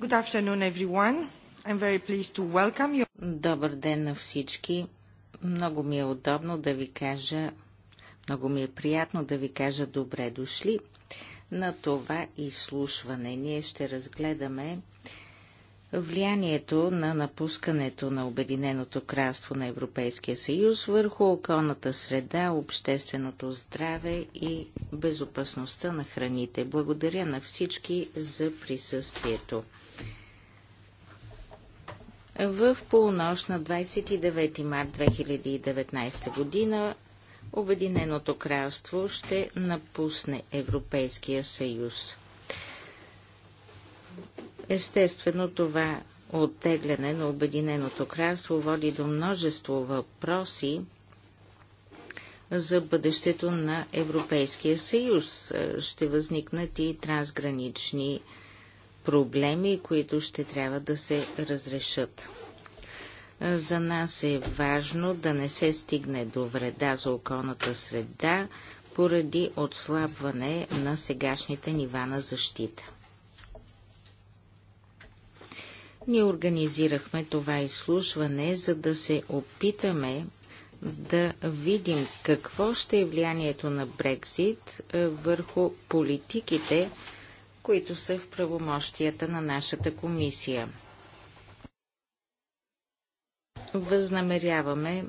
Good afternoon, everyone. I'm very pleased to welcome you. Добър ден на всички. Много ми е удобно да ви кажа, много ми е приятно да ви кажа добре дошли на това изслушване. Ние ще разгледаме влиянието на напускането на Обединеното кралство на Европейския съюз върху околната среда, общественото здраве и безопасността на храните. Благодаря на всички за присъствието. В полунощ на 29 март 2019 година Обединеното кралство ще напусне Европейския съюз. Естествено, това оттегляне на Обединеното кралство води до множество въпроси за бъдещето на Европейския съюз. Е, ще възникнат и трансгранични проблеми, които ще трябва да се разрешат. Е, за нас е важно да не се стигне до вреда за околната среда поради отслабване на сегашните нива на защита. Ние организирахме това изслушване, за да се опитаме да видим какво ще е влиянието на Брекзит е, върху политиките, които са в правомощията на нашата комисия. Възнамеряваме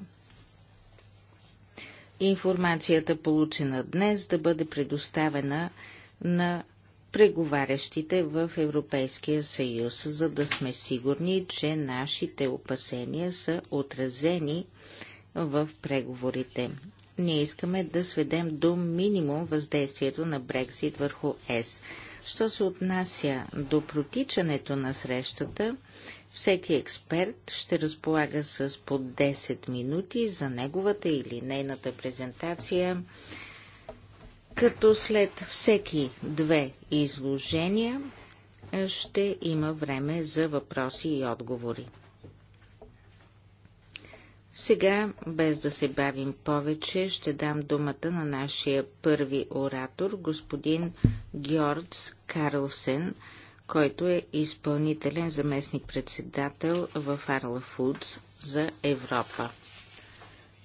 информацията, получена днес, да бъде предоставена на преговарящите в Европейския съюз, за да сме сигурни, че нашите опасения са отразени в преговорите. Ние искаме да сведем до минимум въздействието на Брексит върху ЕС. Що се отнася до протичането на срещата, всеки експерт ще разполага с по 10 минути за неговата или нейната презентация като след всеки две изложения е, ще има време за въпроси и отговори. Сега, без да се бавим повече, ще дам думата на нашия първи оратор, господин Георгс Карлсен, който е изпълнителен заместник-председател в Arla Foods за Европа.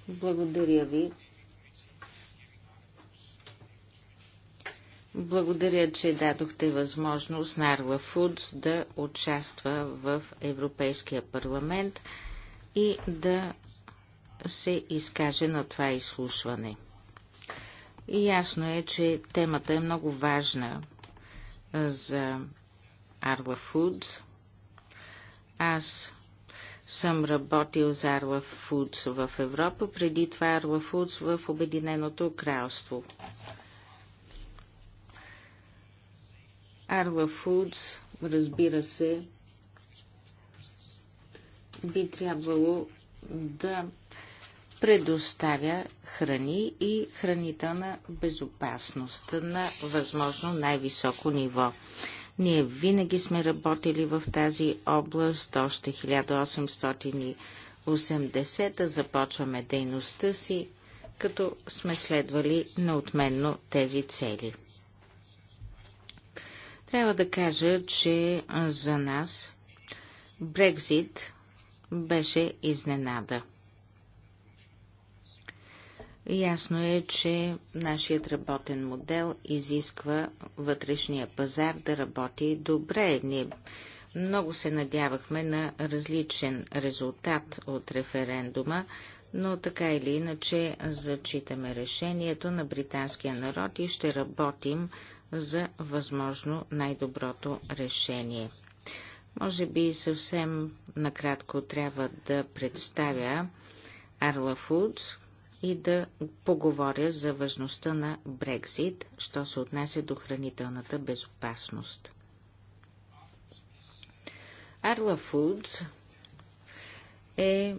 Благодаря ви, Благодаря, че дадохте възможност на Арла Фудс да участва в Европейския парламент и да се изкаже на това изслушване. И ясно е, че темата е много важна за Арла Фудс. Аз съм работил за Арла Фудс в Европа, преди това Арла Фудс в Обединеното кралство. Arla Foods, разбира се, би трябвало да предоставя храни и хранителна безопасност на възможно най-високо ниво. Ние винаги сме работили в тази област. Още 1880 започваме дейността си, като сме следвали неотменно тези цели. Трябва да кажа, че за нас Брекзит беше изненада. Ясно е, че нашият работен модел изисква вътрешния пазар да работи добре. Ние много се надявахме на различен резултат от референдума, но така или иначе зачитаме решението на британския народ и ще работим за възможно най-доброто решение. Може би съвсем накратко трябва да представя Arla Foods и да поговоря за важността на Брекзит, що се отнася до хранителната безопасност. Arla Foods е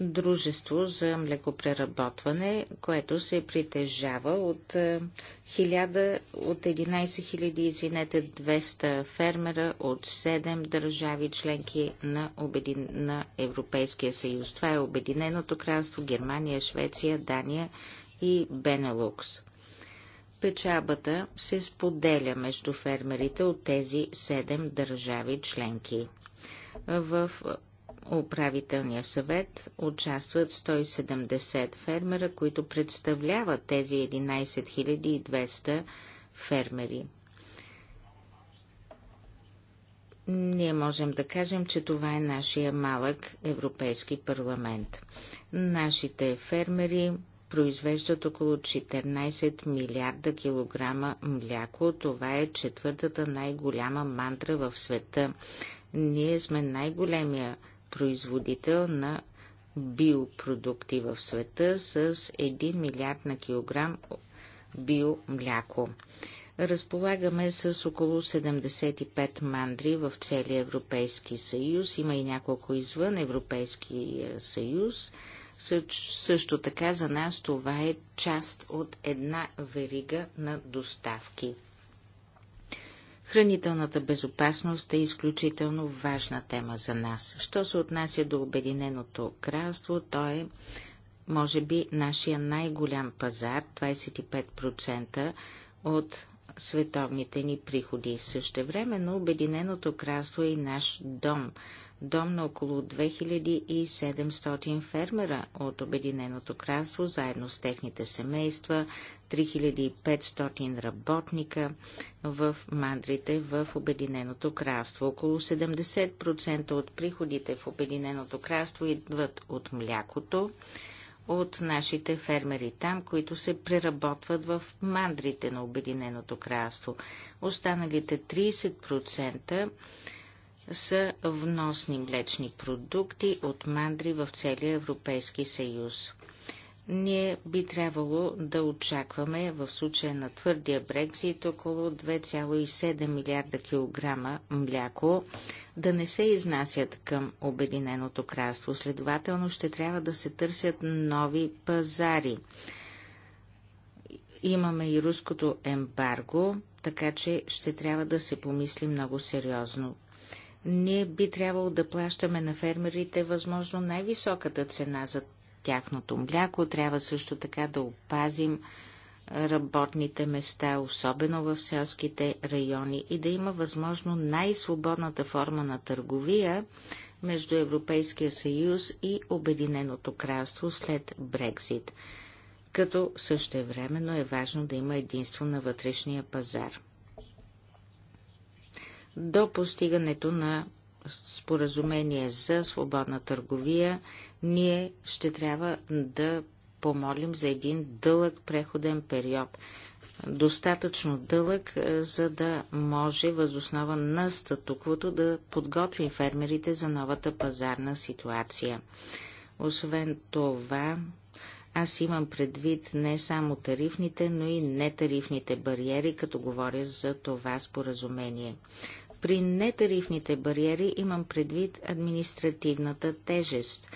дружество за млекопреработване, което се притежава от 1000, е, от 11 000, извинете, 200 фермера от 7 държави членки на, обедин... на Европейския съюз. Това е Обединеното кралство, Германия, Швеция, Дания и Бенелукс. Печабата се споделя между фермерите от тези 7 държави членки. В управителния съвет участват 170 фермера, които представляват тези 11 200 фермери. Ние можем да кажем, че това е нашия малък Европейски парламент. Нашите фермери произвеждат около 14 милиарда килограма мляко. Това е четвъртата най-голяма мантра в света. Ние сме най-големия производител на биопродукти в света с 1 милиард на килограм биомляко. Разполагаме с около 75 мандри в целия Европейски съюз. Има и няколко извън Европейския съюз. Също така за нас това е част от една верига на доставки. Хранителната безопасност е изключително важна тема за нас. Що се отнася до Обединеното кралство, то е, може би, нашия най-голям пазар, 25% от световните ни приходи. Същевременно Обединеното кралство е и наш дом – дом на около 2700 фермера от Обединеното кралство, заедно с техните семейства, 3500 работника в мандрите в Обединеното кралство. Около 70% от приходите в Обединеното кралство идват от млякото, от нашите фермери там, които се преработват в мандрите на Обединеното кралство. Останалите 30% са вносни млечни продукти от мандри в целия Европейски съюз. Ние би трябвало да очакваме в случая на твърдия Брекзит около 2,7 милиарда килограма мляко да не се изнасят към Обединеното кралство. Следователно ще трябва да се търсят нови пазари. Имаме и руското ембарго, така че ще трябва да се помисли много сериозно ние би трябвало да плащаме на фермерите възможно най-високата цена за тяхното мляко. Трябва също така да опазим работните места, особено в селските райони и да има възможно най-свободната форма на търговия между Европейския съюз и Обединеното кралство след Брекзит, като същевременно е важно да има единство на вътрешния пазар до постигането на споразумение за свободна търговия, ние ще трябва да помолим за един дълъг преходен период. Достатъчно дълъг, е, за да може възоснова на статуквото да подготвим фермерите за новата пазарна ситуация. Освен това, аз имам предвид не само тарифните, но и нетарифните бариери, като говоря за това споразумение. При нетарифните бариери имам предвид административната тежест.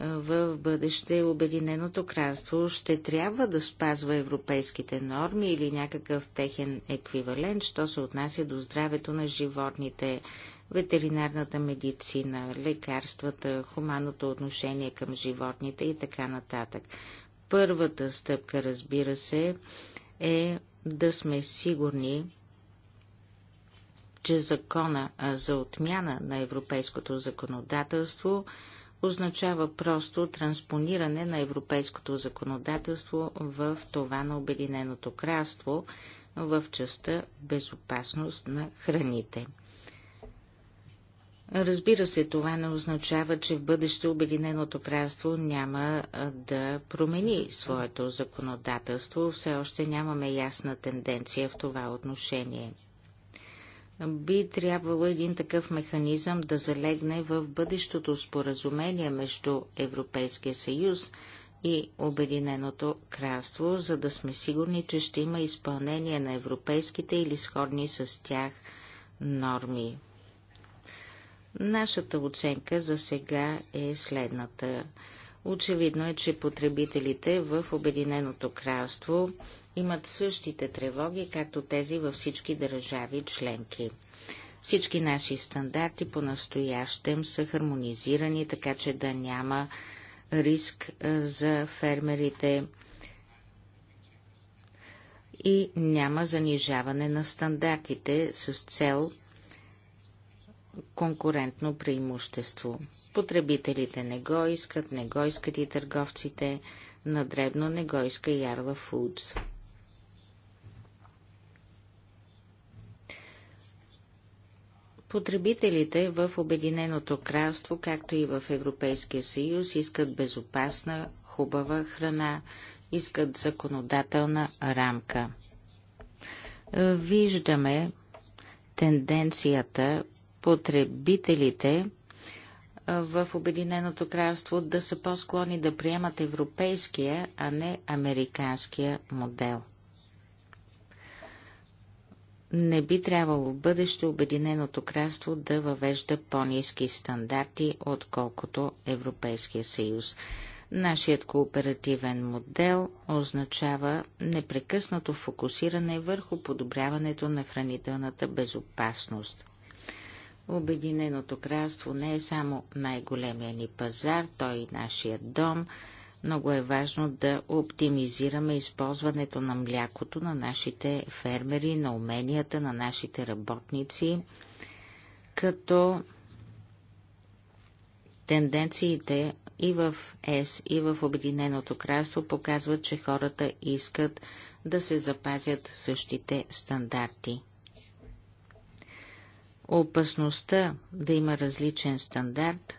В бъдеще Обединеното кралство ще трябва да спазва европейските норми или някакъв техен еквивалент, що се отнася до здравето на животните, ветеринарната медицина, лекарствата, хуманното отношение към животните и така нататък. Първата стъпка, разбира се, е да сме сигурни, че закона за отмяна на европейското законодателство означава просто транспониране на европейското законодателство в това на Обединеното кралство в частта безопасност на храните. Разбира се, това не означава, че в бъдеще Обединеното кралство няма да промени своето законодателство. Все още нямаме ясна тенденция в това отношение – би трябвало един такъв механизъм да залегне в бъдещото споразумение между Европейския съюз и Обединеното кралство, за да сме сигурни, че ще има изпълнение на европейските или сходни с тях норми. Нашата оценка за сега е следната. Очевидно е, че потребителите в Обединеното кралство имат същите тревоги, както тези във всички държави членки. Всички наши стандарти по-настоящем са хармонизирани, така че да няма риск за фермерите и няма занижаване на стандартите с цел конкурентно преимущество. Потребителите не го искат, не го искат и търговците на дребно не го иска Ярла Фудс. Потребителите в Обединеното кралство, както и в Европейския съюз, искат безопасна, хубава храна, искат законодателна рамка. Виждаме тенденцията потребителите в Обединеното кралство да са по-склонни да приемат европейския, а не американския модел – не би трябвало в бъдеще Обединеното кралство да въвежда по-низки стандарти, отколкото Европейския съюз. Нашият кооперативен модел означава непрекъснато фокусиране върху подобряването на хранителната безопасност. Обединеното кралство не е само най-големия ни пазар, той и нашия дом – много е важно да оптимизираме използването на млякото на нашите фермери, на уменията на нашите работници, като тенденциите и в ЕС, и в Обединеното кралство показват, че хората искат да се запазят същите стандарти. Опасността да има различен стандарт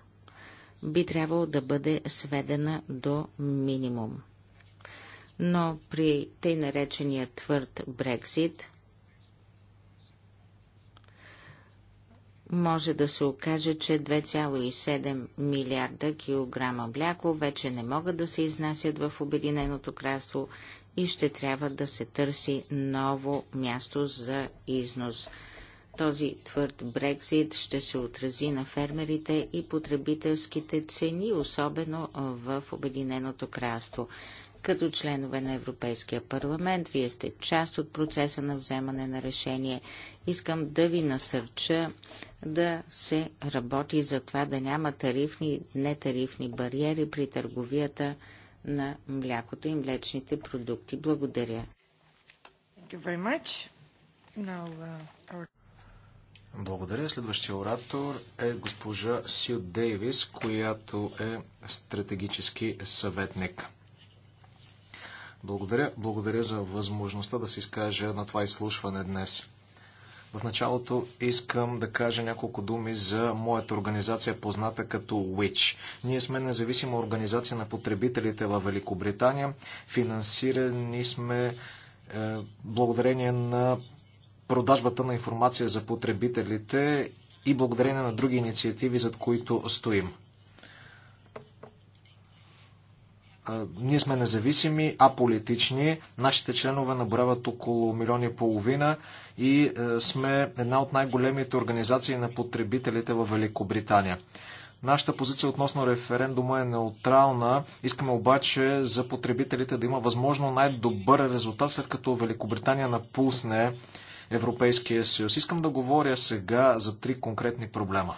би трябвало да бъде сведена до минимум. Но при тъй наречения твърд Брекзит може да се окаже, че 2,7 милиарда килограма мляко вече не могат да се изнасят в Обединеното кралство и ще трябва да се търси ново място за износ. Този твърд Брекзит ще се отрази на фермерите и потребителските цени, особено в Обединеното кралство. Като членове на Европейския парламент, вие сте част от процеса на вземане на решение. Искам да ви насърча да се работи за това да няма тарифни и нетарифни бариери при търговията на млякото и млечните продукти. Благодаря. Now, uh, our... Благодаря. Следващия оратор е госпожа Сил Дейвис, която е стратегически съветник. Благодаря. Благодаря за възможността да се изкажа на това изслушване днес. В началото искам да кажа няколко думи за моята организация, позната като WITCH. Ние сме независима организация на потребителите във Великобритания. Финансирани сме е, благодарение на продажбата на информация за потребителите и благодарение на други инициативи, зад които стоим. Ние сме независими, аполитични. Нашите членове набравят около милиони и половина и е, сме една от най-големите организации на потребителите в Великобритания. Нашата позиция относно референдума е неутрална. Искаме обаче за потребителите да има възможно най-добър резултат, след като Великобритания напусне Европейския съюз. Искам да говоря сега за три конкретни проблема.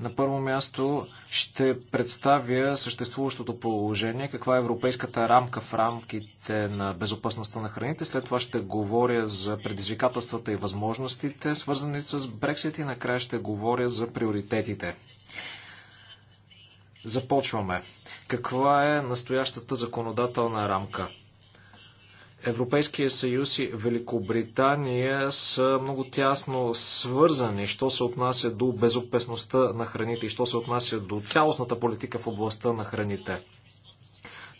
На първо място ще представя съществуващото положение, каква е европейската рамка в рамките на безопасността на храните. След това ще говоря за предизвикателствата и възможностите, свързани с Брексит и накрая ще говоря за приоритетите. Започваме. Каква е настоящата законодателна рамка? Европейския съюз и Великобритания са много тясно свързани, що се отнася до безопасността на храните и що се отнася до цялостната политика в областта на храните.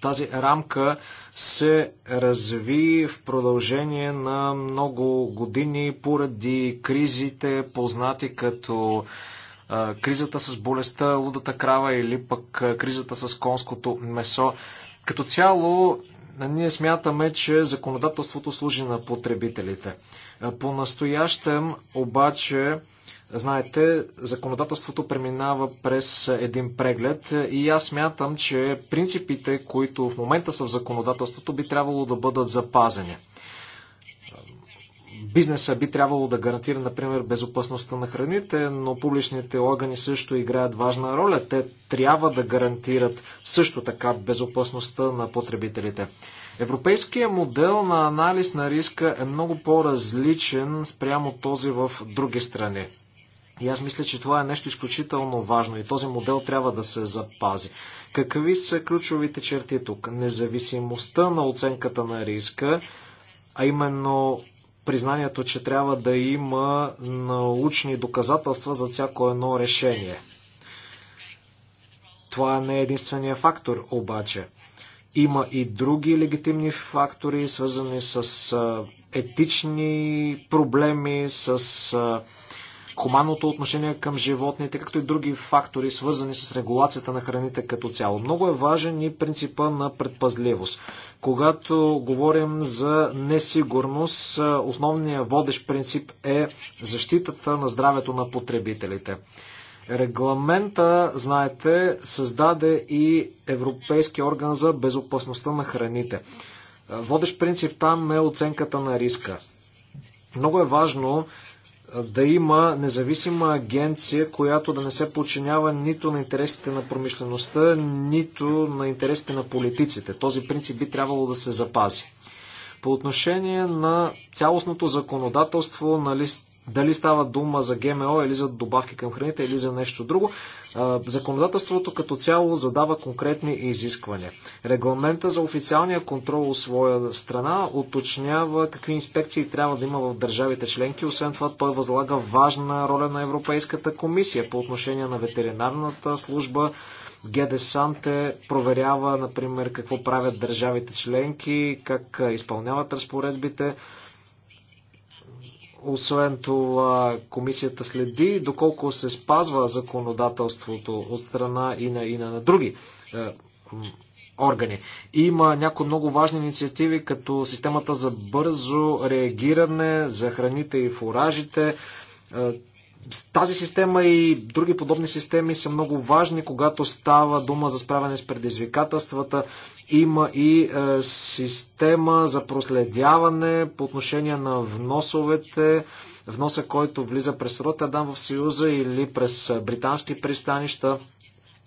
Тази рамка се разви в продължение на много години поради кризите, познати като а, кризата с болестта, лудата крава или пък а, кризата с конското месо. Като цяло ние смятаме, че законодателството служи на потребителите. Е, по-настоящем обаче, знаете, законодателството преминава през един преглед и аз смятам, че принципите, които в момента са в законодателството, би трябвало да бъдат запазени бизнеса би трябвало да гарантира, например, безопасността на храните, но публичните органи също играят важна роля. Те трябва да гарантират също така безопасността на потребителите. Европейският модел на анализ на риска е много по-различен спрямо този в други страни. И аз мисля, че това е нещо изключително важно и този модел трябва да се запази. Какви са ключовите черти тук? Независимостта на оценката на риска, а именно признанието, че трябва да има научни доказателства за всяко едно решение. Това не е единствения фактор, обаче. Има и други легитимни фактори, свързани с етични проблеми, с хуманното отношение към животните, както и други фактори, свързани с регулацията на храните като цяло. Много е важен и принципа на предпазливост. Когато говорим за несигурност, основният водещ принцип е защитата на здравето на потребителите. Регламента, знаете, създаде и Европейски орган за безопасността на храните. Водещ принцип там е оценката на риска. Много е важно да има независима агенция, която да не се подчинява нито на интересите на промишлеността, нито на интересите на политиците. Този принцип би трябвало да се запази. По отношение на цялостното законодателство на лист дали става дума за ГМО или за добавки към храните или за нещо друго, законодателството като цяло задава конкретни изисквания. Регламента за официалния контрол от своя страна уточнява какви инспекции трябва да има в държавите членки. Освен това, той възлага важна роля на Европейската комисия по отношение на ветеринарната служба. ГДСАНТЕ проверява, например, какво правят държавите членки, как изпълняват разпоредбите освен това, комисията следи доколко се спазва законодателството от страна и на, и на, на други е, органи. Има някои много важни инициативи, като системата за бързо реагиране за храните и фуражите. Е, тази система и други подобни системи са много важни, когато става дума за справяне с предизвикателствата. Има и е, система за проследяване по отношение на вносовете, вноса, който влиза през Роттердам в Съюза или през е, британски пристанища.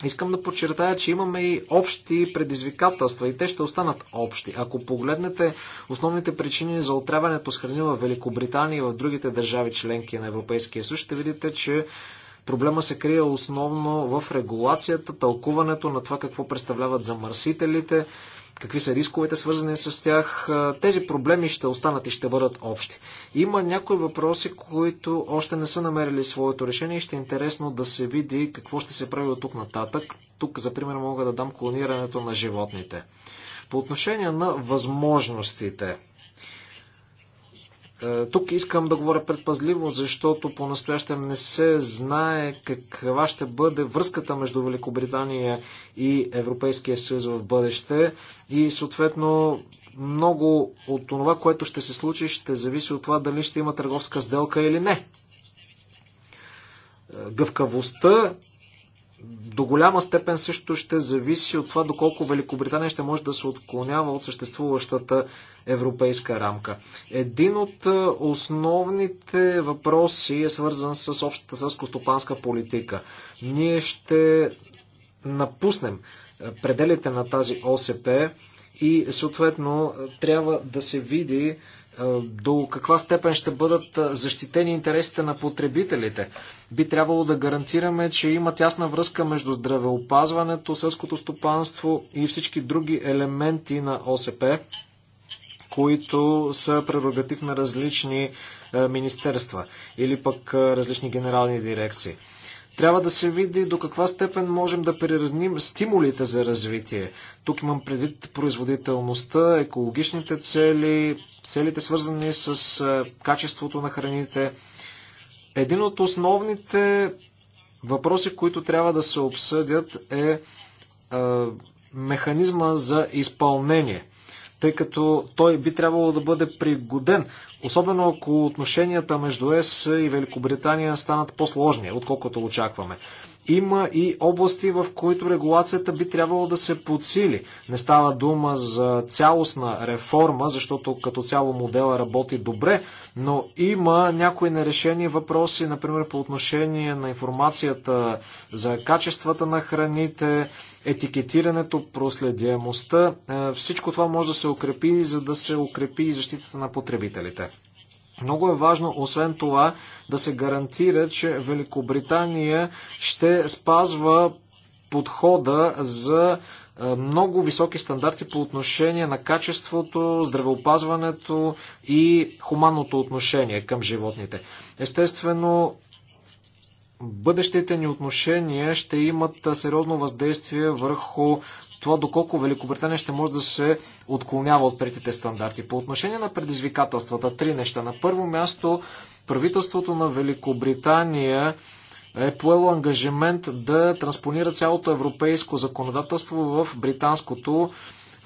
Искам да подчертая, че имаме и общи предизвикателства и те ще останат общи. Ако погледнете основните причини за отряването с храни в Великобритания и в другите държави членки на Европейския съюз, ще видите, че проблема се крие основно в регулацията, тълкуването на това какво представляват замърсителите, какви са рисковете свързани с тях. Тези проблеми ще останат и ще бъдат общи. Има някои въпроси, които още не са намерили своето решение и ще е интересно да се види какво ще се прави от тук нататък. Тук, за пример, мога да дам клонирането на животните. По отношение на възможностите, е, тук искам да говоря предпазливо, защото по-настоящем не се знае каква ще бъде връзката между Великобритания и Европейския съюз в бъдеще и съответно много от това, което ще се случи, ще зависи от това дали ще има търговска сделка или не. Е, гъвкавостта до голяма степен също ще зависи от това доколко Великобритания ще може да се отклонява от съществуващата европейска рамка. Един от е, основните въпроси е свързан с общата сълско-стопанска политика. Ние ще напуснем е, пределите на тази ОСП и съответно е, трябва да се види до каква степен ще бъдат защитени интересите на потребителите. Би трябвало да гарантираме, че има тясна връзка между здравеопазването, сълското стопанство и всички други елементи на ОСП, които са прерогатив на различни министерства или пък различни генерални дирекции. Трябва да се види до каква степен можем да приравним стимулите за развитие. Тук имам предвид производителността, екологичните цели, целите свързани с качеството на храните. Един от основните въпроси, които трябва да се обсъдят е, е механизма за изпълнение, тъй като той би трябвало да бъде пригоден Особено ако отношенията между ЕС и Великобритания станат по-сложни, отколкото очакваме. Има и области, в които регулацията би трябвало да се подсили. Не става дума за цялостна реформа, защото като цяло модела работи добре, но има някои нерешени въпроси, например по отношение на информацията за качествата на храните, етикетирането, проследяемостта. Е, всичко това може да се укрепи, за да се укрепи и защитата на потребителите. Много е важно, освен това, да се гарантира, че Великобритания ще спазва подхода за много високи стандарти по отношение на качеството, здравеопазването и хуманното отношение към животните. Естествено, бъдещите ни отношения ще имат сериозно въздействие върху това доколко Великобритания ще може да се отклонява от претите стандарти. По отношение на предизвикателствата, три неща. На първо място, правителството на Великобритания е поело ангажимент да транспонира цялото европейско законодателство в британското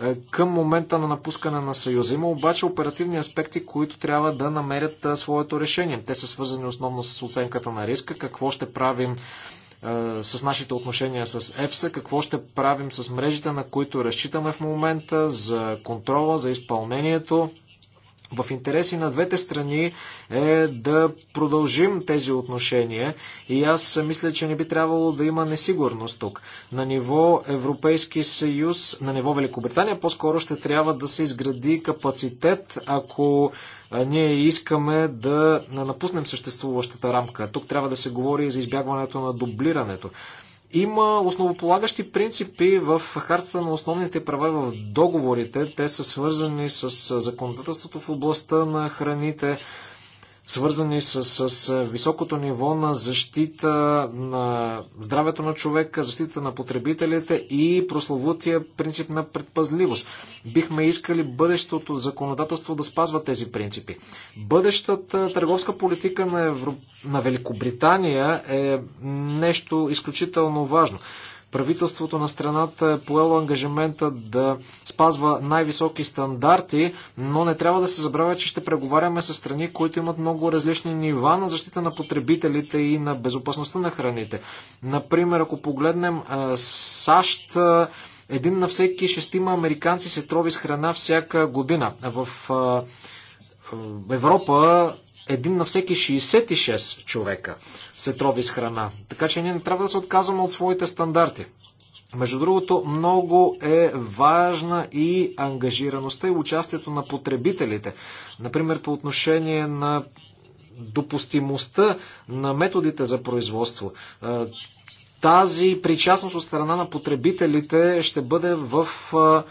е, към момента на напускане на Съюза. Има обаче оперативни аспекти, които трябва да намерят е, своето решение. Те са свързани основно с оценката на риска, какво ще правим с нашите отношения с Ефса, какво ще правим с мрежите, на които разчитаме в момента, за контрола, за изпълнението. В интереси на двете страни е да продължим тези отношения и аз мисля, че не би трябвало да има несигурност тук. На ниво Европейски съюз, на ниво Великобритания по-скоро ще трябва да се изгради капацитет, ако ние искаме да напуснем съществуващата рамка. Тук трябва да се говори за избягването на дублирането. Има основополагащи принципи в хартата на основните права в договорите. Те са свързани с законодателството в областта на храните, свързани с, с, с високото ниво на защита на здравето на човека, защита на потребителите и прословутия принцип на предпазливост. Бихме искали бъдещото законодателство да спазва тези принципи. Бъдещата търговска политика на, Евро... на Великобритания е нещо изключително важно. Правителството на страната е поело ангажимента да спазва най-високи стандарти, но не трябва да се забравя, че ще преговаряме с страни, които имат много различни нива на защита на потребителите и на безопасността на храните. Например, ако погледнем САЩ, един на всеки шестима американци се трови с храна всяка година. В Европа един на всеки 66 човека се трови с храна. Така че ние не трябва да се отказваме от своите стандарти. Между другото, много е важна и ангажираността и участието на потребителите. Например, по отношение на допустимостта на методите за производство. Е, тази причастност от страна на потребителите ще бъде в е,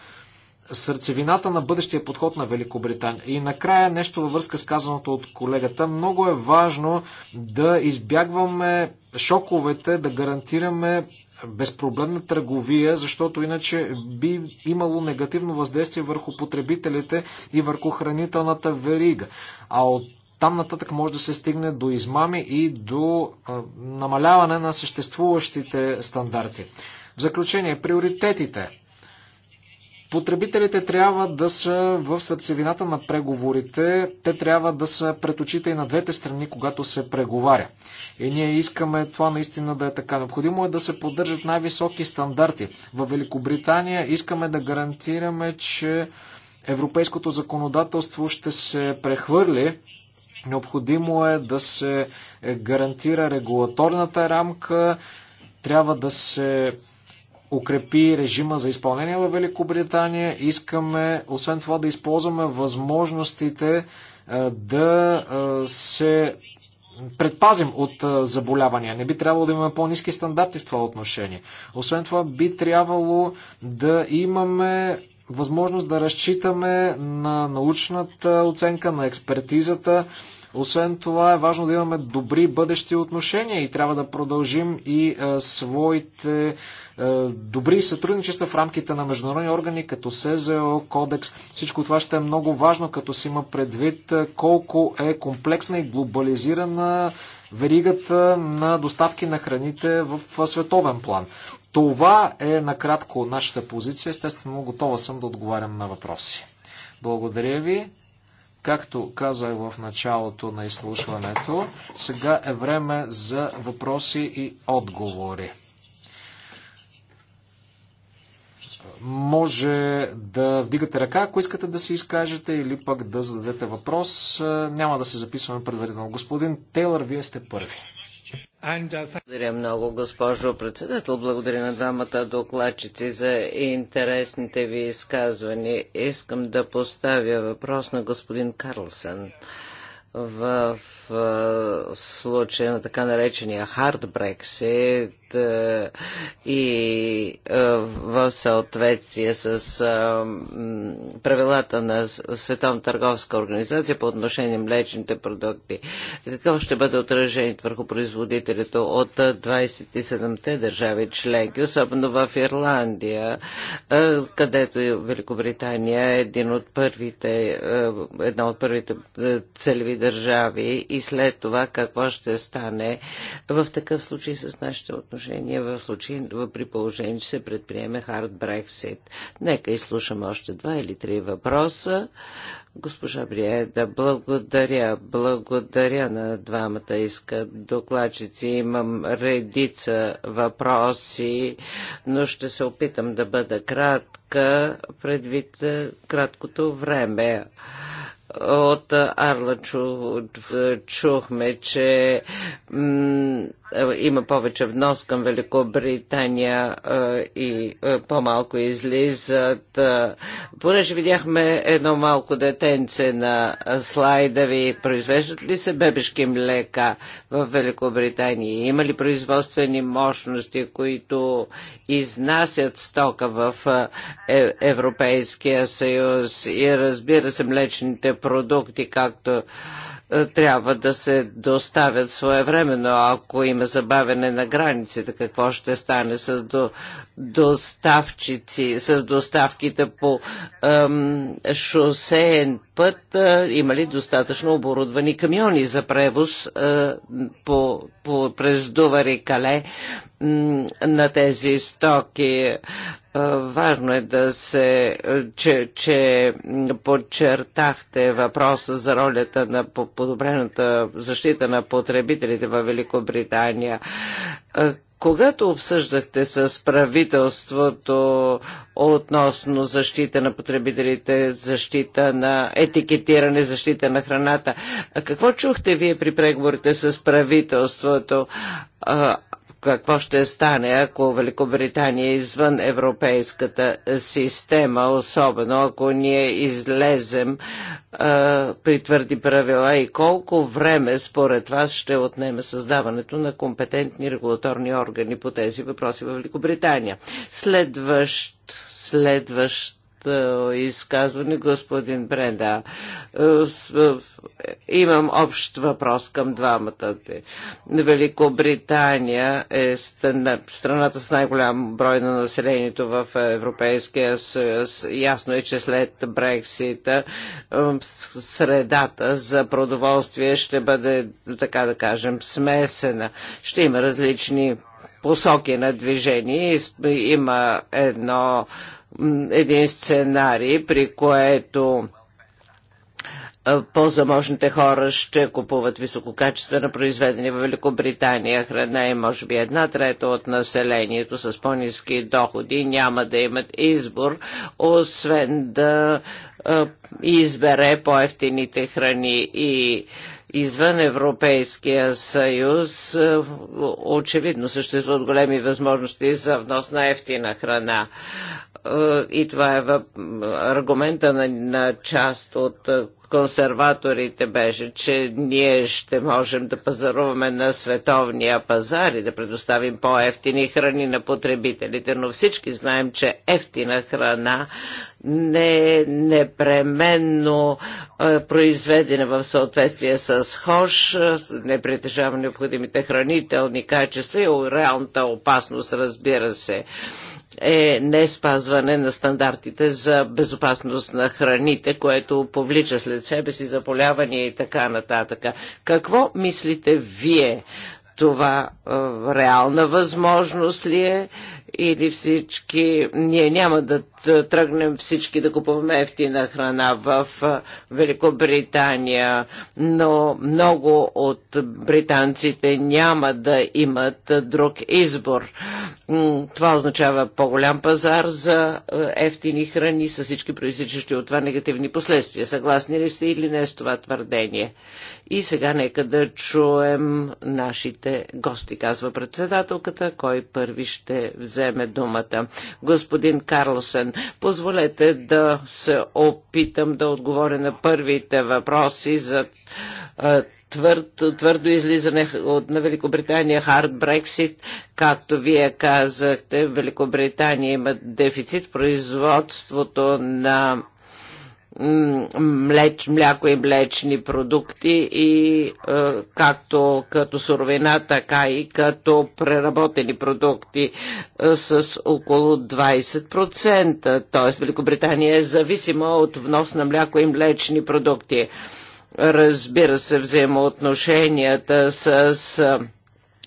сърцевината на бъдещия подход на Великобритания. И накрая нещо във връзка с казаното от колегата. Много е важно да избягваме шоковете, да гарантираме безпроблемна търговия, защото иначе би имало негативно въздействие върху потребителите и върху хранителната верига. А от там нататък може да се стигне до измами и до а, намаляване на съществуващите стандарти. В заключение, приоритетите Потребителите трябва да са в сърцевината на преговорите. Те трябва да са пред очите и на двете страни, когато се преговаря. И ние искаме това наистина да е така. Необходимо е да се поддържат най-високи стандарти. В Великобритания искаме да гарантираме, че европейското законодателство ще се прехвърли Необходимо е да се гарантира регулаторната рамка, трябва да се укрепи режима за изпълнение в Великобритания. Искаме, освен това, да използваме възможностите е, да е, се предпазим от е, заболявания. Не би трябвало да имаме по-низки стандарти в това отношение. Освен това, би трябвало да имаме възможност да разчитаме на научната оценка, на експертизата, освен това е важно да имаме добри бъдещи отношения и трябва да продължим и а, е, своите а, е, добри сътрудничества в рамките на международни органи, като СЗО, Кодекс. Всичко това ще е много важно, като си има предвид е, колко е комплексна и глобализирана веригата на доставки на храните в световен план. Това е накратко нашата позиция. Естествено, готова съм да отговарям на въпроси. Благодаря ви. Както казах в началото на изслушването, сега е време за въпроси и отговори. Може да вдигате ръка, ако искате да се изкажете, или пък да зададете въпрос. Няма да се записваме предварително. Господин Тейлър, вие сте първи. Uh, Благодаря много, госпожо председател. Благодаря на двамата докладчици за интересните ви изказвания. Искам да поставя въпрос на господин Карлсън в, в случая на така наречения хард Brexit е, и е, в съответствие с е, правилата на Световна търговска организация по отношение на млечните продукти. Какво ще бъде отражението върху производителите от 27-те държави членки, особено в Ирландия, където и Великобритания е един от първите, една от първите целеви държави и след това какво ще стане в такъв случай с нашите отношения? положение, в случай, при положение, че се предприеме хард Брексит. Нека изслушам още два или три въпроса. Госпожа Бриеда, благодаря. Благодаря на двамата иска докладчици. Имам редица въпроси, но ще се опитам да бъда кратка предвид е, краткото време от Арла чу, чухме, че е, има повече внос към Великобритания е, и е, по-малко излизат. Понеже видяхме едно малко детенце на слайда ви, произвеждат ли се бебешки млека в Великобритания? Има ли производствени мощности, които изнасят стока в Европейския съюз и разбира се млечните продукти, както е, трябва да се доставят своевременно. Ако има забавяне на границите, какво ще стане с до, доставчици, с доставките по ем, шосеен път? Е, има ли достатъчно оборудвани камиони за превоз е, по, по, през Дувари Кале на тези стоки? Важно е да се, че, че подчертахте въпроса за ролята на подобрената защита на потребителите в Великобритания. Когато обсъждахте с правителството относно защита на потребителите, защита на етикетиране, защита на храната, какво чухте вие при преговорите с правителството? какво ще стане, ако Великобритания е извън европейската система, особено ако ние излезем а, при твърди правила и колко време според вас ще отнеме създаването на компетентни регулаторни органи по тези въпроси в Великобритания. Следващ, следващ е, изказване, господин Бренда. Е, е, имам общ въпрос към двамата. Великобритания е страната с най-голям брой на населението в Европейския съюз. Ясно е, че след Брексита средата за продоволствие ще бъде, така да кажем, смесена. Ще има различни посоки на движение. Има едно един сценарий, при което по-заможните хора ще купуват висококачествено произведени в Великобритания храна и може би една трета от населението с по-низки доходи няма да имат избор, освен да избере по-ефтините храни и извън Европейския съюз очевидно съществуват големи възможности за внос на ефтина храна и това е аргумента на, на част от консерваторите беше, че ние ще можем да пазаруваме на световния пазар и да предоставим по-ефтини храни на потребителите, но всички знаем, че ефтина храна не е непременно е, произведена в съответствие с хош, не притежава необходимите хранителни качества и реалната опасност, разбира се. Е, е не спазване на стандартите за безопасност на храните, което повлича след себе си заболявания и така нататък. Какво мислите вие? Това а, реална възможност ли е или всички, ние няма да тръгнем всички да купуваме ефтина храна в Великобритания, но много от британците няма да имат друг избор. Това означава по-голям пазар за ефтини храни с всички проистичащи от това негативни последствия. Съгласни ли сте или не с това твърдение? И сега нека да чуем нашите нашите гости, казва председателката, кой първи ще вземе думата. Господин Карлсен, позволете да се опитам да отговоря на първите въпроси за твърд, твърдо излизане от, на Великобритания, хард Брексит, както вие казахте, Великобритания има дефицит в производството на млеч, мляко и млечни продукти и е, както като суровина, така и като преработени продукти е, с около 20%. Т.е. Великобритания е зависима от внос на мляко и млечни продукти. Разбира се, взаимоотношенията с е,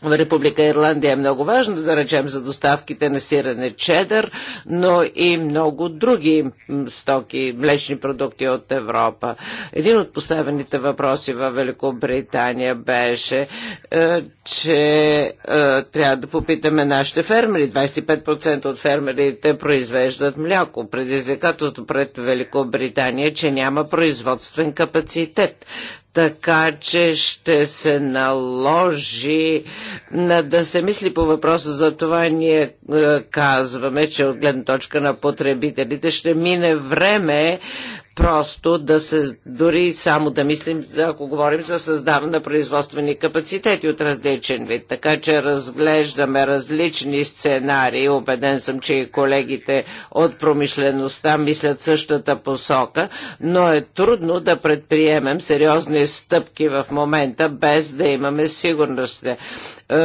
в Република Ирландия е много важно да речем за доставките на сирене чедър, но и много други стоки, млечни продукти от Европа. Един от поставените въпроси в Великобритания беше, е, че е, трябва да попитаме нашите фермери. 25% от фермерите произвеждат мляко. Предизвикателството пред Великобритания, е, че няма производствен капацитет така че ще се наложи на да се мисли по въпроса. За това ние е, казваме, че от гледна точка на потребителите ще мине време просто да се, дори само да мислим, ако говорим за създаване на производствени капацитети от различен вид. Така че разглеждаме различни сценарии. Обеден съм, че и колегите от промишлеността мислят същата посока, но е трудно да предприемем сериозни стъпки в момента, без да имаме сигурност.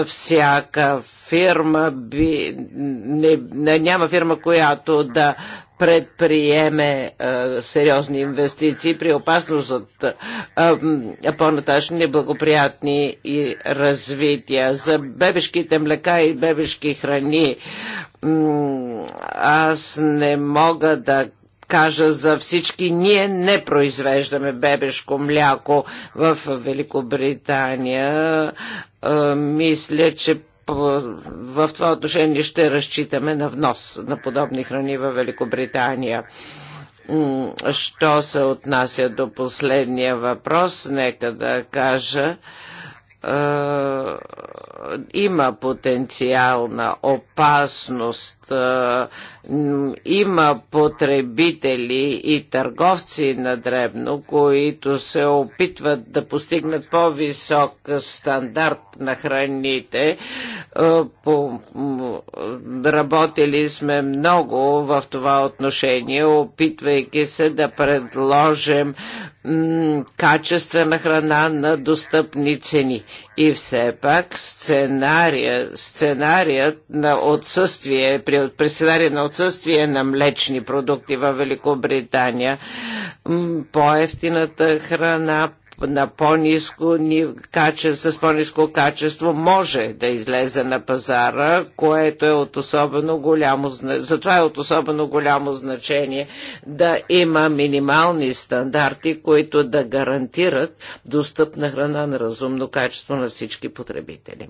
Всяка фирма би, не, не, няма фирма, която да предприеме а, е, сериозни инвестиции при опасност от е, по-нататъчни неблагоприятни и развития. За бебешките млека и бебешки храни аз не мога да кажа за всички. Ние не произвеждаме бебешко мляко в Великобритания. Е, мисля, че в това отношение ще разчитаме на внос на подобни храни в Великобритания. Що се отнася до последния въпрос, нека да кажа, има потенциална опасност има потребители и търговци на дребно, които се опитват да постигнат по-висок стандарт на храните. Е, работили сме много в това отношение, опитвайки се да предложим качествена храна на достъпни цени. И все пак сценария, сценарият на отсъствие, при, при сценария на отсъствие на млечни продукти в Великобритания, по-ефтината храна на по низко качество, с по низко качество може да излезе на пазара, което е от особено голямо, затова е от особено голямо значение да има минимални стандарти, които да гарантират достъпна храна на разумно качество на всички потребители.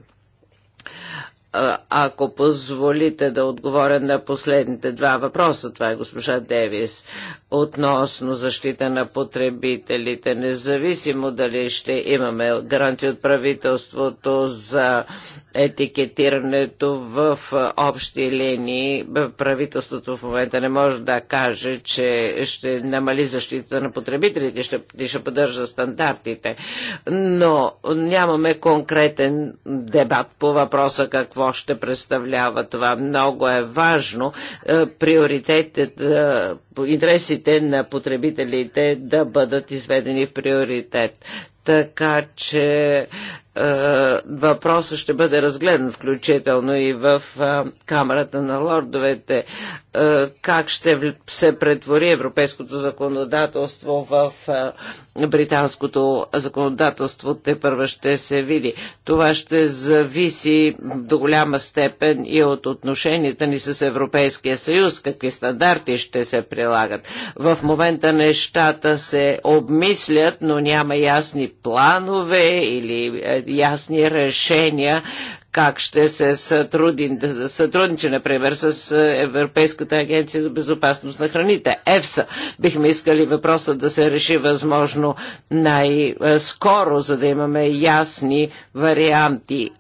Ако позволите да отговоря на последните два въпроса, това е госпожа Девис относно защита на потребителите, независимо дали ще имаме гаранции от правителството за етикетирането в общи линии. Правителството в момента не може да каже, че ще намали защита на потребителите, ще, ще поддържа стандартите. Но нямаме конкретен дебат по въпроса какво ще представлява това. Много е важно е, приоритетите интересите на потребителите да бъдат изведени в приоритет. Така че е, въпросът ще бъде разгледан включително и в е, Камерата на лордовете. Е, как ще се претвори европейското законодателство в е, британското законодателство, те първа ще се види. Това ще зависи до голяма степен и от отношенията ни с Европейския съюз, какви стандарти ще се прилагат. В момента нещата се обмислят, но няма ясни планове или е, ясни решения как ще се сътруди, сътрудничи, например, с е, Европейската агенция за безопасност на храните, ЕФСА. Бихме искали въпроса да се реши възможно най-скоро, за да имаме ясни варианти,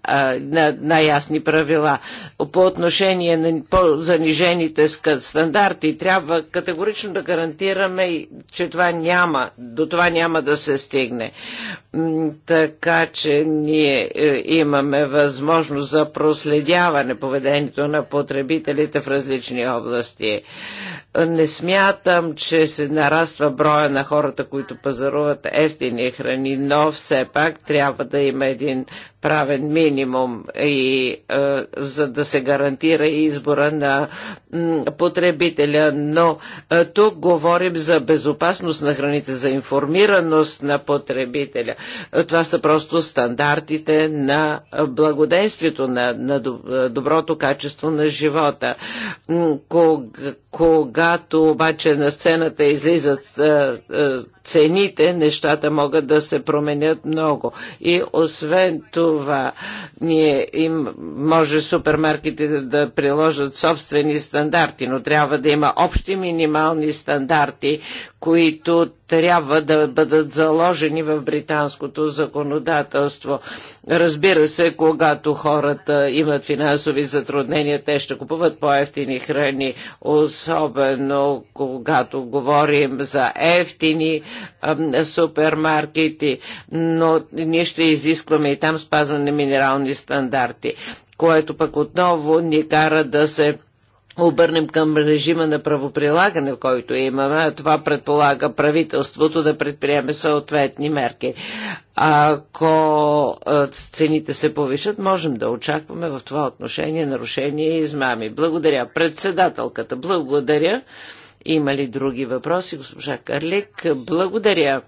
най-ясни правила. По отношение на занижените стандарти, трябва категорично да гарантираме, че това няма, до това няма да се стигне. Така че ние е, имаме възможност възможност за проследяване поведението на потребителите в различни области. Не смятам, че се нараства броя на хората, които пазаруват ефтини храни, но все пак трябва да има един правен минимум и е, за да се гарантира избора на потребителя. Но е, тук говорим за безопасност на храните, за информираност на потребителя. Е, това са просто стандартите на благодействие спокойствието, на, на доброто качество на живота. Кога, когато обаче на сцената излизат цените, нещата могат да се променят много. И освен това, ние им, може супермаркетите да приложат собствени стандарти, но трябва да има общи минимални стандарти, които трябва да бъдат заложени в британското законодателство. Разбира се, когато хората имат финансови затруднения, те ще купуват по-ефтини храни, особено когато говорим за ефтини супермаркети, но ние ще изискваме и там спазване на минерални стандарти, което пък отново ни кара да се обърнем към режима на правоприлагане, в който имаме. Това предполага правителството да предприеме съответни мерки. Ако цените се повишат, можем да очакваме в това отношение нарушения и измами. Благодаря. Председателката, благодаря. Има ли други въпроси, госпожа Карлик? Благодаря.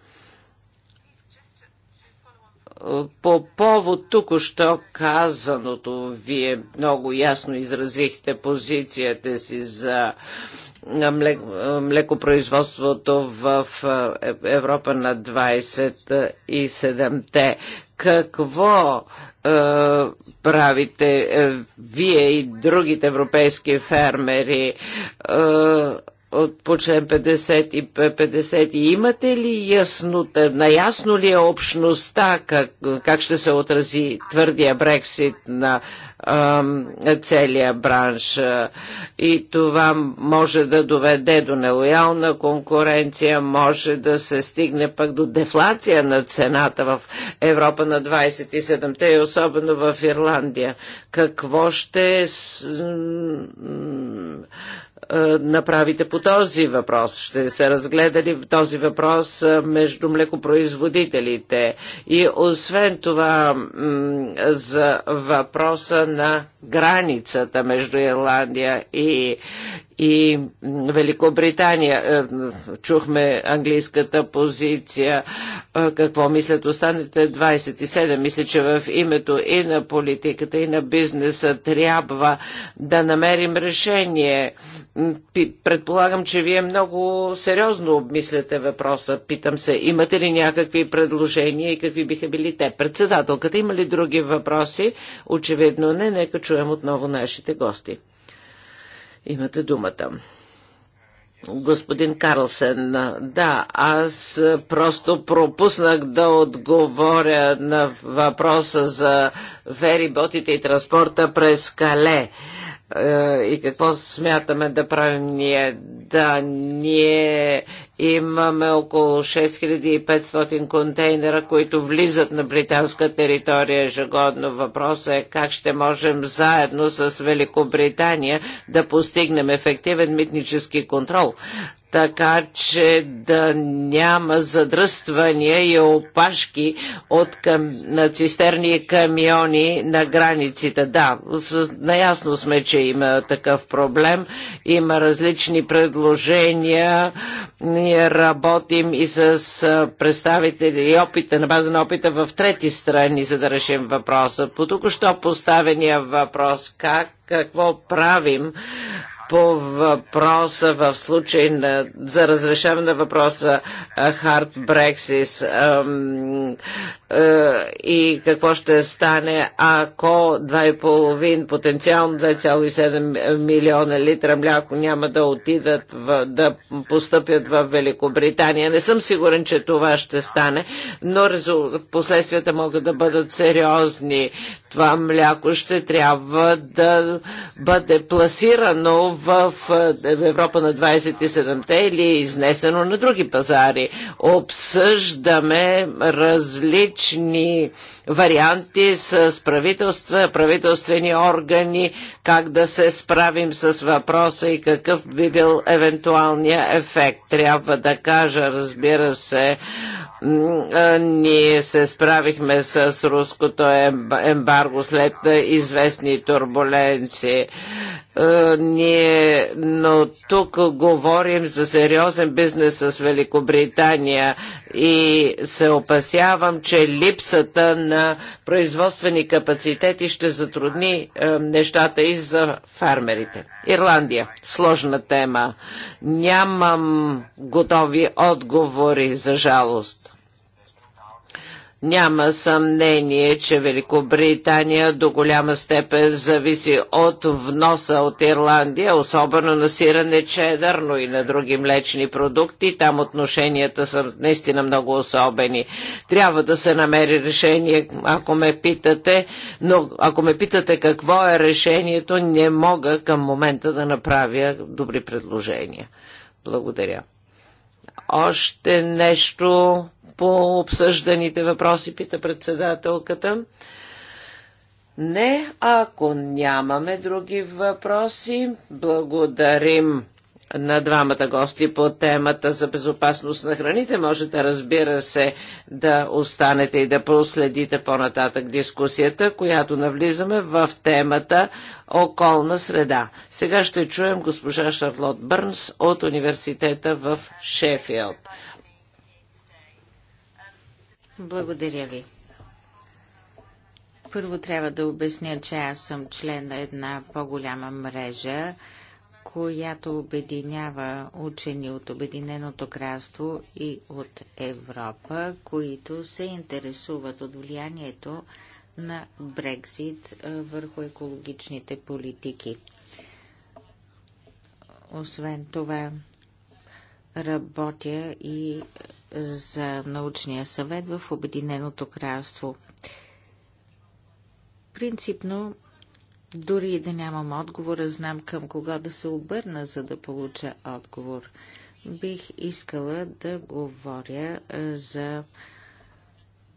По повод току-що казаното, вие много ясно изразихте позицията си за млекопроизводството в е, Европа на 27-те. Какво е, правите е, вие и другите европейски фермери? Е, от, по член 50 и 50 имате ли яснота, наясно ли е общността как, как ще се отрази твърдия Брексит на целия бранш и това може да доведе до нелоялна конкуренция, може да се стигне пък до дефлация на цената в Европа на 27-те и особено в Ирландия. Какво ще е, направите по този въпрос? Ще се разгледа ли този въпрос е, между млекопроизводителите? И освен това за въпроса на границата между Ирландия и и Великобритания. Е, чухме английската позиция. Е, какво мислят останалите 27? Мисля, че в името и на политиката, и на бизнеса трябва да намерим решение. Предполагам, че вие много сериозно обмисляте въпроса. Питам се, имате ли някакви предложения и какви биха били те? Председателката, има ли други въпроси? Очевидно не. Нека чуем отново нашите гости. Имате думата. Господин Карлсен, да, аз просто пропуснах да отговоря на въпроса за фериботите и транспорта през Кале. Е, и какво смятаме да правим ние. Да, ние имаме около 6500 контейнера, които влизат на британска територия ежегодно. Въпросът е как ще можем заедно с Великобритания да постигнем ефективен митнически контрол така че да няма задръствания и опашки от към, на цистерни камиони на границите. Да, с, наясно сме, че има такъв проблем. Има различни предложения. Ние работим и с представители и опита, на база на опита в трети страни, за да решим въпроса. По тук що поставения въпрос, как какво правим по въпроса в случай на, за разрешаване на въпроса Хард Брексис и какво ще стане, ако 2,5, потенциално 2,7 милиона литра мляко няма да отидат в, да поступят в Великобритания. Не съм сигурен, че това ще стане, но резул... последствията могат да бъдат сериозни. Това мляко ще трябва да бъде пласирано в Европа на 27-те или е изнесено на други пазари. Обсъждаме различни варианти с правителства, правителствени органи, как да се справим с въпроса и какъв би бил евентуалния ефект. Трябва да кажа, разбира се, ние се справихме с руското ембарго след известни турбуленции. Ние, но тук говорим за сериозен бизнес с Великобритания и се опасявам, че липсата на на производствени капацитети ще затрудни е, нещата и за фармерите. Ирландия. Сложна тема. Нямам готови отговори, за жалост. Няма съмнение, че Великобритания до голяма степен зависи от вноса от Ирландия, особено на сирене чедър, но и на други млечни продукти. Там отношенията са наистина много особени. Трябва да се намери решение, ако ме питате, но ако ме питате какво е решението, не мога към момента да направя добри предложения. Благодаря. Още нещо по обсъжданите въпроси, пита председателката. Не, ако нямаме други въпроси, благодарим на двамата гости по темата за безопасност на храните. Можете, разбира се, да останете и да проследите по-нататък дискусията, която навлизаме в темата околна среда. Сега ще чуем госпожа Шарлот Бърнс от университета в Шефилд. Благодаря ви. Първо трябва да обясня, че аз съм член на една по-голяма мрежа, която обединява учени от Обединеното кралство и от Европа, които се интересуват от влиянието на Брекзит върху екологичните политики. Освен това, Работя и за научния съвет в Обединеното кралство. Принципно, дори и да нямам отговора, знам към кога да се обърна, за да получа отговор. Бих искала да говоря за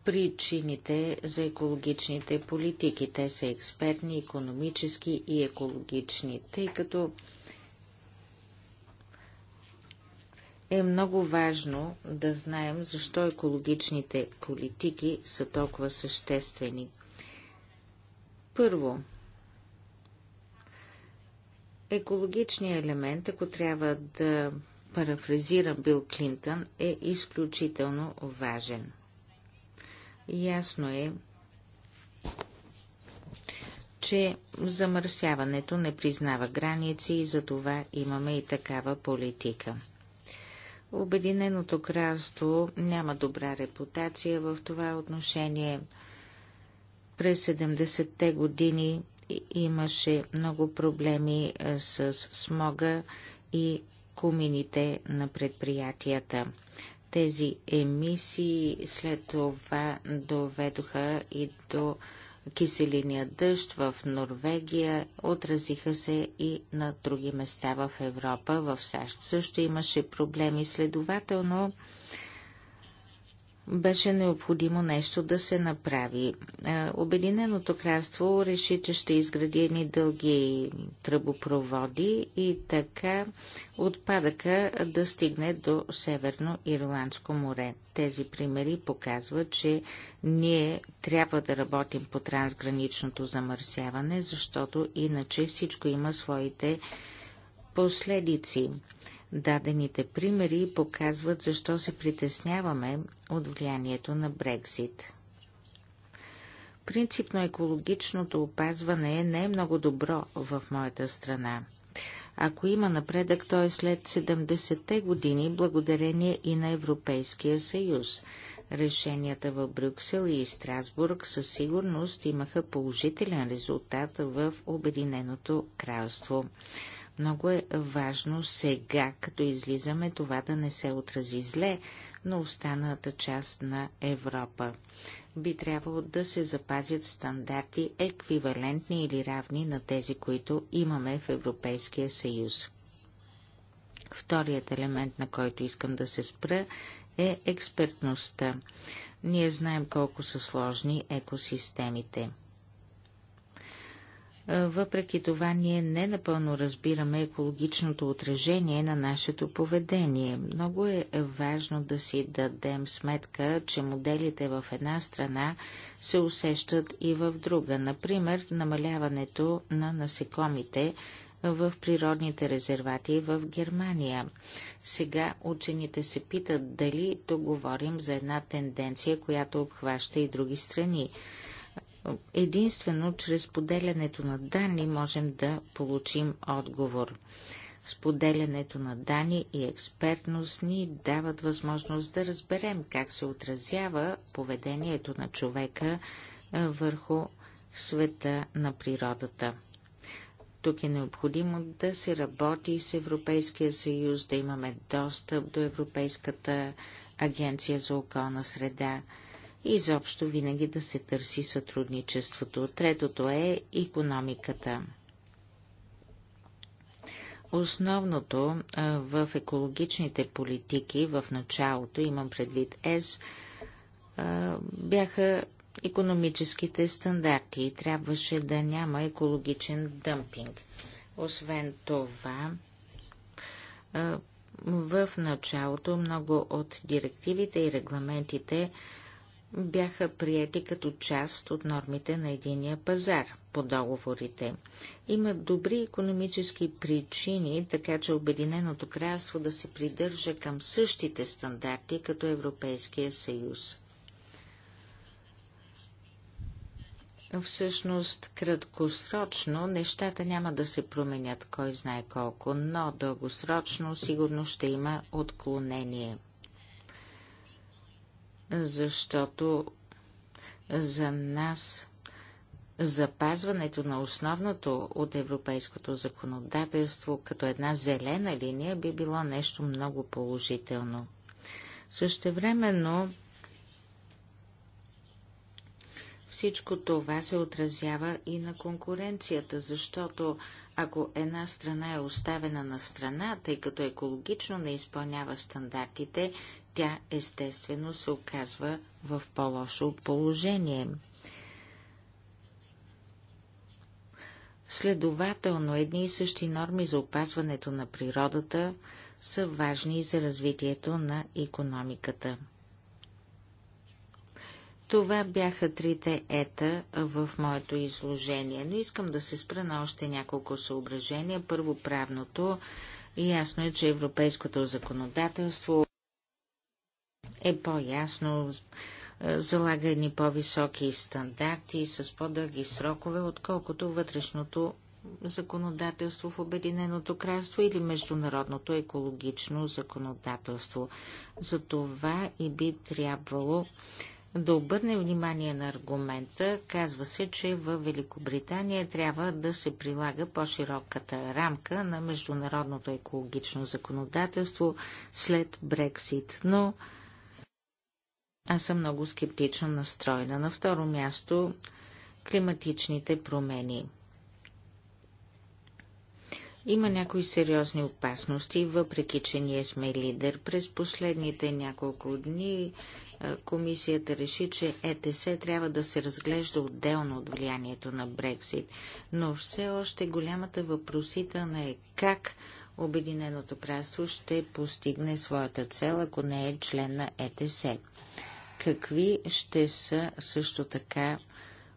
причините за екологичните политики. Те са експертни, економически и екологични, тъй като е много важно да знаем защо екологичните политики са толкова съществени. Първо, екологичният елемент, ако трябва да парафразирам Бил Клинтън, е изключително важен. Ясно е, че замърсяването не признава граници и за това имаме и такава политика – Обединеното кралство няма добра репутация в това отношение. През 70-те години имаше много проблеми с смога и кумините на предприятията. Тези емисии след това доведоха и до киселиния дъжд в Норвегия, отразиха се и на други места в Европа, в САЩ също имаше проблеми. Следователно, беше необходимо нещо да се направи. Е, Обединеното кралство реши, че ще изгради едни дълги тръбопроводи и така отпадъка да стигне до Северно Ирландско море. Тези примери показват, че ние трябва да работим по трансграничното замърсяване, защото иначе всичко има своите последици. Дадените примери показват защо се притесняваме от влиянието на Брекзит. Принципно екологичното опазване не е много добро в моята страна. Ако има напредък, то е след 70-те години, благодарение и на Европейския съюз. Решенията в Брюксел и Страсбург със сигурност имаха положителен резултат в Обединеното кралство. Много е важно сега, като излизаме, това да не се отрази зле на останалата част на Европа. Би трябвало да се запазят стандарти еквивалентни или равни на тези, които имаме в Европейския съюз. Вторият елемент, на който искам да се спра, е експертността. Ние знаем колко са сложни екосистемите – въпреки това ние не напълно разбираме екологичното отражение на нашето поведение. Много е важно да си дадем сметка, че моделите в една страна се усещат и в друга. Например, намаляването на насекомите в природните резервати в Германия. Сега учените се питат дали то говорим за една тенденция, която обхваща и други страни. Единствено чрез поделянето на данни можем да получим отговор. Споделянето на данни и експертност ни дават възможност да разберем как се отразява поведението на човека върху света на природата. Тук е необходимо да се работи с Европейския съюз, да имаме достъп до Европейската агенция за околна среда, и изобщо винаги да се търси сътрудничеството. Третото е економиката. Основното в екологичните политики в началото, имам предвид ЕС, бяха економическите стандарти и трябваше да няма екологичен дъмпинг. Освен това, в началото много от директивите и регламентите бяха прияти като част от нормите на единия пазар по договорите. Има добри економически причини, така че Обединеното кралство да се придържа към същите стандарти като Европейския съюз. Всъщност, краткосрочно нещата няма да се променят кой знае колко, но дългосрочно сигурно ще има отклонение – защото за нас запазването на основното от европейското законодателство като една зелена линия би било нещо много положително. Същевременно всичко това се отразява и на конкуренцията, защото ако една страна е оставена на страна, тъй като екологично не изпълнява стандартите, тя естествено се оказва в по-лошо положение. Следователно, едни и същи норми за опазването на природата са важни за развитието на економиката. Това бяха трите ета в моето изложение, но искам да се спра на още няколко съображения. Първо правното. Ясно е, че европейското законодателство е по-ясно, е, залага едни по-високи стандарти с по-дълги срокове, отколкото вътрешното законодателство в Обединеното кралство или международното екологично законодателство. За това и би трябвало да обърне внимание на аргумента. Казва се, че в Великобритания трябва да се прилага по-широката рамка на международното екологично законодателство след Брексит. Но аз съм много скептично настроена. На второ място климатичните промени. Има някои сериозни опасности, въпреки че ние сме лидер. През последните няколко дни комисията реши, че ЕТС трябва да се разглежда отделно от влиянието на Брексит. Но все още голямата въпросителна е как Обединеното кралство ще постигне своята цел, ако не е член на ЕТС какви ще са също така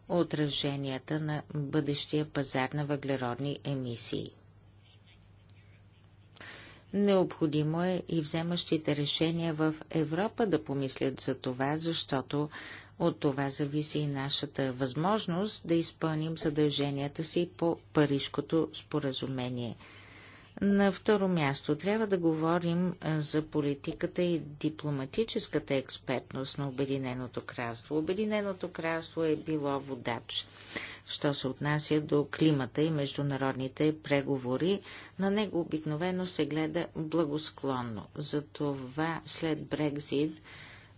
отраженията на бъдещия пазар на въглеродни емисии. Необходимо е и вземащите решения в Европа да помислят за това, защото от това зависи и нашата възможност да изпълним задълженията си по Парижкото споразумение – на второ място трябва да говорим е, за политиката и дипломатическата експертност на Обединеното кралство. Обединеното кралство е било водач, що се отнася до климата и международните преговори. На него обикновено се гледа благосклонно. Затова след Брекзит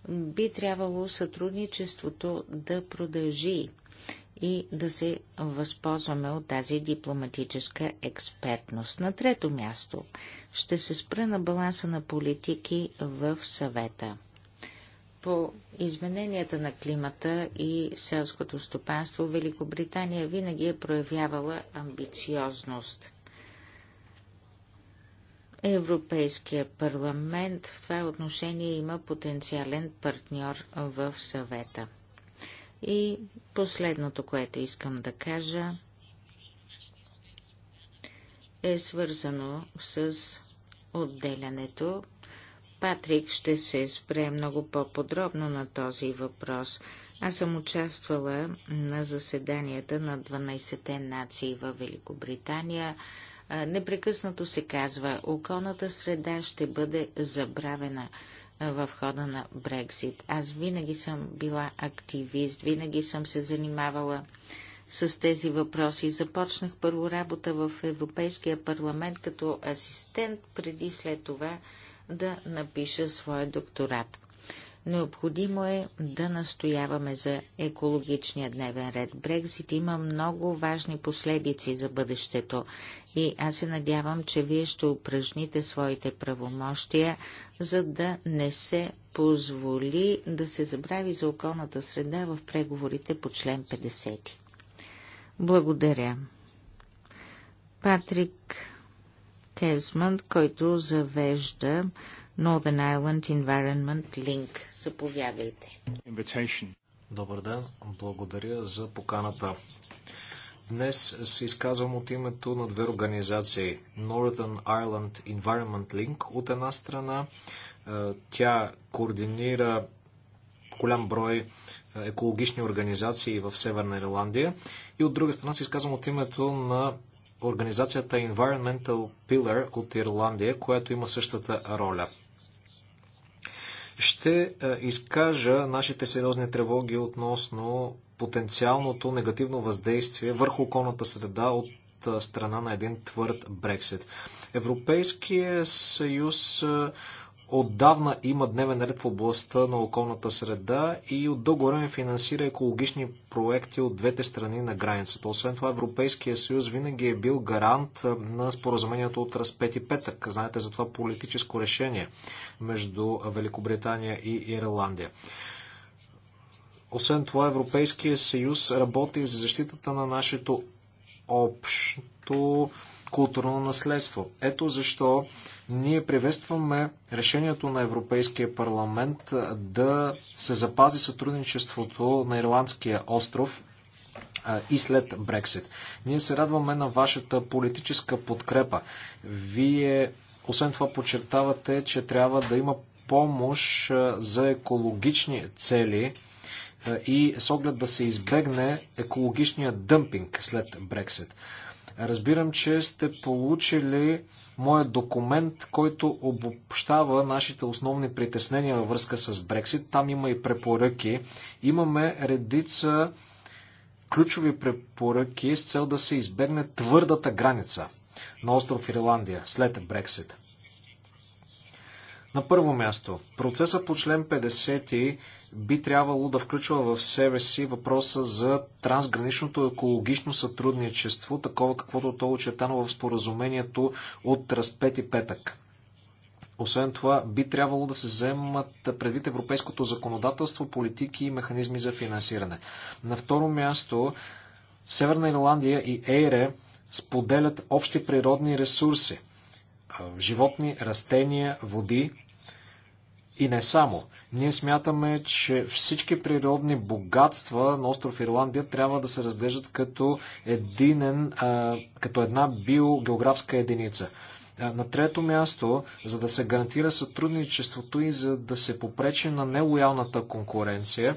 би трябвало сътрудничеството да продължи и да се възползваме от тази дипломатическа експертност. На трето място ще се спра на баланса на политики в съвета. По измененията на климата и селското стопанство Великобритания винаги е проявявала амбициозност. Европейския парламент в това отношение има потенциален партньор в съвета. И последното, което искам да кажа, е свързано с отделянето. Патрик ще се спре много по-подробно на този въпрос. Аз съм участвала на заседанията на 12-те нации във Великобритания. Непрекъснато се казва, околната среда ще бъде забравена в хода на Брексит. Аз винаги съм била активист, винаги съм се занимавала с тези въпроси. Започнах първо работа в Европейския парламент като асистент, преди след това да напиша своя докторат. Необходимо е да настояваме за екологичния дневен ред. Брекзит има много важни последици за бъдещето и аз се надявам, че вие ще упражните своите правомощия, за да не се позволи да се забрави за околната среда в преговорите по член 50. Благодаря. Патрик Кезмънд, който завежда Northern Ireland Environment Link. Заповядайте. Добър ден. Благодаря за поканата. Днес се изказвам от името на две организации. Northern Ireland Environment Link от една страна. Е, тя координира голям брой е, екологични организации в Северна Ирландия. И от друга страна се изказвам от името на организацията Environmental Pillar от Ирландия, която има същата роля. Ще е, изкажа нашите сериозни тревоги относно потенциалното негативно въздействие върху околната среда от страна на един твърд Брексит. Европейския съюз отдавна има дневен ред в областта на околната среда и от дълго време финансира екологични проекти от двете страни на границата. Освен това, Европейския съюз винаги е бил гарант на споразумението от разпети петък. Знаете за това политическо решение между Великобритания и Ирландия. Освен това, Европейския съюз работи за защитата на нашето общо културно наследство. Ето защо ние приветстваме решението на Европейския парламент да се запази сътрудничеството на Ирландския остров и след Брексит. Ние се радваме на вашата политическа подкрепа. Вие, освен това, подчертавате, че трябва да има помощ за екологични цели и с оглед да се избегне екологичния дъмпинг след Брексит. Разбирам, че сте получили моят документ, който обобщава нашите основни притеснения във връзка с Брексит. Там има и препоръки. Имаме редица ключови препоръки с цел да се избегне твърдата граница на остров Ирландия след Брексит. На първо място, процеса по член 50 би трябвало да включва в себе си въпроса за трансграничното екологично сътрудничество, такова каквото то е очетано в споразумението от разпети петък. Освен това, би трябвало да се вземат предвид европейското законодателство, политики и механизми за финансиране. На второ място, Северна Ирландия и Ейре споделят общи природни ресурси животни, растения, води. И не само. Ние смятаме, че всички природни богатства на остров Ирландия трябва да се разглеждат като, единен, а, като една биогеографска единица. На трето място, за да се гарантира сътрудничеството и за да се попречи на нелоялната конкуренция,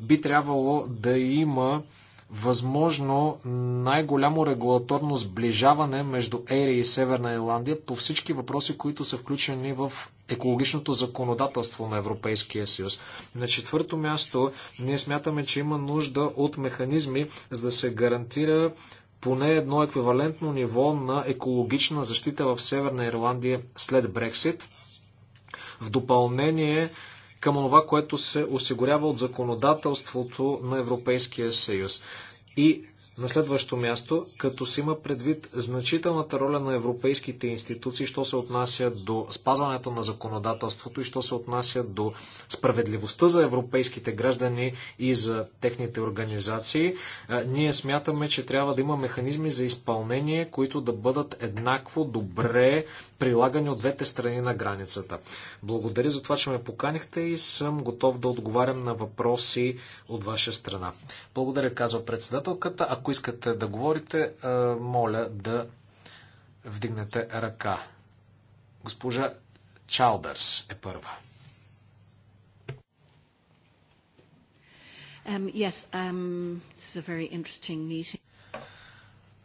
би трябвало да има възможно най-голямо регулаторно сближаване между Ери и Северна Ирландия по всички въпроси, които са включени в екологичното законодателство на Европейския съюз. На четвърто място, ние смятаме, че има нужда от механизми, за да се гарантира поне едно еквивалентно ниво на екологична защита в Северна Ирландия след Брексит. В допълнение, към това, което се осигурява от законодателството на Европейския съюз. И на следващо място, като се има предвид значителната роля на европейските институции, що се отнася до спазването на законодателството и що се отнася до справедливостта за европейските граждани и за техните организации, ние смятаме, че трябва да има механизми за изпълнение, които да бъдат еднакво добре прилагани от двете страни на границата. Благодаря за това, че ме поканихте и съм готов да отговарям на въпроси от ваша страна. Благодаря, казва председател председателката. Ако искате да говорите, моля да вдигнете ръка. Госпожа Чалдърс е първа. Um, yes, um, this is a very interesting meeting.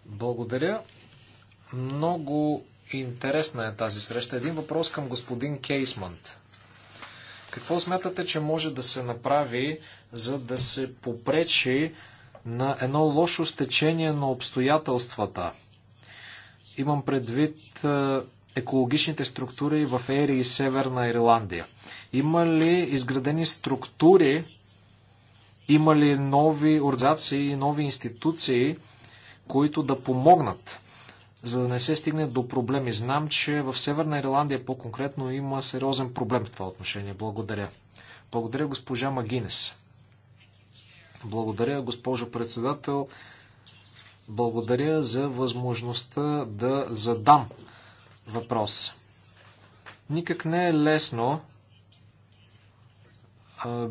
Благодаря. Много интересна е тази среща. Един въпрос към господин Кейсмант. Какво смятате, че може да се направи, за да се попречи на едно лошо стечение на обстоятелствата. Имам предвид е, екологичните структури в Ери и Северна Ирландия. Има ли изградени структури, има ли нови организации, нови институции, които да помогнат, за да не се стигне до проблеми? Знам, че в Северна Ирландия по-конкретно има сериозен проблем в това отношение. Благодаря. Благодаря госпожа Магинес. Благодаря, госпожо председател. Благодаря за възможността да задам въпрос. Никак не е лесно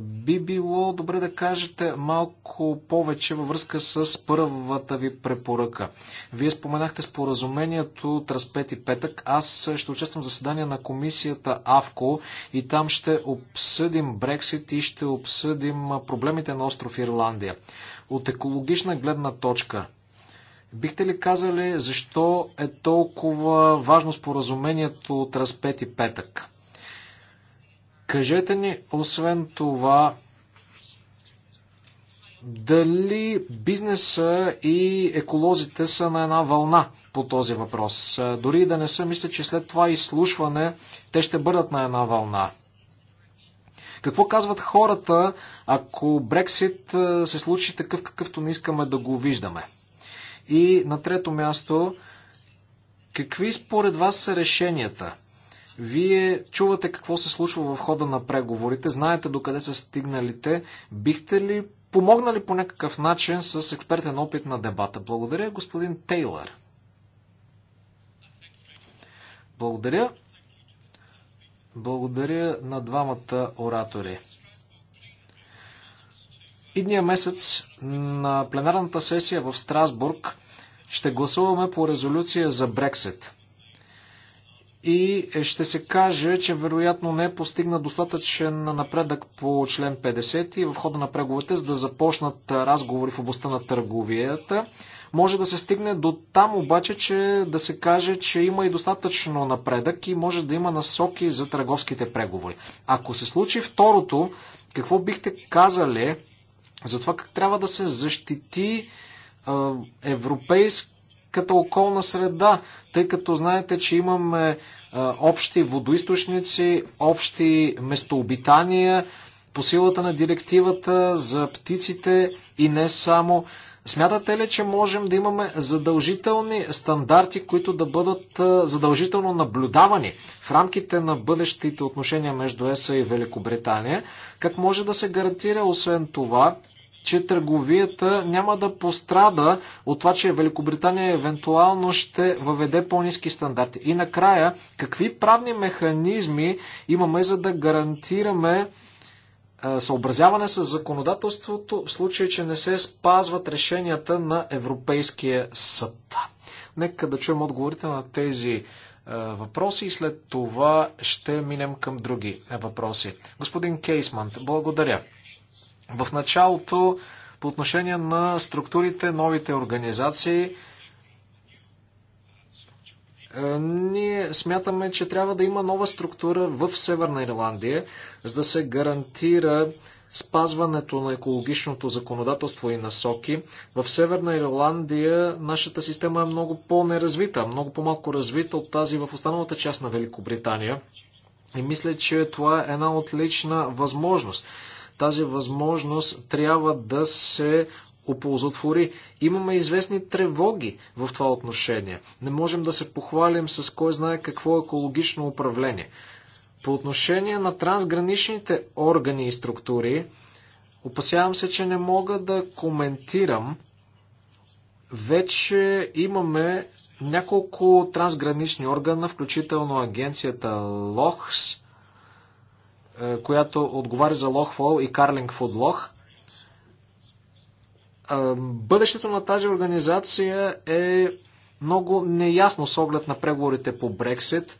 би било добре да кажете малко повече във връзка с първата ви препоръка. Вие споменахте споразумението от разпет и петък. Аз ще участвам в заседание на комисията АВКО и там ще обсъдим Брексит и ще обсъдим проблемите на остров Ирландия. От екологична гледна точка, бихте ли казали защо е толкова важно споразумението от разпет и петък? Кажете ни, освен това, дали бизнеса и еколозите са на една вълна по този въпрос. Дори да не са, мисля, че след това изслушване те ще бъдат на една вълна. Какво казват хората, ако Брексит се случи такъв, какъвто не искаме да го виждаме? И на трето място, какви според вас са решенията? Вие чувате какво се случва в хода на преговорите, знаете докъде са стигналите. Бихте ли помогнали по някакъв начин с експертен опит на дебата? Благодаря, господин Тейлър. Благодаря. Благодаря на двамата оратори. Идния месец на пленарната сесия в Страсбург ще гласуваме по резолюция за Брексит и ще се каже, че вероятно не е постигна достатъчен напредък по член 50 и в хода на преговорите, за да започнат разговори в областта на търговията. Може да се стигне до там обаче, че да се каже, че има и достатъчно напредък и може да има насоки за търговските преговори. Ако се случи второто, какво бихте казали за това как трябва да се защити европейски като околна среда, тъй като знаете, че имаме общи водоисточници, общи местообитания по силата на директивата за птиците и не само. Смятате ли, че можем да имаме задължителни стандарти, които да бъдат задължително наблюдавани в рамките на бъдещите отношения между ЕСА и Великобритания? Как може да се гарантира, освен това, че търговията няма да пострада от това, че Великобритания евентуално ще въведе по-низки стандарти. И накрая, какви правни механизми имаме за да гарантираме е, съобразяване с законодателството в случай, че не се спазват решенията на Европейския съд. Нека да чуем отговорите на тези е, въпроси и след това ще минем към други въпроси. Господин Кейсман, благодаря. В началото, по отношение на структурите, новите организации, е, ние смятаме, че трябва да има нова структура в Северна Ирландия, за да се гарантира спазването на екологичното законодателство и насоки. В Северна Ирландия нашата система е много по-неразвита, много по-малко развита от тази в останалата част на Великобритания. И мисля, че това е една отлична възможност тази възможност трябва да се оползотвори. Имаме известни тревоги в това отношение. Не можем да се похвалим с кой знае какво екологично управление. По отношение на трансграничните органи и структури, опасявам се, че не мога да коментирам. Вече имаме няколко трансгранични органа, включително агенцията ЛОХС, е, която отговаря за Лохвол и Карлинг Фудлох. Е, бъдещето на тази организация е много неясно с оглед на преговорите по Брексит.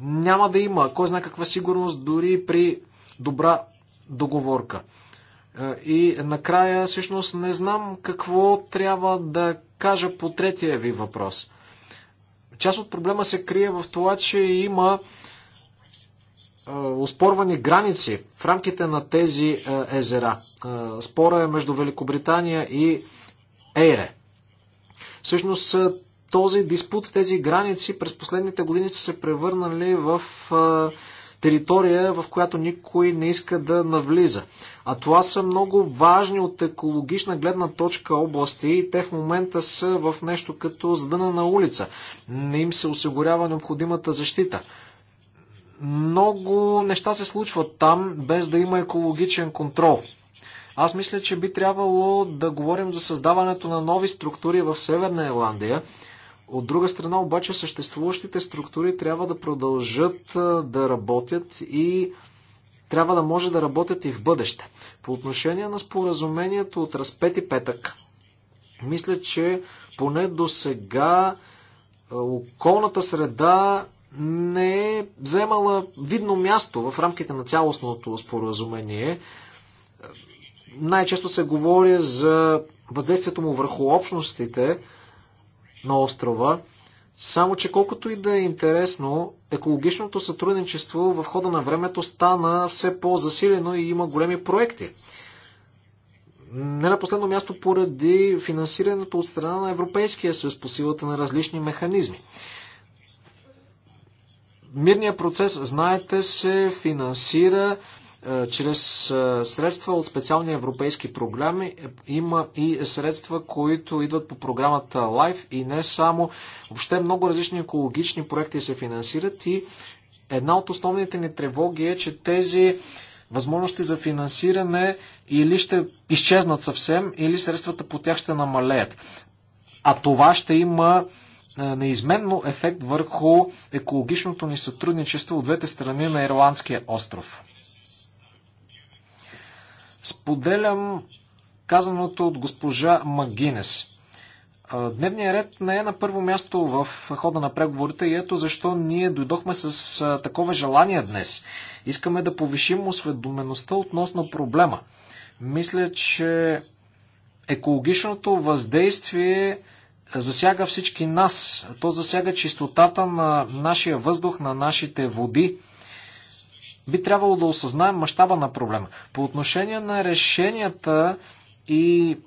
Няма да има кой знае каква сигурност дори при добра договорка. Е, и накрая, всъщност, не знам какво трябва да кажа по третия ви въпрос. Част от проблема се крие в това, че има оспорвани граници в рамките на тези езера. Спора е между Великобритания и Ейре. Всъщност този диспут, тези граници през последните години са се превърнали в територия, в която никой не иска да навлиза. А това са много важни от екологична гледна точка области и те в момента са в нещо като сдъна на улица. Не им се осигурява необходимата защита. Много неща се случват там, без да има екологичен контрол. Аз мисля, че би трябвало да говорим за създаването на нови структури в Северна Ирландия. От друга страна обаче съществуващите структури трябва да продължат да работят и трябва да може да работят и в бъдеще. По отношение на споразумението от разпети петък, мисля, че поне до сега околната среда не е вземала видно място в рамките на цялостното споразумение. Най-често се говори за въздействието му върху общностите на острова. Само, че колкото и да е интересно, екологичното сътрудничество в хода на времето стана все по-засилено и има големи проекти. Не на последно място поради финансирането от страна на Европейския съюз по силата на различни механизми. Мирният процес, знаете, се финансира е, чрез е, средства от специални европейски програми. Е, има и средства, които идват по програмата LIFE и не само. Въобще много различни екологични проекти се финансират и една от основните ни тревоги е, че тези възможности за финансиране или ще изчезнат съвсем, или средствата по тях ще намалеят. А това ще има е, неизменно ефект върху екологичното ни сътрудничество от двете страни на Ирландския остров. Споделям казаното от госпожа Магинес. Е, дневният ред не е на първо място в хода на преговорите и ето защо ние дойдохме с е, такова желание днес. Искаме да повишим осведомеността относно проблема. Мисля, че екологичното въздействие засяга всички нас. То засяга чистотата на нашия въздух, на нашите води. Би трябвало да осъзнаем мащаба на проблема. По отношение на решенията и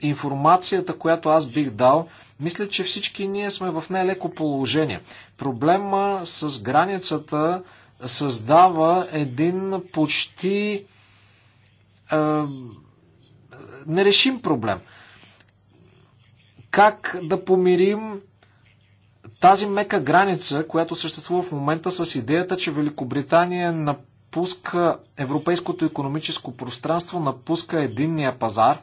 информацията, която аз бих дал, мисля, че всички ние сме в нелеко положение. Проблема с границата създава един почти е, нерешим проблем как да помирим тази мека граница, която съществува в момента с идеята, че Великобритания напуска европейското економическо пространство, напуска единния пазар.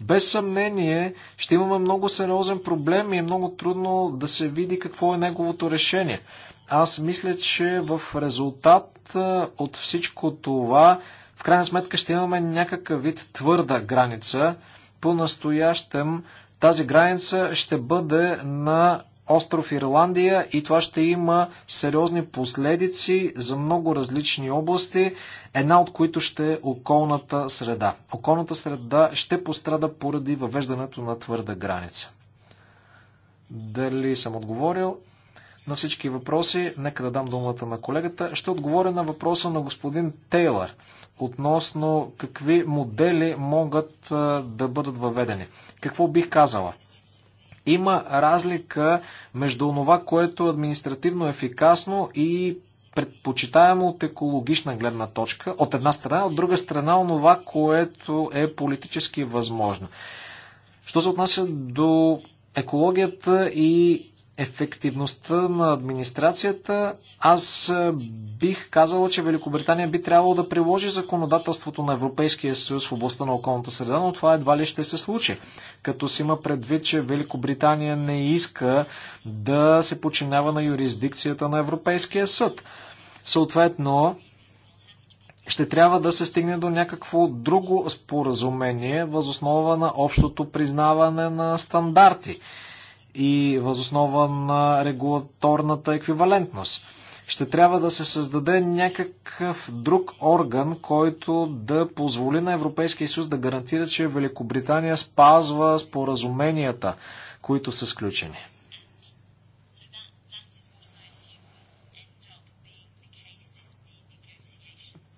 Без съмнение ще имаме много сериозен проблем и е много трудно да се види какво е неговото решение. Аз мисля, че в резултат от всичко това, в крайна сметка ще имаме някакъв вид твърда граница, по-настоящем тази граница ще бъде на остров Ирландия и това ще има сериозни последици за много различни области, една от които ще е околната среда. Околната среда ще пострада поради въвеждането на твърда граница. Дали съм отговорил? на всички въпроси. Нека да дам думата на колегата. Ще отговоря на въпроса на господин Тейлър относно какви модели могат да бъдат въведени. Какво бих казала? Има разлика между това, което е административно ефикасно и предпочитаемо от екологична гледна точка, от една страна, от друга страна, онова, което е политически възможно. Що се отнася до екологията и ефективността на администрацията, аз е, бих казала, че Великобритания би трябвало да приложи законодателството на Европейския съюз в областта на околната среда, но това едва ли ще се случи. Като си има предвид, че Великобритания не иска да се починява на юрисдикцията на Европейския съд. Съответно, ще трябва да се стигне до някакво друго споразумение, възоснова на общото признаване на стандарти и възоснова на регулаторната еквивалентност. Ще трябва да се създаде някакъв друг орган, който да позволи на Европейския съюз да гарантира, че Великобритания спазва споразуменията, които са сключени.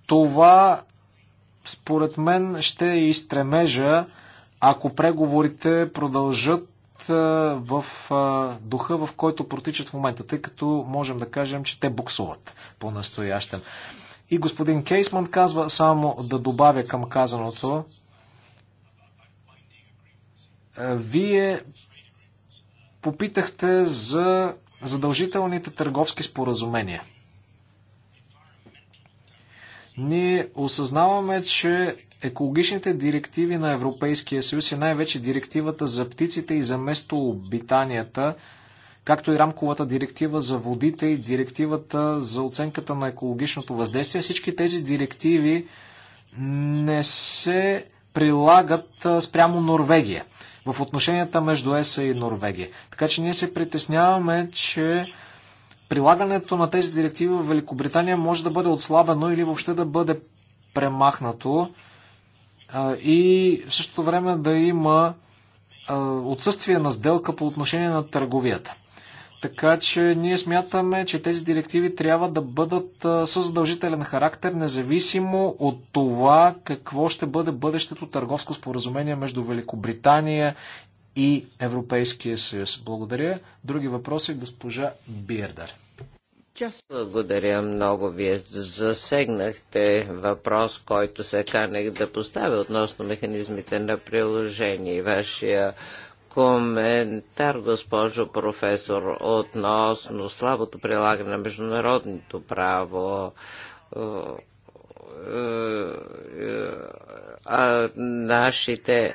Това, според мен, ще е и стремежа, ако преговорите продължат в духа, в който протичат в момента, тъй като можем да кажем, че те буксуват по-настоящем. И господин Кейсман казва, само да добавя към казаното, вие попитахте за задължителните търговски споразумения. Ние осъзнаваме, че екологичните директиви на Европейския съюз и най-вече директивата за птиците и за местообитанията, както и рамковата директива за водите и директивата за оценката на екологичното въздействие, всички тези директиви не се прилагат спрямо Норвегия в отношенията между ЕСА и Норвегия. Така че ние се притесняваме, че прилагането на тези директиви в Великобритания може да бъде отслабено или въобще да бъде премахнато и в същото време да има отсъствие на сделка по отношение на търговията. Така че ние смятаме, че тези директиви трябва да бъдат със задължителен характер, независимо от това какво ще бъде бъдещето търговско споразумение между Великобритания и Европейския съюз. Благодаря. Други въпроси, госпожа Бирдър. Благодаря много. Вие засегнахте въпрос, който се канех да поставя относно механизмите на приложение. Вашия коментар, госпожо професор, относно слабото прилагане на международното право а, нашите...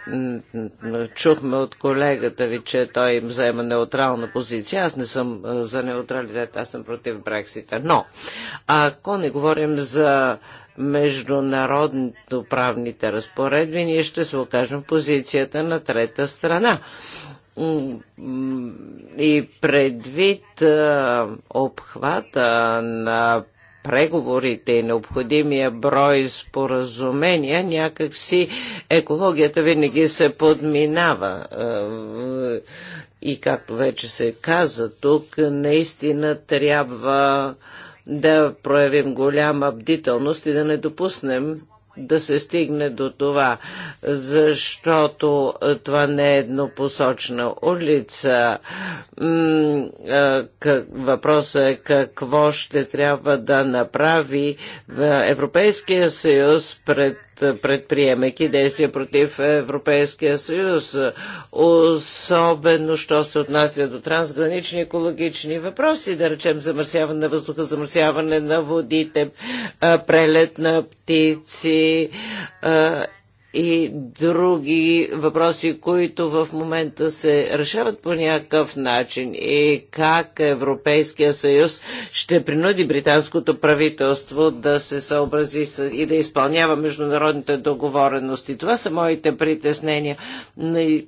Чухме от колегата ви, че той им взема неутрална позиция. Аз не съм за неутралитет, аз съм против Брексита. Но, ако не говорим за международното правните разпоредби, ние ще се окажем в позицията на трета страна и предвид обхвата на преговорите и необходимия брой споразумения, някакси екологията винаги се подминава. Е, и както вече се каза тук, наистина трябва да проявим голяма бдителност и да не допуснем да се стигне до това, защото това не е еднопосочна улица. Въпросът е какво ще трябва да направи Европейския съюз пред предприемайки действия против Европейския съюз, особено що се отнася до трансгранични екологични въпроси, да речем замърсяване на въздуха, замърсяване на водите, прелет на птици и други въпроси, които в момента се решават по някакъв начин и как Европейския съюз ще принуди британското правителство да се съобрази с, и да изпълнява международните договорености. Това са моите притеснения.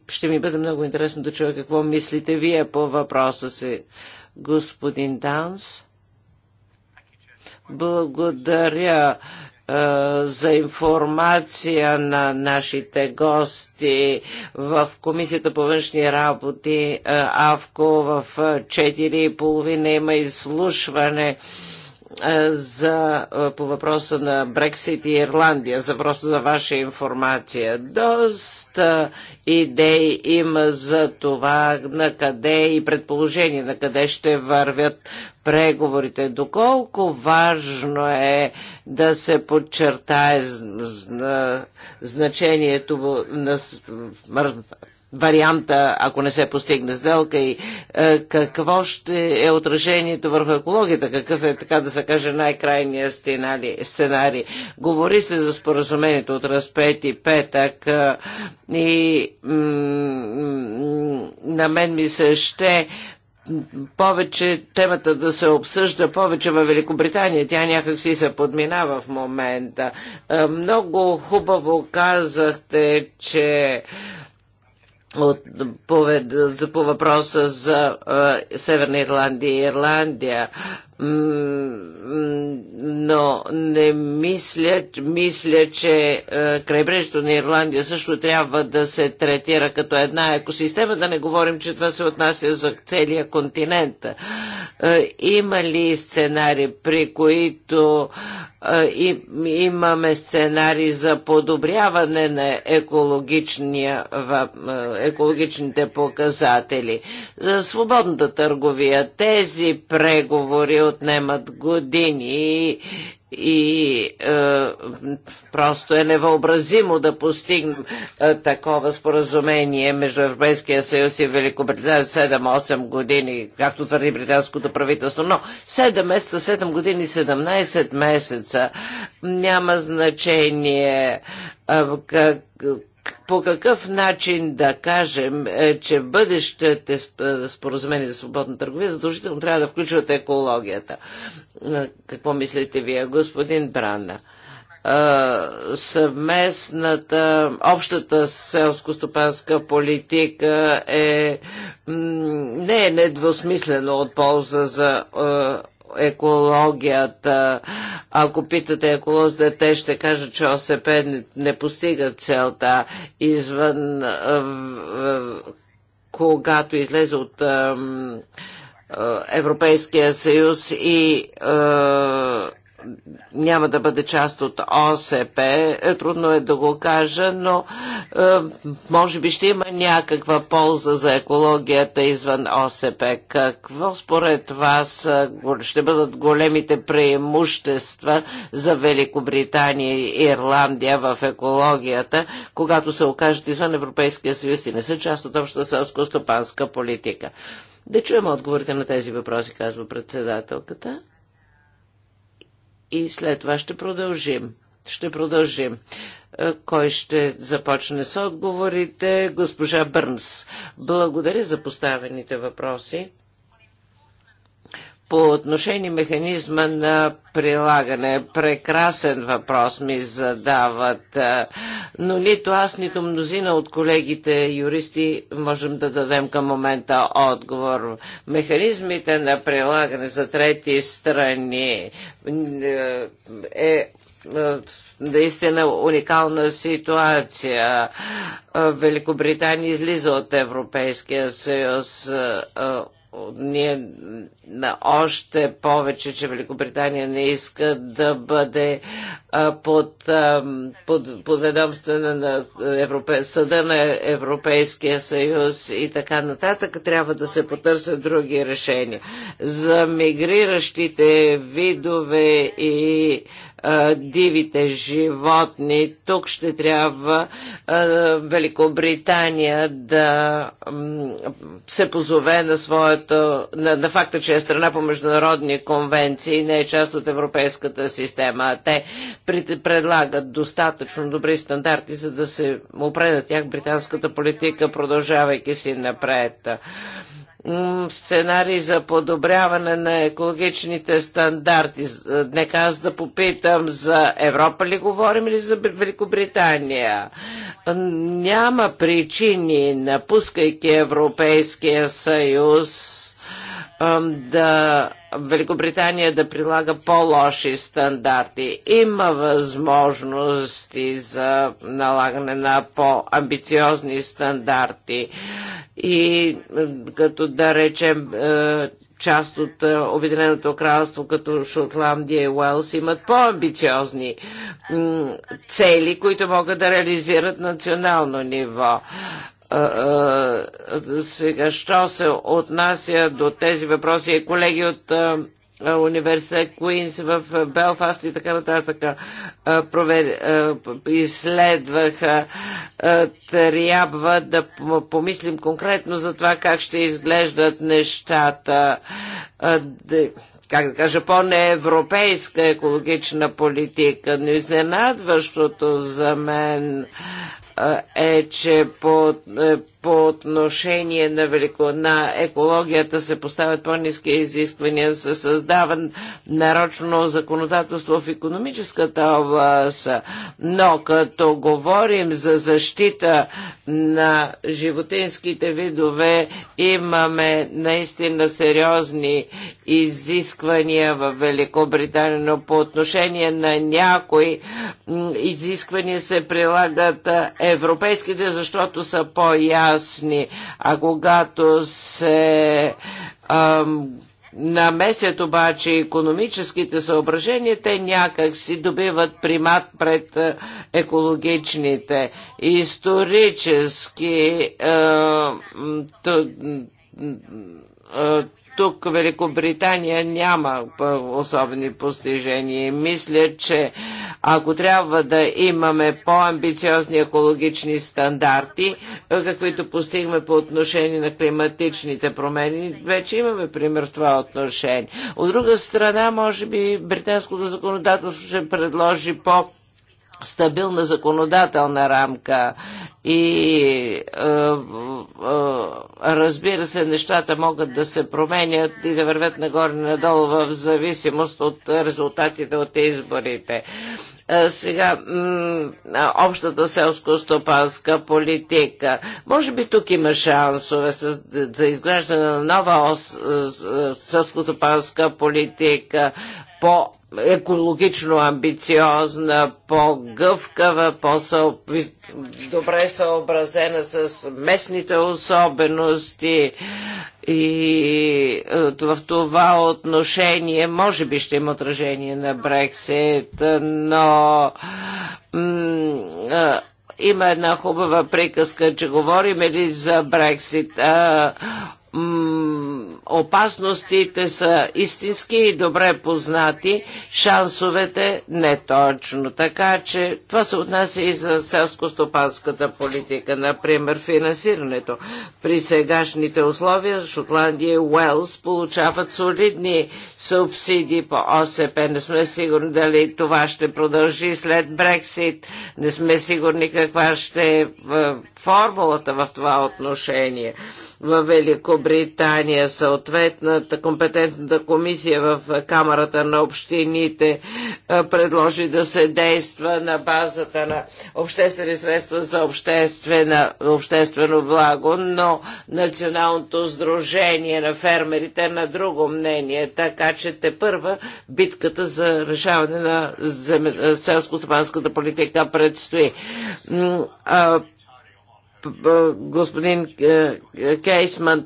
Ще ми бъде много интересно да чуя какво мислите вие по въпроса си, господин Данс. Благодаря за информация на нашите гости в Комисията по външни работи АВКО в 4.30 има изслушване е, за, е, по въпроса на Брексит и Ирландия, за просто за ваша информация. Доста идеи има за това на къде и предположение на къде ще вървят преговорите. Доколко важно е да се подчертае значението на варианта, ако не се постигне сделка и е, какво ще е отражението върху екологията, какъв е, така да се каже, най-крайният сценарий. Говори се за споразумението от разпет и петък е, и на мен ми се ще повече темата да се обсъжда повече във Великобритания. Тя някак си се подминава в момента. Е, много хубаво казахте, че от, повед, за, по въпроса за а, Северна Ирландия и Ирландия но не мисля, мисля, че е, крайбрежието на Ирландия също трябва да се третира като една екосистема, да не говорим, че това се отнася за целия континент. Е, има ли сценари, при които е, имаме сценари за подобряване на екологичните показатели? свободната търговия, тези преговори от отнемат години и е, просто е невъобразимо да постигнем е, такова споразумение между Европейския съюз и Великобритания 7-8 години, както твърди британското правителство, но 7 месеца, 7 години, 17 месеца няма значение е, как по какъв начин да кажем, е, че в бъдещите споразумения за свободна търговия задължително трябва да включват екологията? Е, какво мислите вие, господин Брана? Е, съвместната, общата селско-стопанска политика е не е недвусмислено от полза за екологията. Ако питате еколозите, те ще кажат, че ОСП не, не постига целта извън когато излезе от Европейския съюз и няма да бъде част от ОСП, е, трудно е да го кажа, но е, може би ще има някаква полза за екологията извън ОСП. Какво според вас е, ще бъдат големите преимущества за Великобритания и Ирландия в екологията, когато се окажат извън Европейския съюз и не са част от общата селско-стопанска политика? Да чуем отговорите на тези въпроси, казва председателката и след това ще продължим. Ще продължим. Е, кой ще започне с отговорите? Госпожа Бърнс. Благодаря за поставените въпроси. По отношение механизма на прилагане, прекрасен въпрос ми задават, но нито аз, нито мнозина от колегите юристи можем да дадем към момента отговор. Механизмите на прилагане за трети страни е, е наистина уникална ситуация. Великобритания излиза от Европейския съюз. Ние още повече, че Великобритания не иска да бъде под, под, под ведомство на Европе, съда на Европейския съюз и така нататък, трябва да се потърсят други решения. За мигриращите видове и дивите животни. Тук ще трябва а, Великобритания да м, се позове на своето, на, на факта, че че е страна по международни конвенции не е част от европейската система. Те предлагат достатъчно добри стандарти, за да се опре на тях британската политика, продължавайки си напред сценарий за подобряване на екологичните стандарти. Е, нека аз да попитам за Европа ли говорим или за Великобритания. Няма причини, напускайки Европейския съюз, да Великобритания да прилага по-лоши стандарти. Има възможности за налагане на по-амбициозни стандарти и като да речем е, част от е, Обединеното кралство, като Шотландия и Уелс, имат по-амбициозни цели, които могат да реализират национално ниво сега, що се отнася до тези въпроси е колеги от университет Куинс в Белфаст и така нататък провер... изследваха. Трябва да помислим конкретно за това как ще изглеждат нещата как да кажа, по-неевропейска екологична политика, но изненадващото за мен е, че по е, по отношение на, велико, на екологията се поставят по-низки изисквания за създаван нарочно законодателство в економическата област. Но като говорим за защита на животинските видове, имаме наистина сериозни изисквания в Великобритания, но по отношение на някои изисквания се прилагат европейските, защото са по-ясни ясни, а когато се а, намесят обаче економическите съображения, те някак си добиват примат пред екологичните. Исторически а, тук Великобритания няма особени постижения. Мисля, че ако трябва да имаме по-амбициозни екологични стандарти, каквито постигме по отношение на климатичните промени, вече имаме пример в това отношение. От друга страна, може би британското законодателство ще предложи по стабилна законодателна рамка и а, а, разбира се, нещата могат да се променят и да вървят нагоре-надолу в зависимост от резултатите от изборите сега общата селско-стопанска политика. Може би тук има шансове с, за изграждане на нова селско-стопанска политика, по екологично амбициозна, по-гъвкава, по-съобразена добре съобразена с местните особености и е, в това отношение може би ще има отражение на Брексит, но е, има една хубава приказка, че говорим ли за Брексит, а опасностите са истински и добре познати, шансовете не точно. Така че това се отнася и за селско-стопанската политика, например финансирането. При сегашните условия Шотландия и Уелс получават солидни субсидии по ОСП. Не сме сигурни дали това ще продължи след Брексит. Не сме сигурни каква ще е, е формулата в това отношение в Великобритания, съответната компетентната комисия в Камерата на общините предложи да се действа на базата на обществени средства за обществено благо, но Националното сдружение на фермерите е на друго мнение, така че те първа битката за решаване на селско-стопанската политика предстои господин е, е, Кейсман.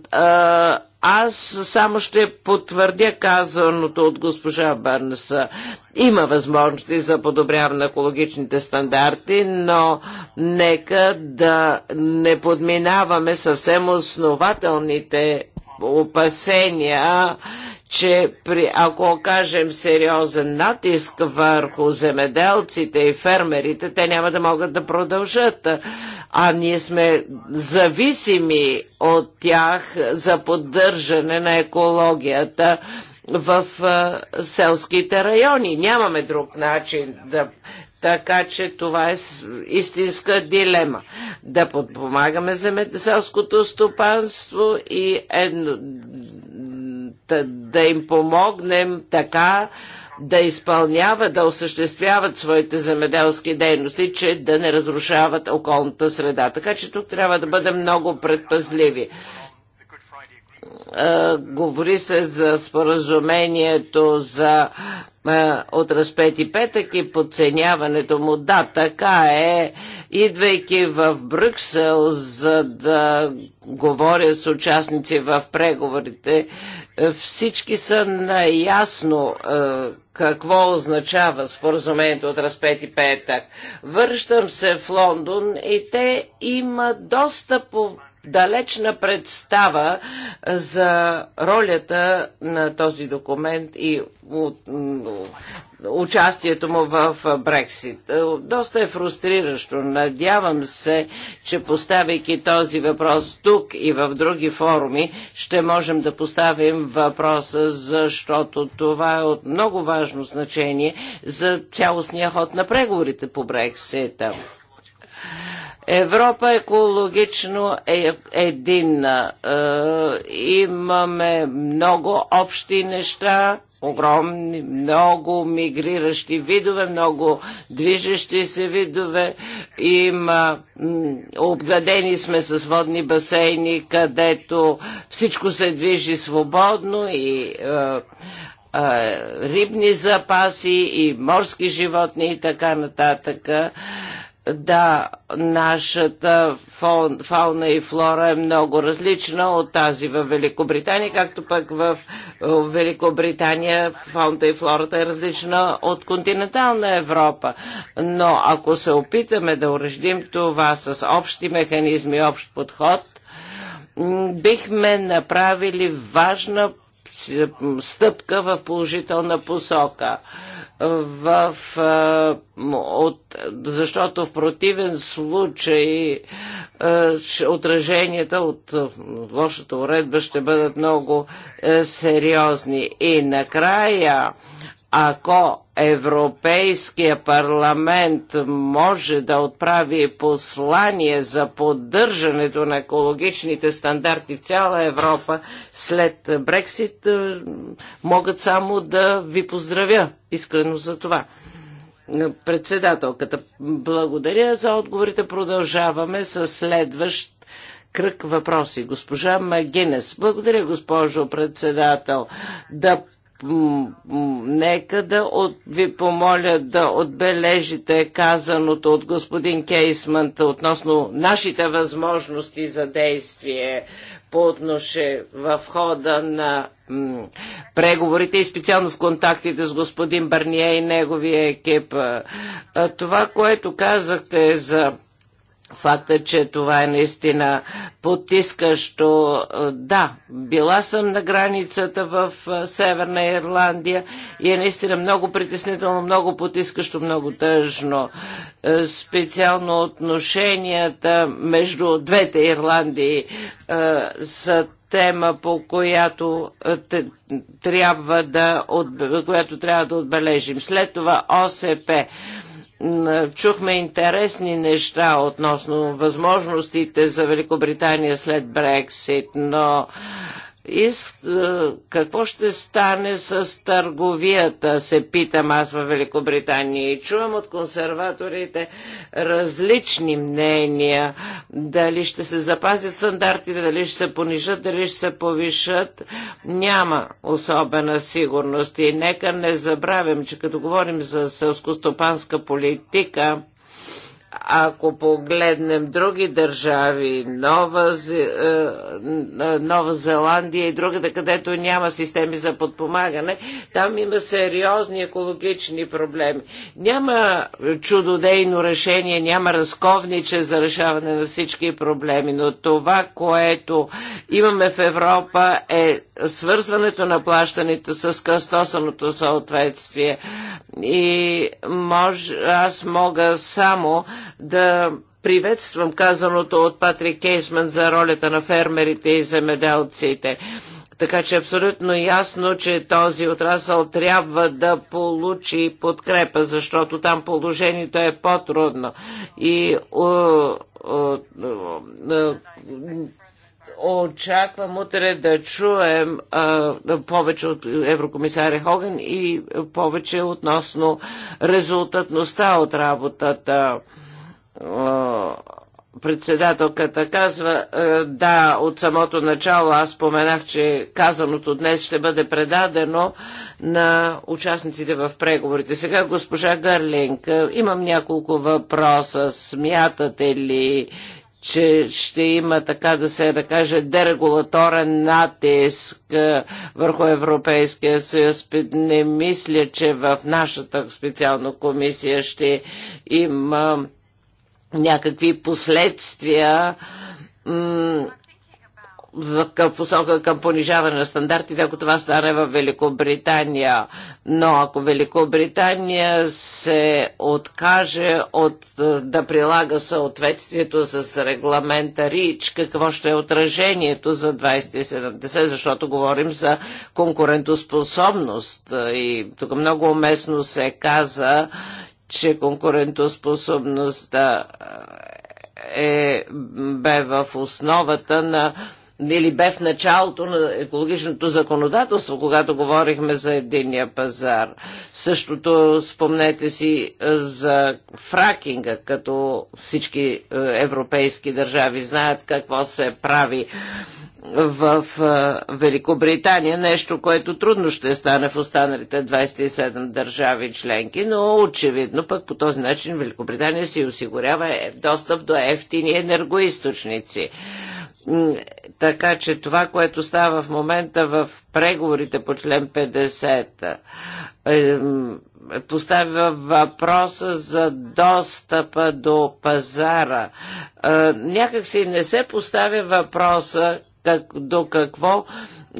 Аз само ще потвърдя казаното от госпожа Бърнса. Има възможности за подобряване на екологичните стандарти, но нека да не подминаваме съвсем основателните опасения че при, ако окажем сериозен натиск върху земеделците и фермерите, те няма да могат да продължат. А ние сме зависими от тях за поддържане на екологията в а, селските райони. Нямаме друг начин да така че това е истинска дилема. Да подпомагаме земеделското стопанство и едно, да им помогнем така да изпълняват, да осъществяват своите земеделски дейности, че да не разрушават околната среда. Така че тук трябва да бъдем много предпазливи говори се за споразумението за от разпети петък и подценяването му. Да, така е. Идвайки в Брюксел, за да говоря с участници в преговорите, е, всички са наясно е, какво означава споразумението от разпети петък. Връщам се в Лондон и те има доста по далечна представа за ролята на този документ и участието му в Брексит. Доста е фрустриращо. Надявам се, че поставяйки този въпрос тук и в други форуми, ще можем да поставим въпроса, защото това е от много важно значение за цялостния ход на преговорите по Брексита. Европа екологично е единна. Е, имаме много общи неща, огромни, много мигриращи видове, много движещи се видове. Има, обгадени сме с водни басейни, където всичко се движи свободно и е, е рибни запаси и морски животни и така нататък. Да, нашата фауна и флора е много различна от тази в Великобритания, както пък в Великобритания фауната и флората е различна от континентална Европа. Но ако се опитаме да уредим това с общи механизми, общ подход, бихме направили важна стъпка в положителна посока в, а, от, защото в противен случай отраженията от лошата уредба ще бъдат много сериозни. И накрая, ако Европейския парламент може да отправи послание за поддържането на екологичните стандарти в цяла Европа след Брексит, е, могат само да ви поздравя искрено за това. Председателката, благодаря за отговорите. Продължаваме с следващ кръг въпроси. Госпожа Магинес, благодаря, госпожо председател. Да нека да от, ви помоля да отбележите казаното от господин Кейсмант относно нашите възможности за действие по отноше в хода на преговорите и специално в контактите с господин Барние и неговия екип. Това, което казахте за факта, че това е наистина потискащо. Е, да, била съм на границата в е, Северна Ирландия и е наистина много притеснително, много потискащо, много тъжно. Е, специално отношенията между двете Ирландии са тема, по която трябва да, която трябва да отбележим. След това ОСП. Чухме интересни неща относно възможностите за Великобритания след Брексит, но из, е, какво ще стане с търговията, се питам аз във Великобритания и чувам от консерваторите различни мнения, дали ще се запазят стандартите, дали ще се понижат, дали ще се повишат, няма особена сигурност и нека не забравим, че като говорим за селско-стопанска политика, ако погледнем други държави, Нова, е, е, Нова Зеландия и другата, където няма системи за подпомагане, там има сериозни екологични проблеми. Няма чудодейно решение, няма разковниче за решаване на всички проблеми, но това, което имаме в Европа е свързването на плащането с кръстосаното съответствие. И мож, аз мога само да приветствам казаното от Патрик Кейсман за ролята на фермерите и земеделците. Така че е абсолютно ясно, че този отрасъл трябва да получи подкрепа, защото там положението е по-трудно. И очаквам утре да чуем а, повече от еврокомисаря Хоган и повече относно резултатността от работата председателката казва, е, да, от самото начало аз споменах, че казаното днес ще бъде предадено на участниците в преговорите. Сега госпожа Гърлинг, е, имам няколко въпроса. Смятате ли, че ще има, така да се да каже, дерегулаторен натиск е, върху Европейския съюз. Не мисля, че в нашата специална комисия ще има някакви последствия в посока към понижаване на стандартите, ако това стане в Великобритания. Но ако Великобритания се откаже от е, да прилага съответствието с регламента РИЧ, какво ще е отражението за 2070, защото говорим за конкурентоспособност. Е, и тук много уместно се каза, че конкурентоспособността е, е, бе в основата на или бе в началото на екологичното законодателство, когато говорихме за единния пазар. Същото спомнете си е, за фракинга, като всички е, европейски държави знаят какво се прави в Великобритания, нещо, което трудно ще стане в останалите 27 държави членки, но очевидно пък по този начин Великобритания си осигурява е, достъп до ефтини енергоисточници. Така че това, което става в момента в преговорите по член 50, е, поставя въпроса за достъпа до пазара. Е, някак си не се поставя въпроса как, до какво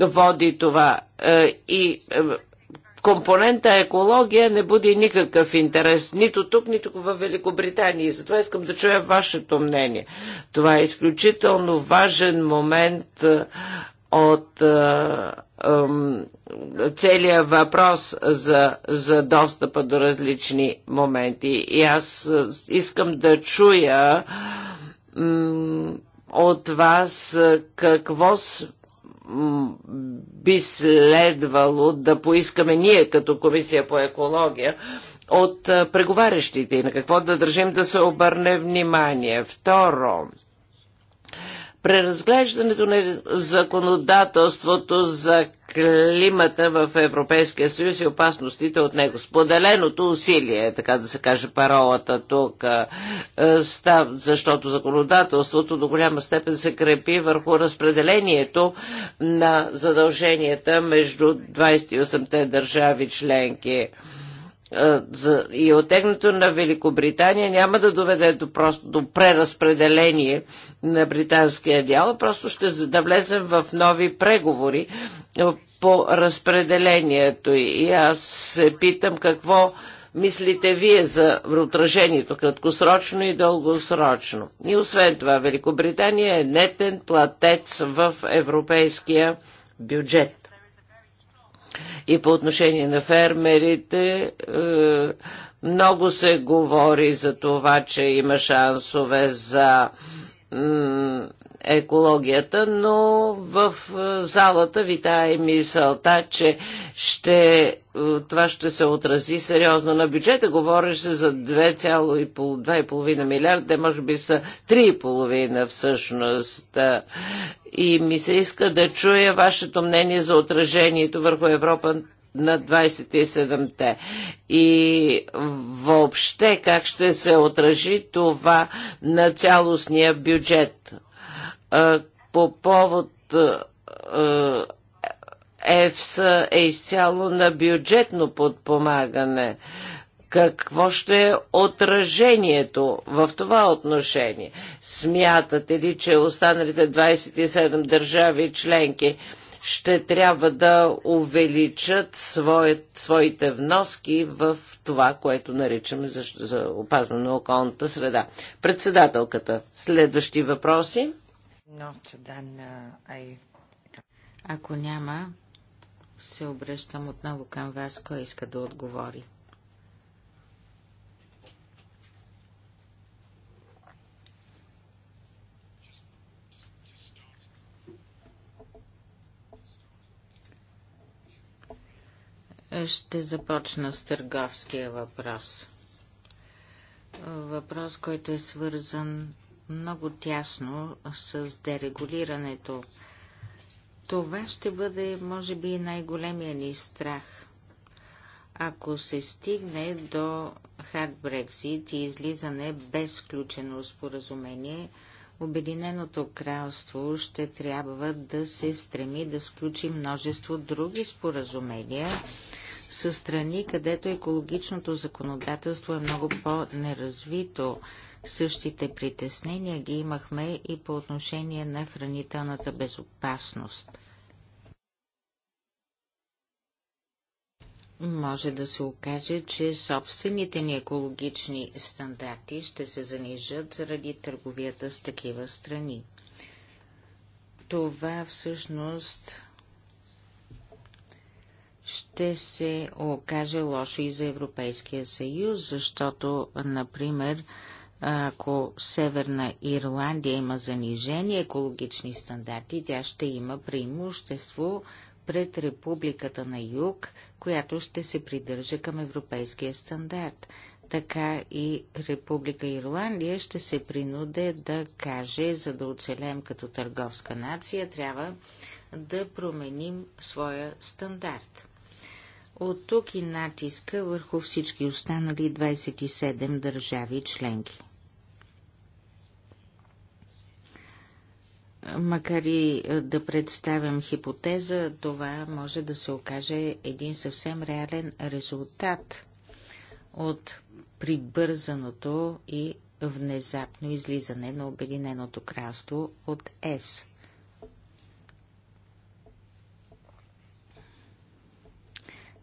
води това. Е, и е, компонента екология не буди никакъв интерес нито тук, нито в Великобритания. И затова искам да чуя вашето мнение. Това е изключително важен момент е, от целият въпрос за, за достъпа до различни моменти. И аз искам да чуя от вас какво с би следвало да поискаме ние като Комисия по екология от преговарящите и на какво да държим да се обърне внимание. Второ, Преразглеждането на законодателството за климата в Европейския съюз и опасностите от него. Споделеното усилие, така да се каже паролата тук, е, защото законодателството до голяма степен се крепи върху разпределението на задълженията между 28-те държави членки за, и отегнато на Великобритания няма да доведе до, просто, до преразпределение на британския дял, просто ще да влезем в нови преговори по разпределението. И аз се питам какво мислите вие за отражението краткосрочно и дългосрочно. И освен това, Великобритания е нетен платец в европейския бюджет. И по отношение на фермерите, е, много се говори за това, че има шансове за екологията, но в е, залата витае мисълта, че ще, е, това ще се отрази сериозно на бюджета. Говореше се за 2,5 милиарда, може би са 3,5 всъщност. Е, и ми се иска да чуя вашето мнение за отражението върху Европа на 27-те. И въобще как ще се отражи това на цялостния бюджет? по повод ЕФСА е изцяло на бюджетно подпомагане. Какво ще е отражението в това отношение? Смятате ли, че останалите 27 държави членки ще трябва да увеличат своят, своите вноски в това, което наричаме за, за опазване на околната среда? Председателката, следващи въпроси? Uh, Ако няма, се обръщам отново към вас, кой иска да отговори. Ще започна с търговския въпрос. Въпрос, който е свързан много тясно с дерегулирането. Това ще бъде, може би, най-големия ни страх. Ако се стигне до хард Брексит и излизане без включено споразумение, Обединеното кралство ще трябва да се стреми да сключи множество други споразумения с страни, където екологичното законодателство е много по-неразвито. Същите притеснения ги имахме и по отношение на хранителната безопасност. Може да се окаже, че собствените ни екологични стандарти ще се занижат заради търговията с такива страни. Това всъщност ще се окаже лошо и за Европейския съюз, защото, например, ако Северна Ирландия има занижени екологични стандарти, тя ще има преимущество пред Републиката на Юг, която ще се придържа към европейския стандарт. Така и Република Ирландия ще се принуде да каже, за да оцелем като търговска нация, трябва да променим своя стандарт. От тук и натиска върху всички останали 27 държави членки. Макар и е, да представям хипотеза, това може да се окаже един съвсем реален резултат от прибързаното и внезапно излизане на Обединеното кралство от ЕС.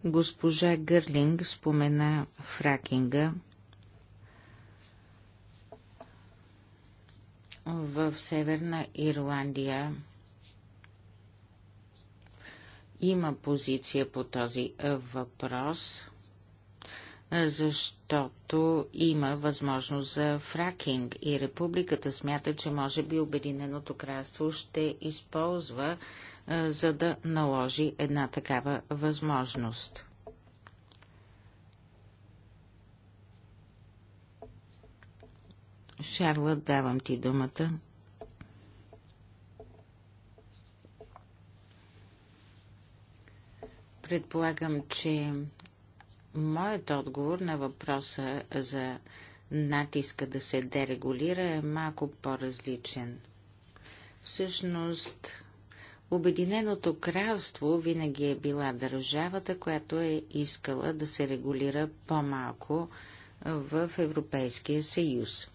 Госпожа Гърлинг спомена фракинга – в Северна Ирландия има позиция по този е, въпрос, е, защото има възможност за фракинг и републиката смята, че може би Обединеното кралство ще използва, е, за да наложи една такава възможност. Шарла, давам ти думата. Предполагам, че моят отговор на въпроса за натиска да се дерегулира е малко по-различен. Всъщност, Обединеното кралство винаги е била държавата, която е искала да се регулира по-малко в Европейския съюз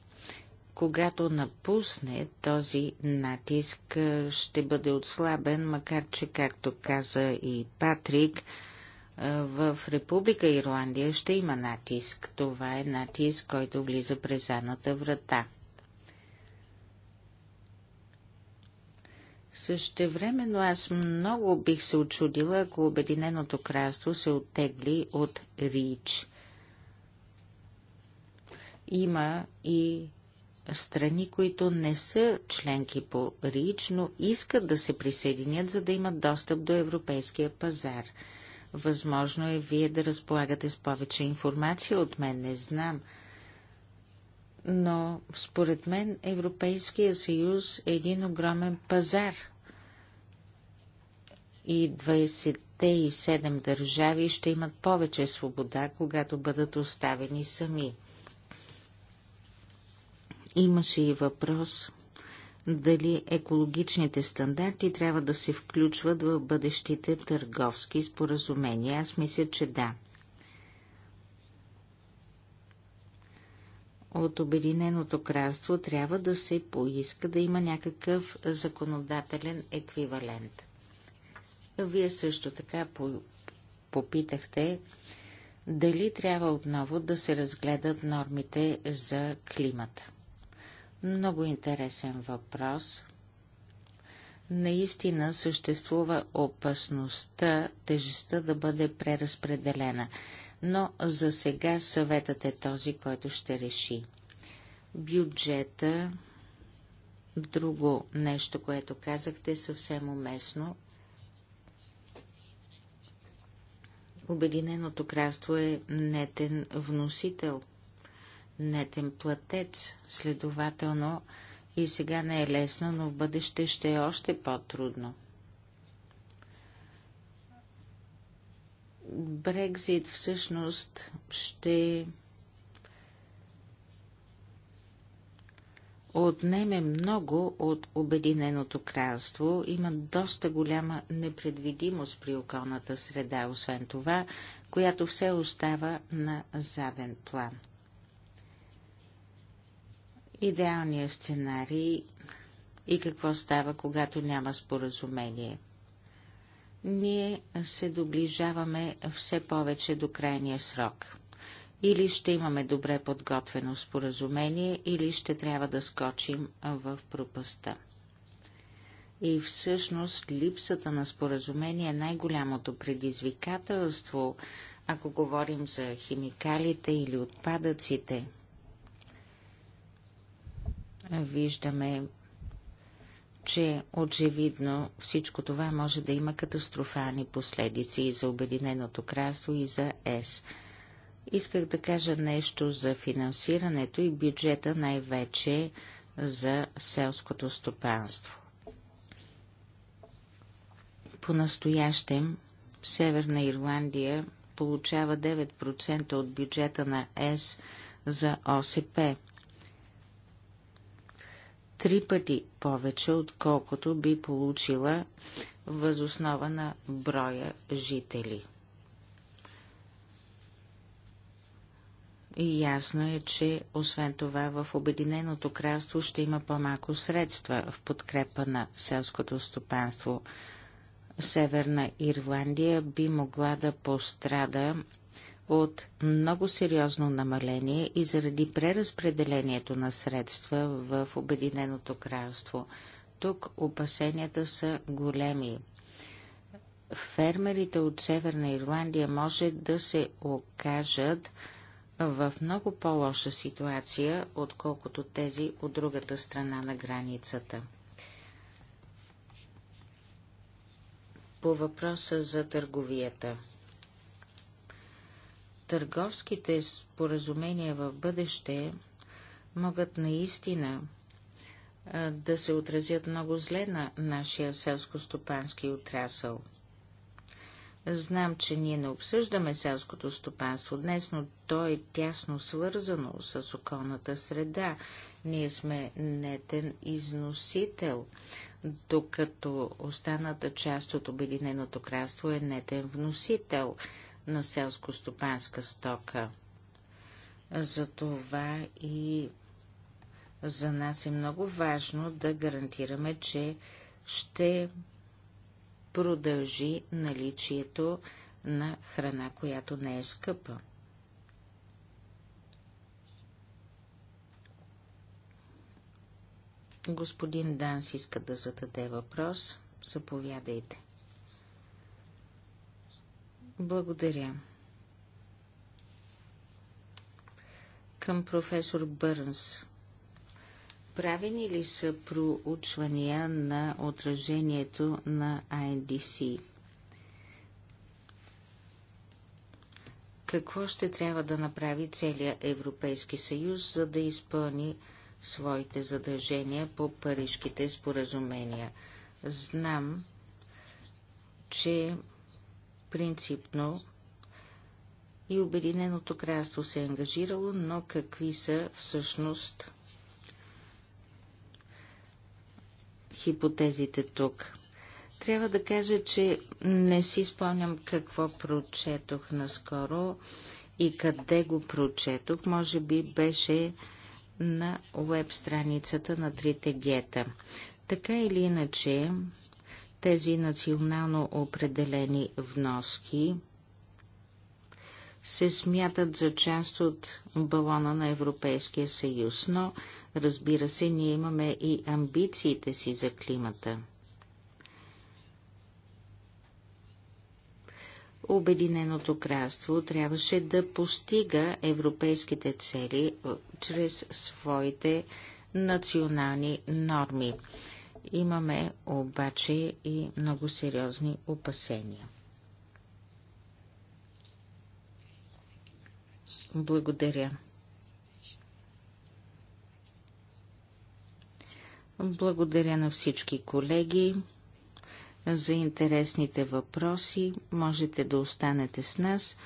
когато напусне, този натиск ще бъде отслабен, макар че, както каза и Патрик, в Република Ирландия ще има натиск. Това е натиск, който влиза през задната врата. Същевременно аз много бих се очудила, ако Обединеното кралство се оттегли от Рич. Има и страни, които не са членки по РИЧ, но искат да се присъединят, за да имат достъп до европейския пазар. Възможно е вие да разполагате с повече информация от мен, не знам. Но според мен Европейския съюз е един огромен пазар. И 27 държави ще имат повече свобода, когато бъдат оставени сами. Имаше и въпрос дали екологичните стандарти трябва да се включват в бъдещите търговски споразумения. Аз мисля, че да. От Обединеното кралство трябва да се поиска да има някакъв законодателен еквивалент. Вие също така попитахте дали трябва отново да се разгледат нормите за климата. Много интересен въпрос. Наистина съществува опасността тежестта да бъде преразпределена, но за сега съветът е този, който ще реши. Бюджета, друго нещо, което казахте е съвсем уместно, Обединеното кралство е нетен вносител нетен платец. Следователно и сега не е лесно, но в бъдеще ще е още по-трудно. Брекзит всъщност ще отнеме много от Обединеното кралство, има доста голяма непредвидимост при околната среда, освен това, която все остава на заден план идеалния сценарий и какво става, когато няма споразумение. Ние се доближаваме все повече до крайния срок. Или ще имаме добре подготвено споразумение, или ще трябва да скочим в пропаста. И всъщност липсата на споразумение е най-голямото предизвикателство, ако говорим за химикалите или отпадъците – виждаме, че очевидно всичко това може да има катастрофални последици и за Обединеното кралство и за ЕС. Исках да кажа нещо за финансирането и бюджета най-вече за селското стопанство. По-настоящем Северна Ирландия получава 9% от бюджета на ЕС за ОСП – три пъти повече, отколкото би получила възоснова на броя жители. И ясно е, че освен това в Обединеното кралство ще има по-малко средства в подкрепа на селското стопанство. Северна Ирландия би могла да пострада от много сериозно намаление и заради преразпределението на средства в Обединеното кралство. Тук опасенията са големи. Фермерите от Северна Ирландия може да се окажат в много по-лоша ситуация, отколкото тези от другата страна на границата. По въпроса за търговията – търговските споразумения в бъдеще могат наистина да се отразят много зле на нашия селско-стопански отрасъл. Знам, че ние не обсъждаме селското стопанство днес, но то е тясно свързано с околната среда. Ние сме нетен износител, докато останата част от Обединеното кралство е нетен вносител – на селско-стопанска стока. Затова и за нас е много важно да гарантираме, че ще продължи наличието на храна, която не е скъпа. Господин Данс иска да зададе въпрос. Заповядайте. Благодаря. Към професор Бърнс. Правени ли са проучвания на отражението на INDC? Какво ще трябва да направи целият Европейски съюз, за да изпълни своите задължения по парижките споразумения? Знам, че принципно и Обединеното кралство се е ангажирало, но какви са всъщност хипотезите тук? Трябва да кажа, че не си спомням какво прочетох наскоро и къде го прочетох. Може би беше на веб страницата на трите гета. Така или иначе, тези национално определени вноски се смятат за част от балона на Европейския съюз, но разбира се, ние имаме и амбициите си за климата. Обединеното кралство трябваше да постига европейските цели чрез своите национални норми. Имаме обаче и много сериозни опасения. Благодаря. Благодаря на всички колеги за интересните въпроси. Можете да останете с нас.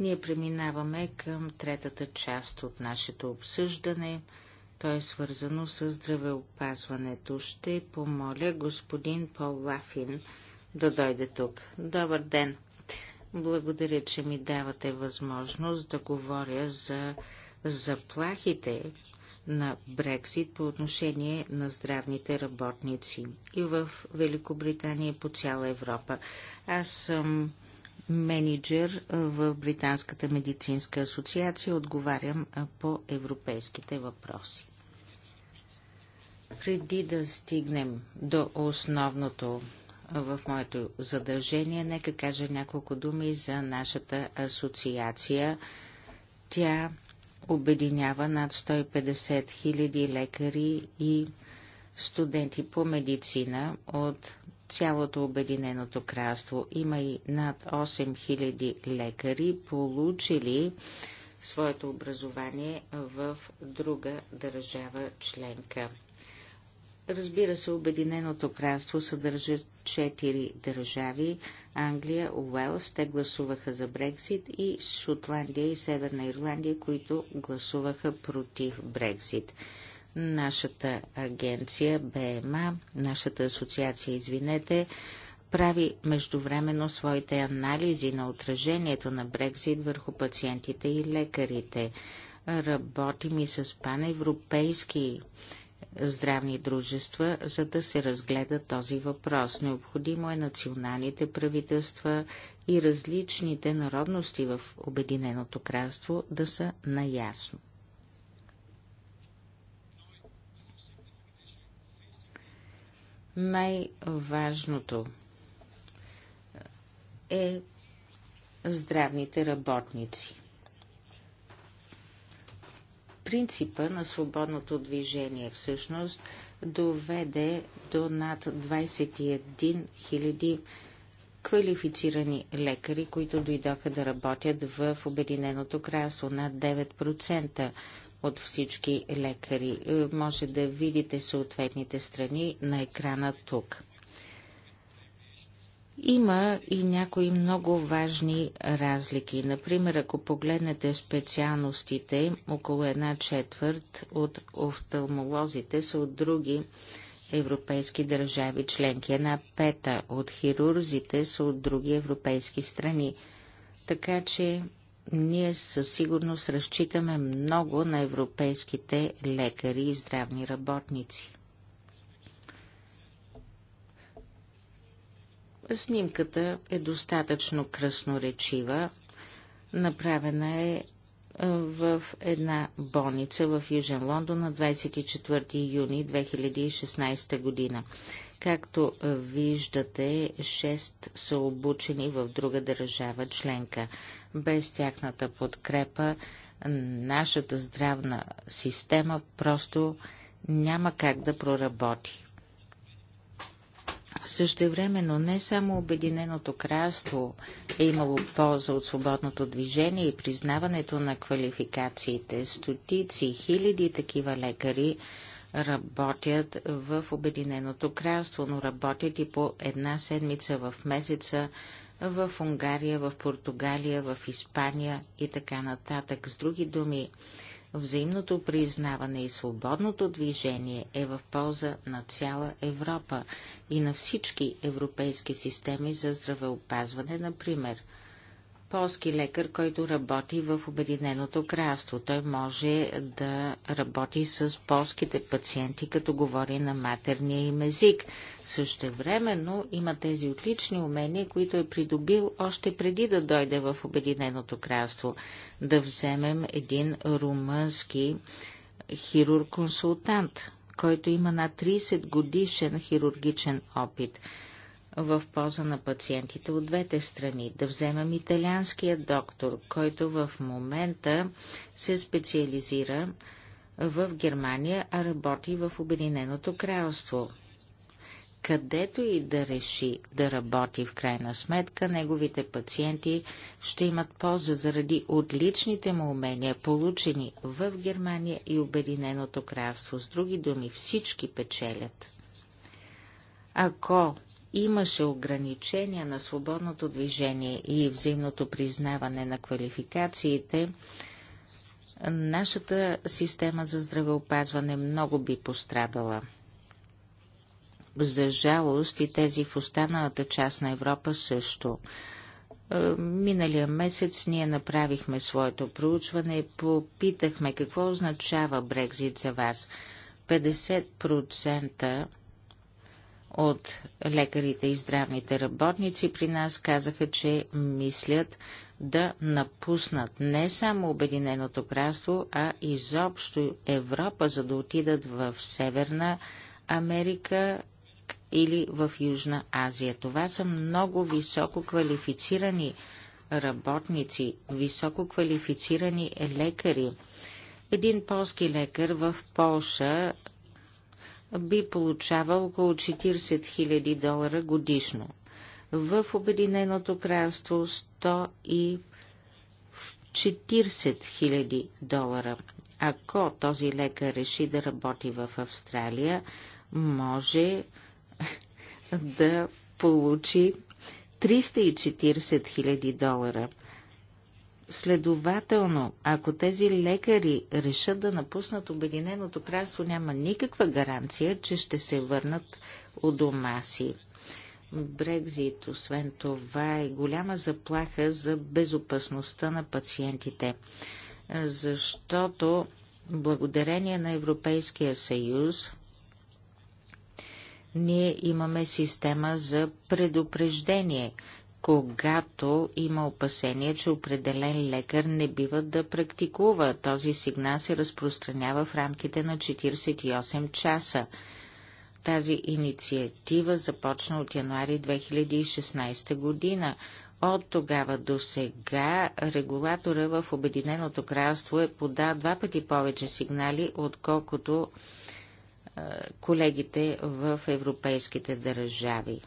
Ние преминаваме към третата част от нашето обсъждане – то е свързано с здравеопазването. Ще помоля господин Пол Лафин да дойде тук. Добър ден! Благодаря, че ми давате възможност да говоря за заплахите на Брексит по отношение на здравните работници и в Великобритания и по цяла Европа. Аз съм менеджер в Британската медицинска асоциация, отговарям по европейските въпроси. Преди да стигнем до основното в моето задължение, нека кажа няколко думи за нашата асоциация. Тя обединява над 150 000 лекари и студенти по медицина от цялото Обединеното кралство. Има и над 8000 лекари, получили своето образование в друга държава членка. Разбира се, Обединеното кралство съдържа четири държави. Англия, Уелс, те гласуваха за Брексит и Шотландия и Северна Ирландия, които гласуваха против Брексит. Нашата агенция БМА, нашата асоциация, извинете, прави междувременно своите анализи на отражението на Брекзит върху пациентите и лекарите. Работим и с паневропейски европейски здравни дружества, за да се разгледа този въпрос. Необходимо е националните правителства и различните народности в Обединеното кралство да са наясно. Най-важното е здравните работници принципа на свободното движение всъщност доведе до над 21 000 квалифицирани лекари, които дойдоха да работят в Обединеното кралство над 9% от всички лекари. Е, може да видите съответните страни на екрана тук. Има и някои много важни разлики. Например, ако погледнете специалностите, около една четвърт от офталмолозите са от други европейски държави членки. Една пета от хирурзите са от други европейски страни. Така че ние със сигурност разчитаме много на европейските лекари и здравни работници. Снимката е достатъчно красноречива. Направена е, е в една болница в Южен Лондон на 24 юни 2016 година. Както е, виждате, 6 са обучени в друга държава членка. Без тяхната подкрепа нашата здравна система просто няма как да проработи. Същевременно не само Обединеното кралство е имало полза от свободното движение и признаването на квалификациите. Стотици, хиляди такива лекари работят в Обединеното кралство, но работят и по една седмица в месеца в Унгария, в Португалия, в Испания и така нататък. С други думи, взаимното признаване и свободното движение е в полза на цяла Европа и на всички европейски системи за здравеопазване, например – полски лекар, който работи в Обединеното кралство. Той може да работи с полските пациенти, като говори на матерния им език. Същевременно има тези отлични умения, които е придобил още преди да дойде в Обединеното кралство. Да вземем един румънски хирург-консултант, който има над 30 годишен хирургичен опит – в полза на пациентите от двете страни. Да вземем италианския доктор, който в момента се специализира в Германия, а работи в Обединеното кралство. Където и да реши да работи в крайна сметка, неговите пациенти ще имат полза заради отличните му умения, получени в Германия и Обединеното кралство. С други думи, всички печелят. Ако имаше ограничения на свободното движение и взаимното признаване на квалификациите, нашата система за здравеопазване много би пострадала. За жалост и тези в останалата част на Европа също. Е, миналия месец ние направихме своето проучване, и попитахме какво означава Брекзит за вас. 50% от лекарите и здравните работници при нас казаха, че мислят да напуснат не само Обединеното кралство, а изобщо Европа, за да отидат в Северна Америка или в Южна Азия. Това са много високо квалифицирани работници, високо квалифицирани лекари. Един полски лекар в Полша би получавал около 40 000 долара годишно. В Обединеното кралство 140 000 долара. Ако този лекар реши да работи в Австралия, може да получи 340 000 долара. Следователно, ако тези лекари решат да напуснат Обединеното кралство, няма никаква гаранция, че ще се върнат у дома си. Брекзит, освен това, е голяма заплаха за безопасността на пациентите, защото благодарение на Европейския съюз ние имаме система за предупреждение когато има опасение, че определен лекар не бива да практикува. Този сигнал се разпространява в рамките на 48 часа. Тази инициатива започна от януари 2016 година. От тогава до сега регулатора в Обединеното кралство е подал два пъти повече сигнали, отколкото е, колегите в европейските държави.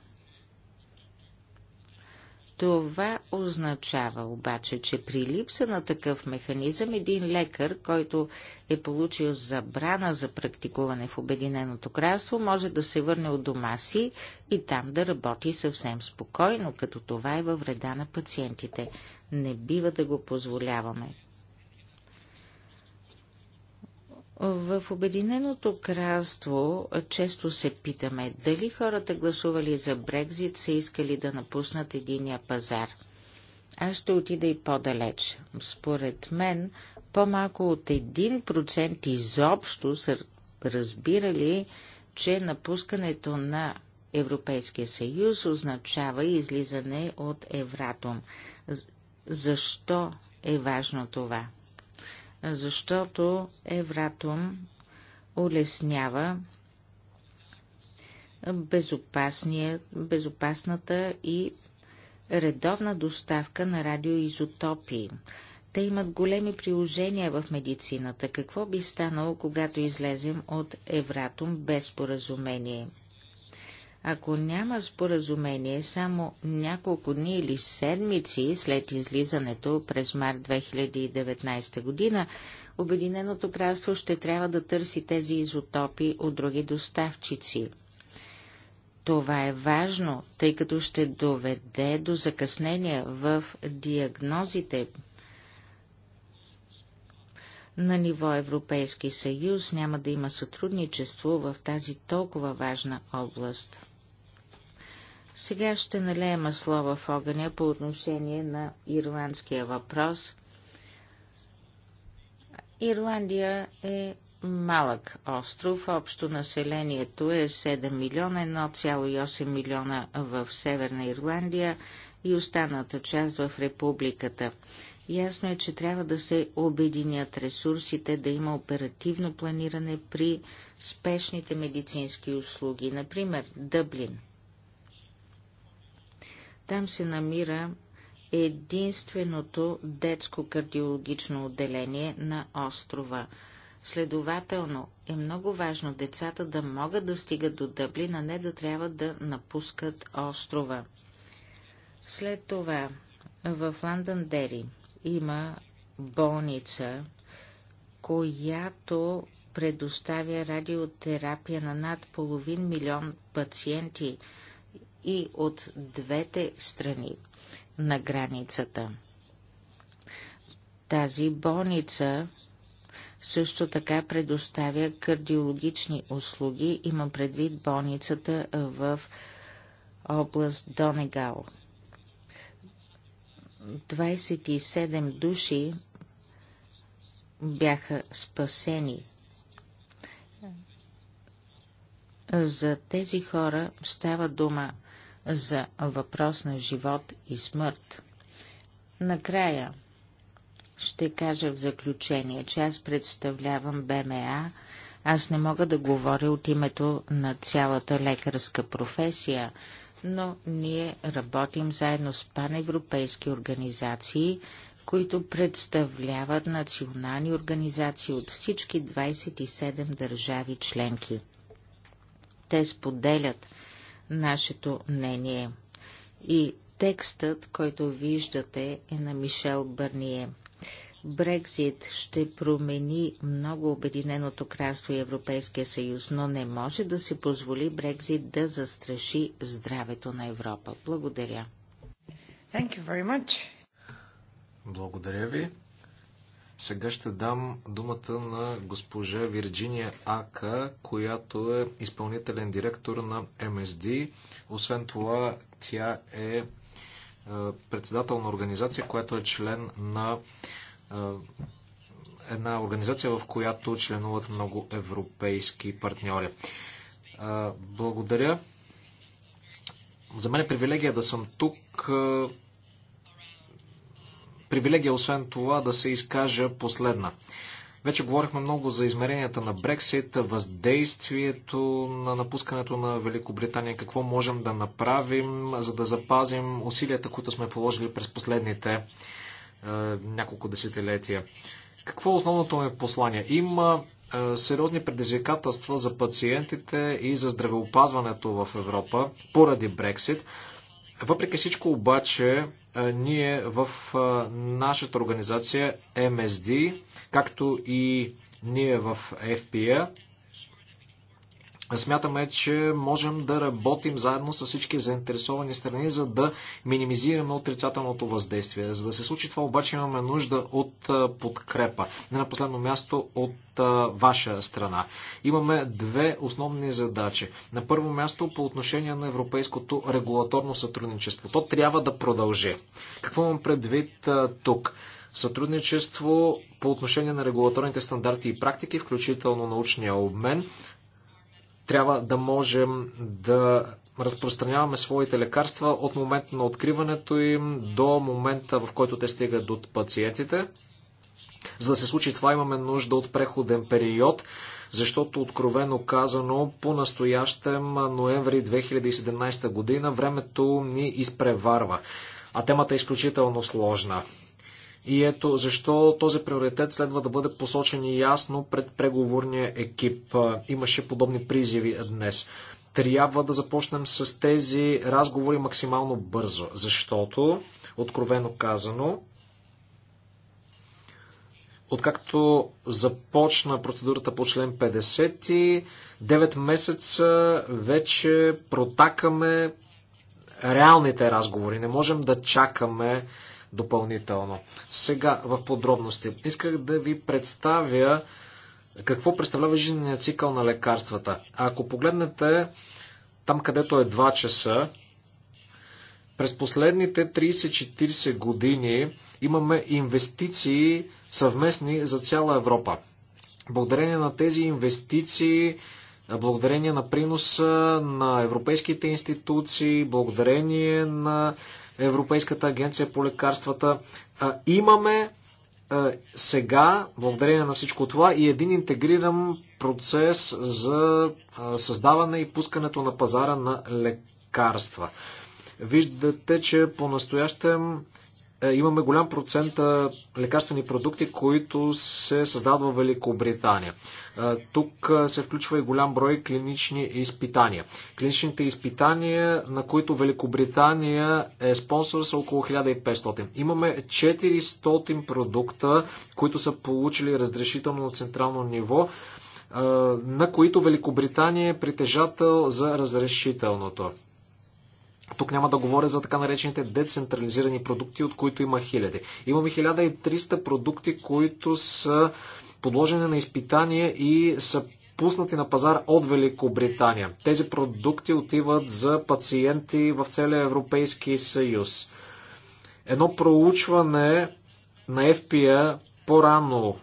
Това означава обаче, че при липса на такъв механизъм един лекар, който е получил забрана за практикуване в Обединеното кралство, може да се върне от дома си и там да работи съвсем спокойно, като това е във вреда на пациентите. Не бива да го позволяваме. В Обединеното кралство често се питаме дали хората гласували за Брекзит са искали да напуснат единия пазар. Аз ще отида и по-далеч. Според мен, по-малко от 1% изобщо са разбирали, че напускането на Европейския съюз означава излизане от Евратум. Защо е важно това? защото Евратум улеснява безопасната и редовна доставка на радиоизотопии. Те имат големи приложения в медицината. Какво би станало, когато излезем от Евратум без поразумение? Ако няма споразумение само няколко дни или седмици след излизането през март 2019 година, Обединеното кралство ще трябва да търси тези изотопи от други доставчици. Това е важно, тъй като ще доведе до закъснения в диагнозите. На ниво Европейски съюз няма да има сътрудничество в тази толкова важна област. Сега ще налея масло в огъня по отношение на ирландския въпрос. Ирландия е малък остров. Общо населението е 7 милиона, 1,8 милиона в Северна Ирландия и останата част в републиката. Ясно е, че трябва да се обединят ресурсите, да има оперативно планиране при спешните медицински услуги, например Дъблин – там се намира единственото детско кардиологично отделение на острова. Следователно е много важно децата да могат да стигат до Дъблин, а не да трябва да напускат острова. След това в Ландън Дери има болница, която предоставя радиотерапия на над половин милион пациенти – и от двете страни на границата. Тази болница също така предоставя кардиологични услуги, има предвид болницата в област Донегал. 27 души бяха спасени. За тези хора става дума за въпрос на живот и смърт. Накрая ще кажа в заключение, че аз представлявам БМА. Аз не мога да говоря от името на цялата лекарска професия, но ние работим заедно с паневропейски организации, които представляват национални организации от всички 27 държави членки. Те споделят нашето мнение. И текстът, който виждате, е на Мишел Бърние. Брекзит ще промени много Обединеното кралство и Европейския съюз, но не може да се позволи Брекзит да застраши здравето на Европа. Благодаря. Thank you very much. Благодаря ви. Сега ще дам думата на госпожа Вирджиния Ака, която е изпълнителен директор на МСД. Освен това, тя е, е председател на организация, която е член на е, една организация, в която членуват много европейски партньори. Е, благодаря. За мен е привилегия да съм тук привилегия, освен това, да се изкажа последна. Вече говорихме много за измеренията на Брексит, въздействието на напускането на Великобритания, какво можем да направим, за да запазим усилията, които сме положили през последните е, няколко десетилетия. Какво е основното ми послание? Има е, сериозни предизвикателства за пациентите и за здравеопазването в Европа поради Брексит. Въпреки всичко обаче, ние в нашата организация MSD, както и ние в FPA, Смятаме, че можем да работим заедно с всички заинтересовани страни, за да минимизираме отрицателното въздействие. За да се случи това обаче имаме нужда от подкрепа. Не на последно място от ваша страна. Имаме две основни задачи. На първо място по отношение на европейското регулаторно сътрудничество. То трябва да продължи. Какво имам предвид тук? сътрудничество по отношение на регулаторните стандарти и практики, включително научния обмен, трябва да можем да разпространяваме своите лекарства от момента на откриването им до момента, в който те стигат до пациентите. За да се случи това, имаме нужда от преходен период, защото откровено казано, по-настоящем ноември 2017 година времето ни изпреварва. А темата е изключително сложна. И ето защо този приоритет следва да бъде посочен и ясно пред преговорния екип. Имаше подобни призиви днес. Трябва да започнем с тези разговори максимално бързо, защото, откровено казано, Откакто започна процедурата по член 50, 9 месеца вече протакаме реалните разговори. Не можем да чакаме допълнително. Сега в подробности. Исках да ви представя какво представлява жизненият цикъл на лекарствата. Ако погледнете там, където е 2 часа, през последните 30-40 години имаме инвестиции съвместни за цяла Европа. Благодарение на тези инвестиции, благодарение на приноса на европейските институции, благодарение на Европейската агенция по лекарствата. Имаме сега, благодарение на всичко това, и един интегриран процес за създаване и пускането на пазара на лекарства. Виждате, че по-настоящем е, имаме голям процент лекарствени продукти, които се създават в Великобритания. Е, тук е, се включва и голям брой клинични изпитания. Клиничните изпитания, на които Великобритания е спонсор, са около 1500. Имаме 400 продукта, които са получили разрешително на централно ниво на които Великобритания е притежател за разрешителното. Тук няма да говоря за така наречените децентрализирани продукти, от които има хиляди. Имаме 1300 продукти, които са подложени на изпитание и са пуснати на пазар от Великобритания. Тези продукти отиват за пациенти в целия Европейски съюз. Едно проучване на FPA по-рано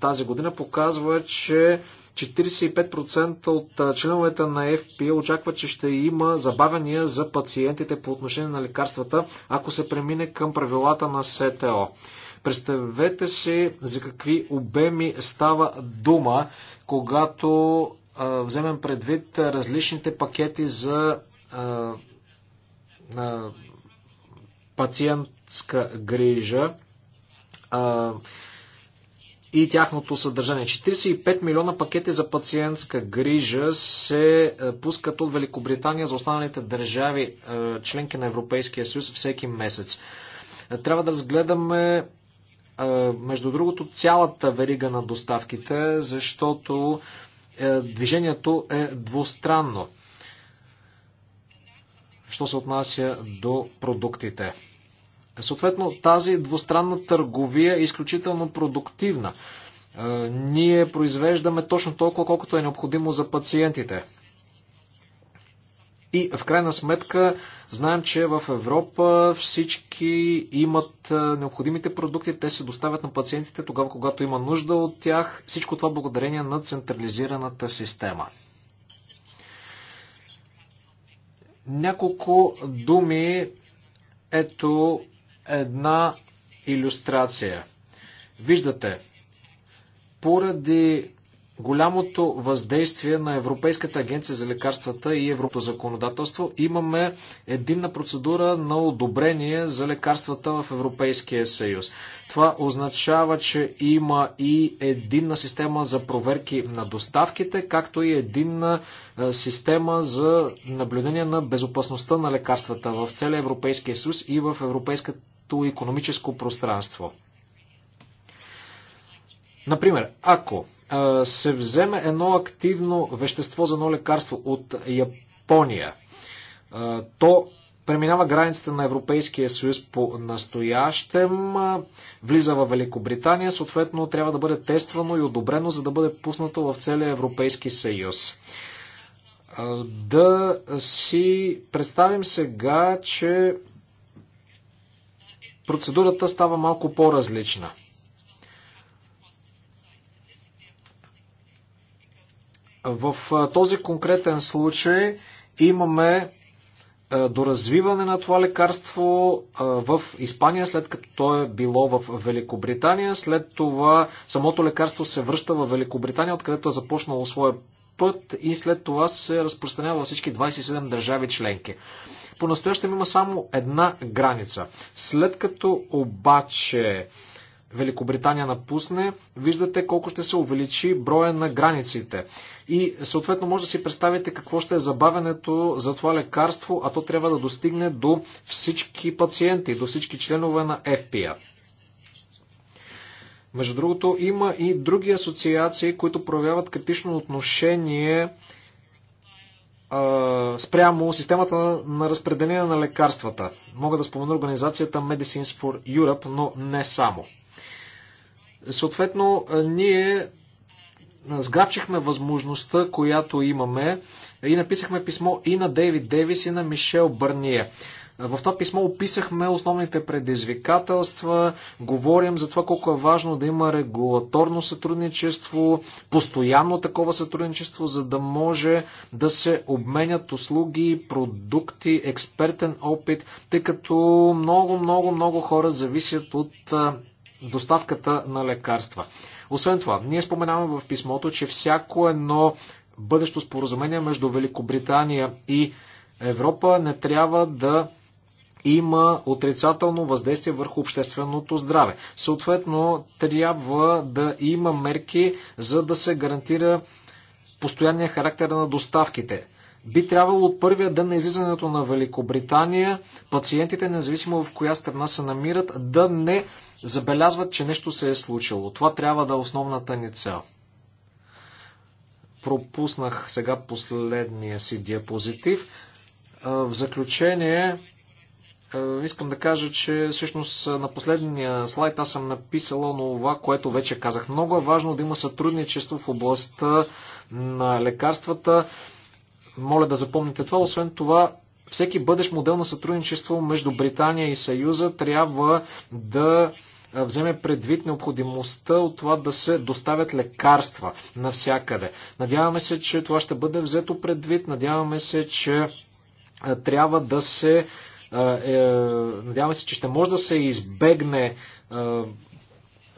тази година показва, че 45% от членовете на FPA очакват, че ще има забавяния за пациентите по отношение на лекарствата, ако се премине към правилата на СТО. Представете си за какви обеми става дума, когато а, вземем предвид различните пакети за а, а, пациентска грижа. А, и тяхното съдържание. 45 милиона пакети за пациентска грижа се е, пускат от Великобритания за останалите държави, е, членки на Европейския съюз, всеки месец. Е, трябва да разгледаме, между другото, цялата верига на доставките, защото движението е двустранно, що се отнася до продуктите. Съответно, тази двустранна търговия е изключително продуктивна. Е, ние произвеждаме точно толкова, колкото е необходимо за пациентите. И в крайна сметка знаем, че в Европа всички имат е, необходимите продукти, те се доставят на пациентите тогава, когато има нужда от тях. Всичко това благодарение на централизираната система. Няколко думи ето една иллюстрация. Виждате, поради голямото въздействие на Европейската агенция за лекарствата и Европа законодателство имаме единна процедура на одобрение за лекарствата в Европейския съюз. Това означава, че има и единна система за проверки на доставките, както и единна система за наблюдение на безопасността на лекарствата в целия Европейския съюз и в Европейската общото економическо пространство. Например, ако се вземе едно активно вещество за едно лекарство от Япония, то преминава границата на Европейския съюз по настоящем, влиза в Великобритания, съответно трябва да бъде тествано и одобрено, за да бъде пуснато в целия Европейски съюз. Да си представим сега, че процедурата става малко по-различна. В този конкретен случай имаме доразвиване на това лекарство в Испания, след като то е било в Великобритания. След това самото лекарство се връща в Великобритания, откъдето е започнало своя път и след това се разпространява във всички 27 държави членки. По-настоящем има само една граница. След като обаче Великобритания напусне, виждате колко ще се увеличи броя на границите. И съответно може да си представите какво ще е забавенето за това лекарство, а то трябва да достигне до всички пациенти, до всички членове на FPA. Между другото, има и други асоциации, които проявяват критично отношение спрямо системата на разпределение на лекарствата. Мога да спомена организацията Medicines for Europe, но не само. Съответно, ние сграбчихме възможността, която имаме и написахме писмо и на Дейвид Дейвис, и на Мишел Бърние. В това писмо описахме основните предизвикателства, говорим за това колко е важно да има регулаторно сътрудничество, постоянно такова сътрудничество, за да може да се обменят услуги, продукти, експертен опит, тъй като много, много, много хора зависят от доставката на лекарства. Освен това, ние споменаваме в писмото, че всяко едно бъдещо споразумение между Великобритания и Европа не трябва да има отрицателно въздействие върху общественото здраве. Съответно, трябва да има мерки, за да се гарантира постоянния характер на доставките. Би трябвало от първия ден на излизането на Великобритания пациентите, независимо в коя страна се намират, да не забелязват, че нещо се е случило. Това трябва да е основната ни цел. Пропуснах сега последния си диапозитив. В заключение, е, искам да кажа, че всъщност на последния слайд аз съм написала това, което вече казах. Много е важно да има сътрудничество в областта на лекарствата. Моля да запомните това. Освен това, всеки бъдещ модел на сътрудничество между Британия и Съюза трябва да е, вземе предвид необходимостта от това да се доставят лекарства навсякъде. Надяваме се, че това ще бъде взето предвид. Надяваме се, че е, трябва да се е, надяваме се, че ще може да се избегне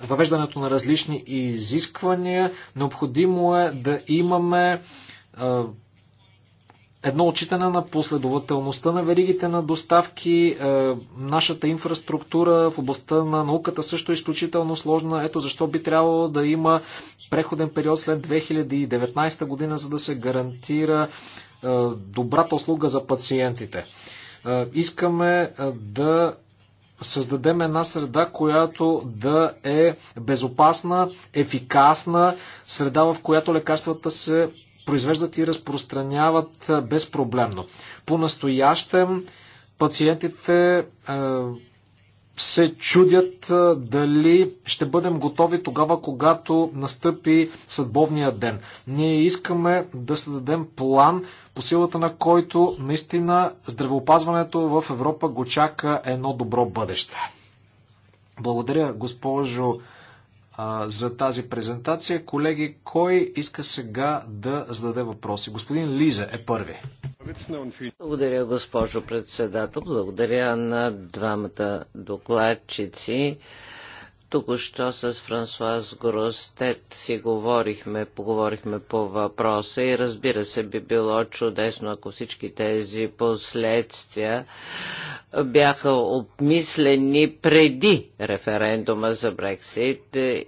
въвеждането на различни изисквания. Необходимо е да имаме едно отчитане на последователността на веригите на доставки. Е, нашата инфраструктура в областта на науката също е изключително сложна. Ето защо би трябвало да има преходен период след 2019 година, за да се гарантира добрата услуга за пациентите. Искаме да създадем една среда, която да е безопасна, ефикасна, среда, в която лекарствата се произвеждат и разпространяват безпроблемно. По-настоящем пациентите се чудят дали ще бъдем готови тогава, когато настъпи съдбовния ден. Ние искаме да създадем план, по силата на който наистина здравеопазването в Европа го чака едно добро бъдеще. Благодаря, госпожо а, за тази презентация. Колеги, кой иска сега да зададе въпроси? Господин Лиза е първи. Благодаря, госпожо председател. Благодаря на двамата докладчици. Току-що с Франсуаз Гростет си говорихме, поговорихме по въпроса и разбира се би било чудесно, ако всички тези последствия бяха обмислени преди референдума за Брексит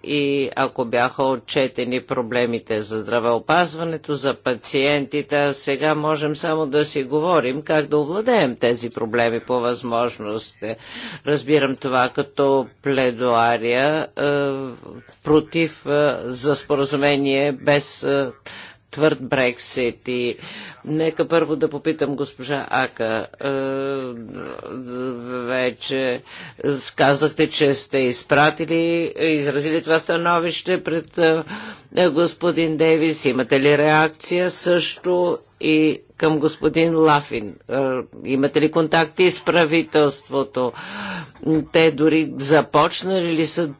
и ако бяха отчетени проблемите за здравеопазването, за пациентите, сега можем само да си говорим как да овладеем тези проблеми по възможност. Разбирам това като пледуария а, е, против е, за споразумение без е, твърд Брексит и нека първо да попитам госпожа Ака. Вече сказахте, че сте изпратили, изразили това становище пред господин Дейвис. Имате ли реакция също и към господин Лафин. Е, имате ли контакти с правителството? Те дори започнали ли са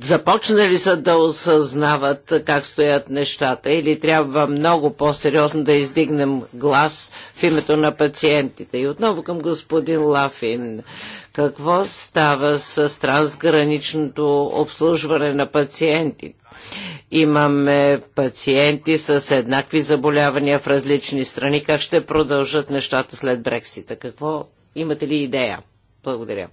започнали са да осъзнават как стоят нещата или трябва много по-сериозно да издигнем глас в името на пациентите. И отново към господин Лафин. Какво става с трансграничното обслужване на пациентите? Имаме пациенти с еднакви заболявания в различни страни. Как ще продължат нещата след Брексита? Какво имате ли идея? Благодаря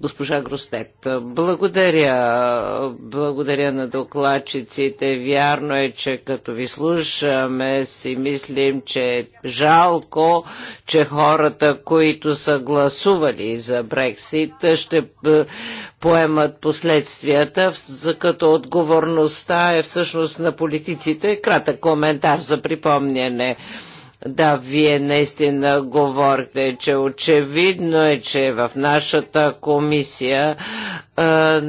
госпожа Гростет. Благодаря. Благодаря на докладчиците. Вярно е, че като ви слушаме, си мислим, че е жалко, че хората, които са гласували за Брексит, ще е, поемат последствията, за като отговорността е всъщност на политиците. Кратък коментар за припомняне. Да, вие наистина говорите, че очевидно е, че в нашата комисия а,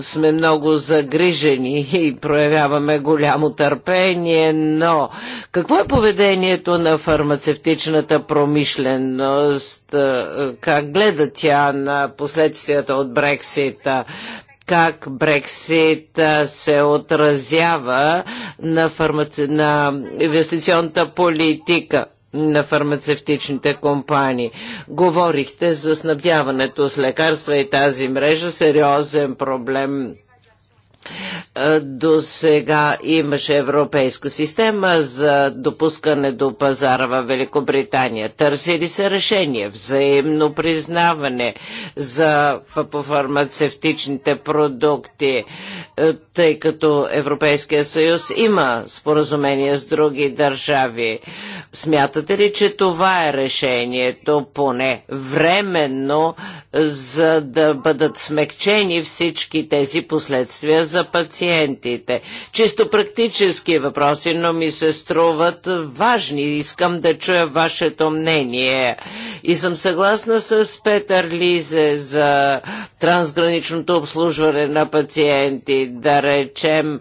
сме много загрижени и проявяваме голямо търпение, но какво е поведението на фармацевтичната промишленост? Как гледа тя на последствията от Брексита? как Брексит се отразява на, фармаци... на инвестиционната политика на фармацевтичните компании. Говорихте за снабдяването с лекарства и тази мрежа сериозен проблем е, до сега имаше европейска система за допускане до пазара в Великобритания. Търсили се решение, взаимно признаване за, по фармацевтичните продукти, е, тъй като Европейския съюз има споразумение с други държави. Смятате ли, че това е решението, поне временно, за да бъдат смекчени всички тези последствия за пациентите. Чисто практически въпроси, но ми се струват важни. Искам да чуя вашето мнение. И съм съгласна с Петър Лизе за трансграничното обслужване на пациенти. Да речем,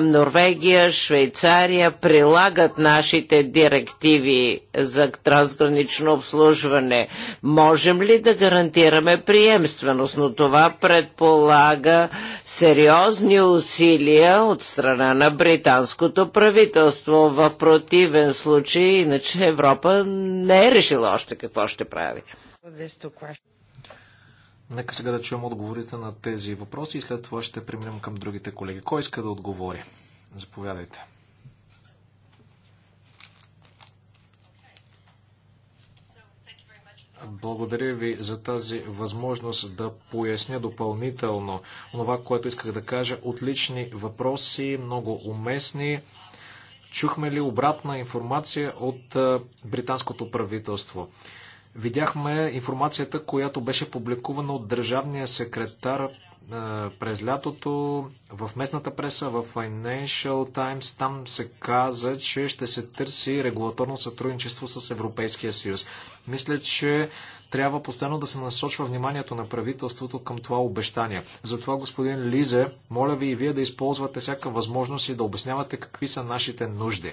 Норвегия, Швейцария прилагат нашите директиви за трансгранично обслужване. Можем ли да гарантираме приемственост? Но това предполага сериозно сериозни усилия от страна на британското правителство. В противен случай, иначе Европа не е решила още какво ще прави. Нека сега да чуем отговорите на тези въпроси и след това ще преминем към другите колеги. Кой иска да отговори? Заповядайте. Благодаря ви за тази възможност да поясня допълнително това, което исках да кажа. Отлични въпроси, много уместни. Чухме ли обратна информация от британското правителство? Видяхме информацията, която беше публикувана от държавния секретар е, през лятото в местната преса, в Financial Times, там се каза, че ще се търси регулаторно сътрудничество с Европейския съюз. Мисля, че трябва постоянно да се насочва вниманието на правителството към това обещание. Затова, господин Лизе, моля ви и вие да използвате всяка възможност и да обяснявате какви са нашите нужди.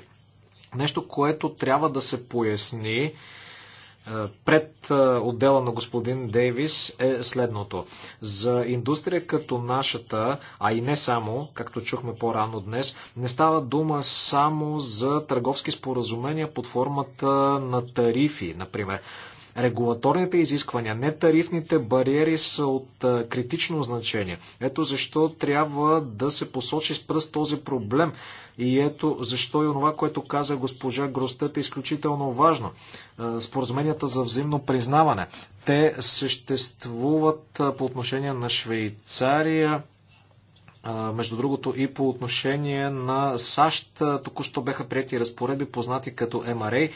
Нещо, което трябва да се поясни, е, пред е, отдела на господин Дейвис е следното. За индустрия като нашата, а и не само, както чухме по-рано днес, не става дума само за търговски споразумения под формата на тарифи, например. Регулаторните изисквания, не тарифните бариери са от критично значение. Ето защо трябва да се посочи с пръст този проблем. И ето защо и онова, което каза госпожа Гростет е изключително важно. Споразуменията за взаимно признаване. Те съществуват по отношение на Швейцария, между другото и по отношение на САЩ, току-що беха прияти разпоредби, познати като МРА.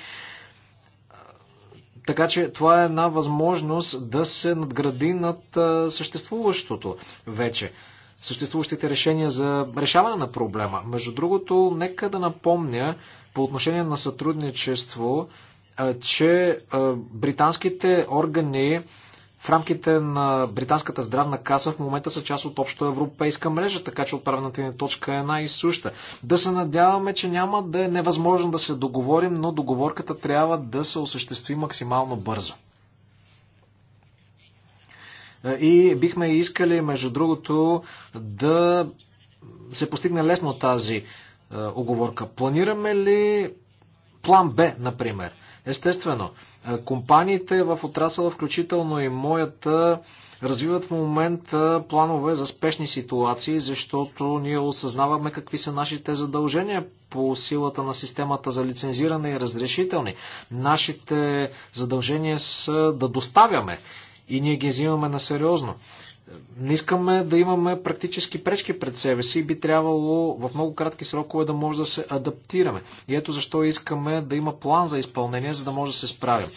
Така че това е една възможност да се надгради над съществуващото вече съществуващите решения за решаване на проблема. Между другото, нека да напомня по отношение на сътрудничество, че британските органи в рамките на Британската здравна каса в момента са част от общо европейска мрежа, така че отправената ни точка е една и суща. Да се надяваме, че няма да е невъзможно да се договорим, но договорката трябва да се осъществи максимално бързо. И бихме искали, между другото, да се постигне лесно тази е, оговорка. Планираме ли план Б, например? Естествено, компаниите в отрасъла, включително и моята, развиват в момента планове за спешни ситуации, защото ние осъзнаваме какви са нашите задължения по силата на системата за лицензиране и разрешителни. Нашите задължения са да доставяме и ние ги взимаме на сериозно. Не искаме да имаме практически пречки пред себе си и би трябвало в много кратки срокове да може да се адаптираме. И ето защо искаме да има план за изпълнение, за да може да се справим.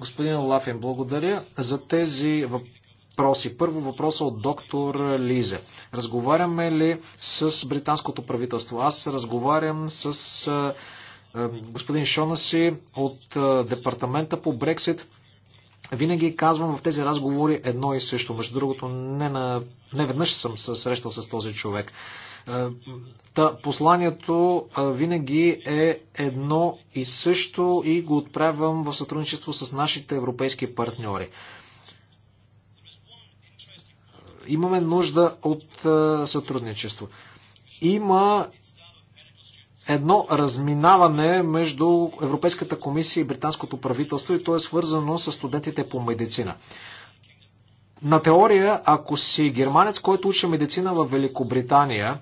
Господин Лафин, благодаря за тези въпроси. Първо въпроса от доктор Лизе. Разговаряме ли с британското правителство? Аз разговарям с господин Шонаси от департамента по Брексит. Винаги казвам в тези разговори едно и също. Между другото, не, на... не веднъж съм се срещал с този човек. Е, та, посланието е, винаги е едно и също и го отправям в сътрудничество с нашите европейски партньори. Имаме нужда от е, сътрудничество. Има едно разминаване между Европейската комисия и британското правителство и то е свързано с студентите по медицина. На теория, ако си германец, който учи медицина в Великобритания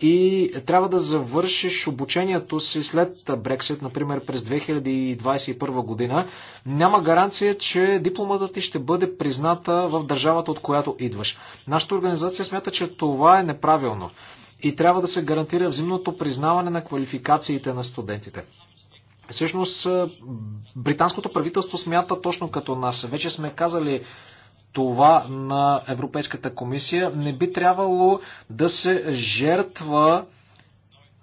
и трябва да завършиш обучението си след Брексит, например през 2021 година, няма гаранция, че дипломата ти ще бъде призната в държавата, от която идваш. Нашата организация смята, че това е неправилно и трябва да се гарантира взаимното признаване на квалификациите на студентите. Всъщност, британското правителство смята точно като нас. Вече сме казали това на Европейската комисия. Не би трябвало да се жертва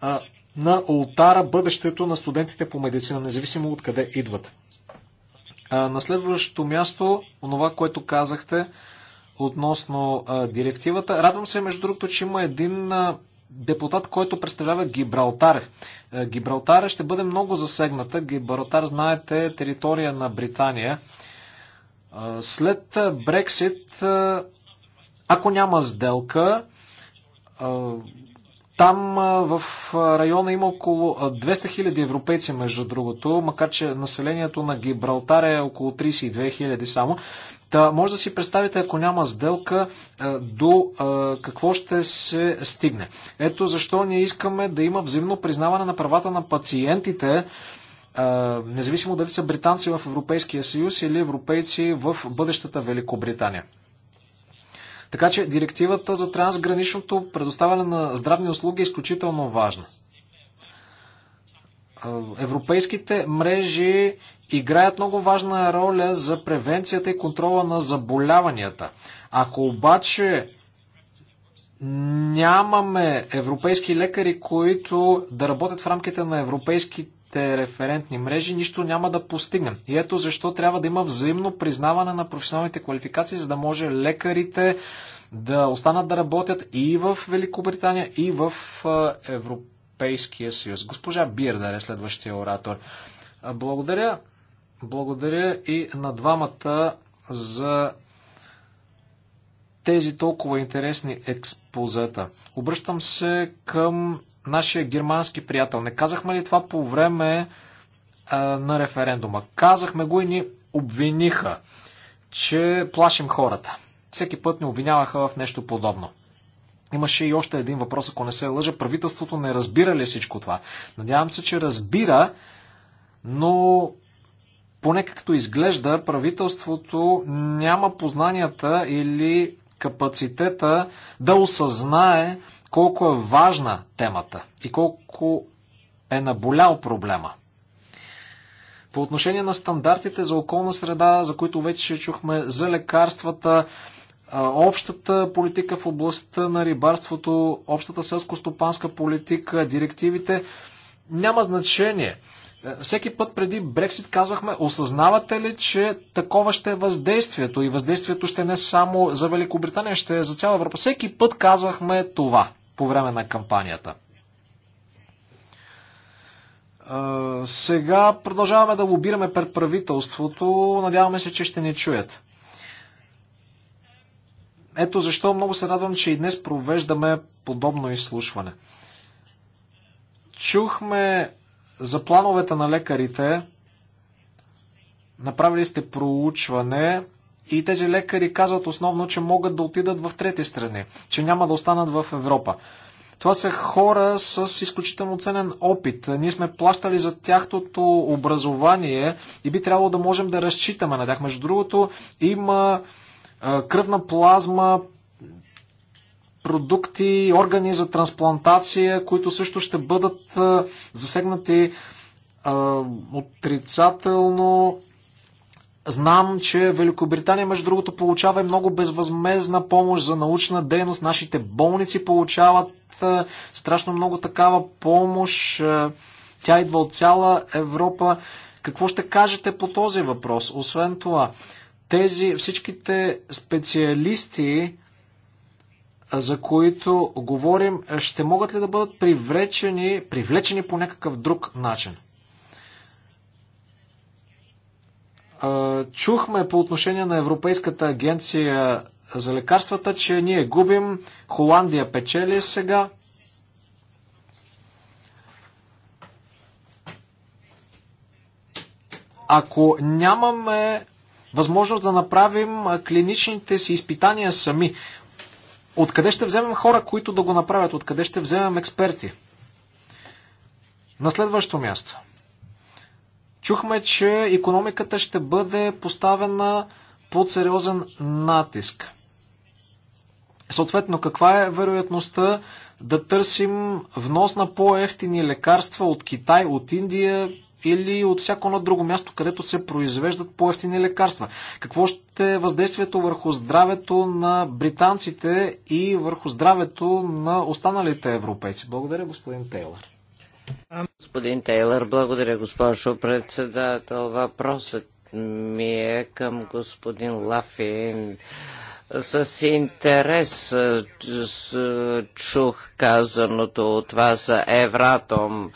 а, на ултара бъдещето на студентите по медицина, независимо откъде идват. А, на следващото място, онова, което казахте относно а, директивата. Радвам се, между другото, че има един а, депутат, който представлява Гибралтар. Е, Гибралтар ще бъде много засегната. Гибралтар, знаете, е територия на Британия. Е, след Брексит, е, ако няма сделка, там в района има около 200 000 европейци, между другото, макар че населението на Гибралтар е около 32 000 само. Та, може да си представите, ако няма сделка, е, до е, какво ще се стигне. Ето защо ние искаме да има взаимно признаване на правата на пациентите, е, независимо дали са британци в Европейския съюз или европейци в бъдещата Великобритания. Така че директивата за трансграничното предоставяне на здравни услуги е изключително важна. Е, европейските мрежи играят много важна роля за превенцията и контрола на заболяванията. Ако обаче нямаме европейски лекари, които да работят в рамките на европейските референтни мрежи, нищо няма да постигнем. И ето защо трябва да има взаимно признаване на професионалните квалификации, за да може лекарите да останат да работят и в Великобритания, и в Европа Европейския съюз. Госпожа Бирдер е следващия оратор. Благодаря. Благодаря и на двамата за тези толкова интересни експозета. Обръщам се към нашия германски приятел. Не казахме ли това по време а, на референдума? Казахме го и ни обвиниха, че плашим хората. Всеки път ни обвиняваха в нещо подобно. Имаше и още един въпрос, ако не се лъжа. Правителството не разбира ли всичко това? Надявам се, че разбира, но поне както изглежда, правителството няма познанията или капацитета да осъзнае колко е важна темата и колко е наболял проблема. По отношение на стандартите за околна среда, за които вече чухме за лекарствата, общата политика в областта на рибарството, общата селско-стопанска политика, директивите, няма значение. Е, всеки път преди Брексит казвахме, осъзнавате ли, че такова ще е въздействието и въздействието ще е не само за Великобритания, ще е за цяла Европа. Всеки път казвахме това по време на кампанията. Е, сега продължаваме да лобираме пред правителството. Надяваме се, че ще ни чуят. Ето защо много се радвам, че и днес провеждаме подобно изслушване. Чухме за плановете на лекарите. Направили сте проучване и тези лекари казват основно, че могат да отидат в трети страни, че няма да останат в Европа. Това са хора с изключително ценен опит. Ние сме плащали за тяхното образование и би трябвало да можем да разчитаме на тях. Между другото, има кръвна плазма, продукти, органи за трансплантация, които също ще бъдат засегнати отрицателно. Знам, че Великобритания, между другото, получава и много безвъзмезна помощ за научна дейност. Нашите болници получават страшно много такава помощ. Тя идва от цяла Европа. Какво ще кажете по този въпрос? Освен това, тези всичките специалисти, за които говорим, ще могат ли да бъдат привлечени, привлечени по някакъв друг начин? Чухме по отношение на Европейската агенция за лекарствата, че ние губим. Холандия печели сега. Ако нямаме възможност да направим клиничните си изпитания сами. Откъде ще вземем хора, които да го направят? Откъде ще вземем експерти? На следващо място. Чухме, че економиката ще бъде поставена под сериозен натиск. Съответно, каква е вероятността да търсим внос на по-ефтини лекарства от Китай, от Индия или от всяко едно друго място, където се произвеждат по-ефтини лекарства. Какво ще е въздействието върху здравето на британците и върху здравето на останалите европейци? Благодаря, господин Тейлър. Господин Тейлър, благодаря, госпожо председател. Въпросът ми е към господин Лафин. С интерес чух казаното от вас за Евратом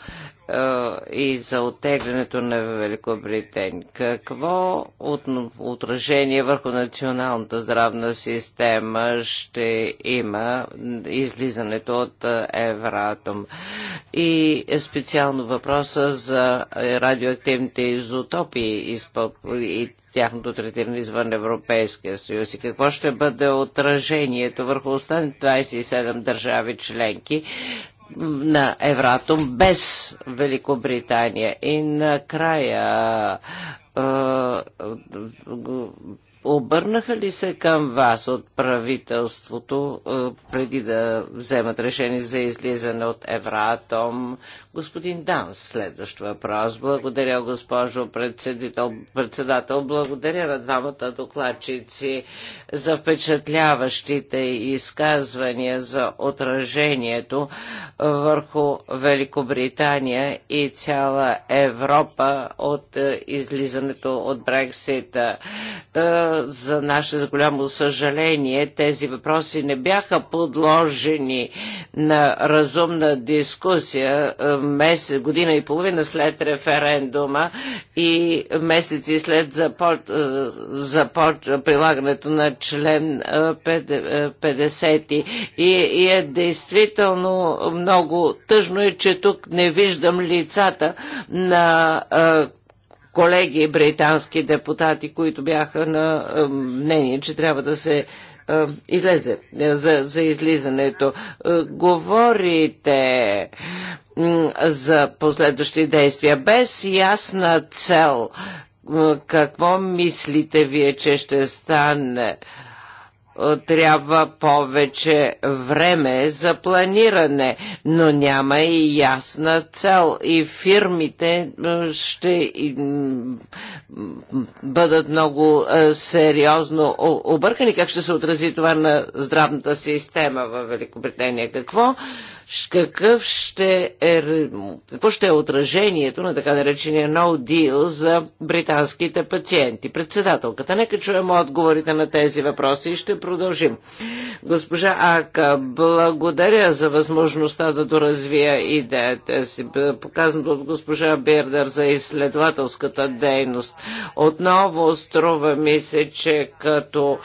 и за оттеглянето на Великобритания. Какво отражение върху националната здравна система ще има излизането от Евратом? И специално въпроса за радиоактивните изотопи и тяхното третиране извън Европейския съюз и какво ще бъде отражението върху останалите 27 държави членки, на Евратом без Великобритания. И накрая Обърнаха ли се към вас от правителството е, преди да вземат решение за излизане от Евратом? Господин Данс, следващ въпрос. Благодаря, госпожо председател. председател. Благодаря на двамата докладчици за впечатляващите изказвания за отражението върху Великобритания и цяла Европа от е, излизането от Брексита е, за наше за голямо съжаление тези въпроси не бяха подложени на разумна дискусия е, месец, година и половина след референдума и месеци след започ... Е, започ... прилагането на член 50. Е, и, и е действително много тъжно е, че тук не виждам лицата на колеги британски депутати, които бяха на е, мнение, че трябва да се е, излезе, е, за, за излизането. Говорите за последващи действия без ясна цел. Какво мислите вие, че ще стане? Е, трябва повече време за планиране, но няма и ясна цел и фирмите е, ще бъдат много е, сериозно объркани. Как ще се отрази това на здравната система в Великобритания? Какво какъв ще е, какво ще е отражението на така наречения no deal за британските пациенти. Председателката, нека чуем отговорите на тези въпроси и ще продължим. Госпожа Ака, благодаря за възможността да доразвия идеята си, показаното от госпожа Бердер за изследователската дейност. Отново струва ми се, че като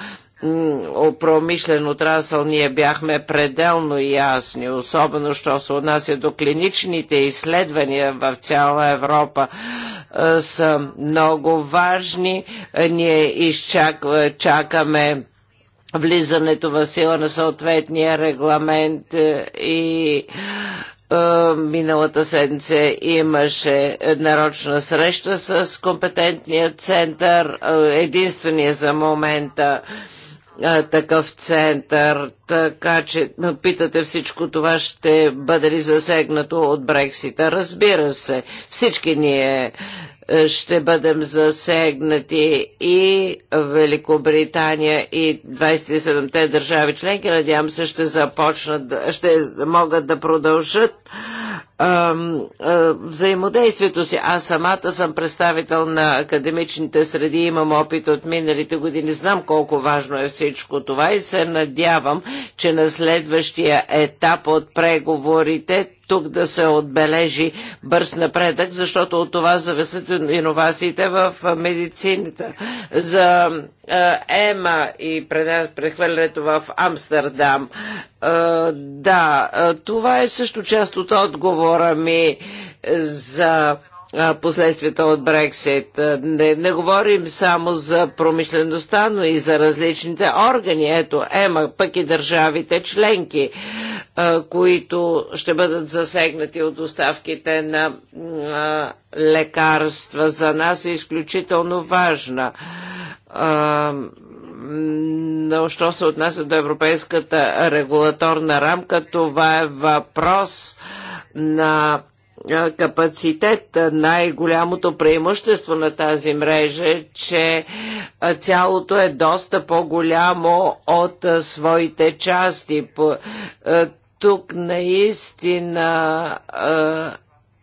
промишлен отрасъл ние бяхме пределно ясни, особено що се отнася до клиничните изследвания в цяла Европа е, са много важни. Е, ние изчакаме е, влизането в сила на съответния регламент и миналата седмица имаше нарочна среща с компетентния център, единствения за момента а, такъв център, така че питате всичко това ще бъде ли засегнато от Брексита. Разбира се, всички ние ще бъдем засегнати и Великобритания и 27-те държави членки, надявам се, ще започнат, ще могат да продължат взаимодействието си. Аз самата съм представител на академичните среди, имам опит от миналите години, знам колко важно е всичко това и се надявам, че на следващия етап от преговорите тук да се отбележи бърз напредък, защото от това зависят иновациите в медицината. За ЕМА и прехвърлянето в Амстердам. Да, това е също част от отговора ми за последствията от Брексит. Не, не говорим само за промишлеността, но и за различните органи. Ето, ема, пък и държавите членки които ще бъдат засегнати от доставките на лекарства. За нас е изключително важна но що се отнася до европейската регулаторна рамка, това е въпрос на капацитет. Най-голямото преимущество на тази мрежа е, че цялото е доста по-голямо от своите части. Тук наистина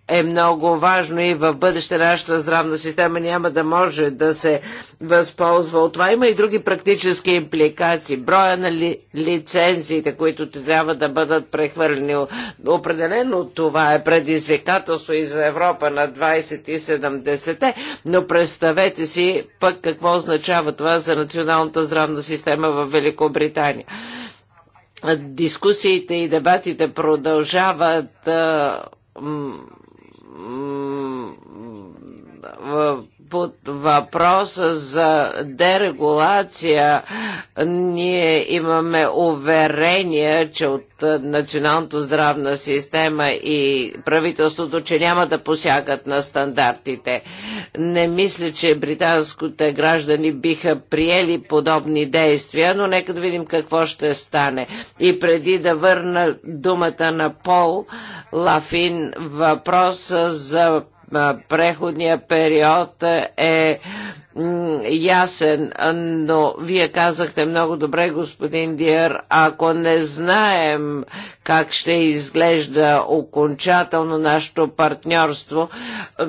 е много важно и в бъдеще нашата здравна система няма да може да се възползва от това. Има и други практически импликации. Броя на ли, лицензиите, които трябва да бъдат прехвърлени. Определено това е предизвикателство и за Европа на 2070 и те но представете си пък какво означава това за националната здравна система в Великобритания дискусиите и дебатите продължават а, м, м, в под въпроса за дерегулация ние имаме уверение, че от националното здравна система и правителството, че няма да посягат на стандартите. Не мисля, че британските граждани биха приели подобни действия, но нека да видим какво ще стане. И преди да върна думата на Пол Лафин, въпроса за преходния период е ясен, но вие казахте много добре, господин Диер, ако не знаем как ще изглежда окончателно нашето партньорство,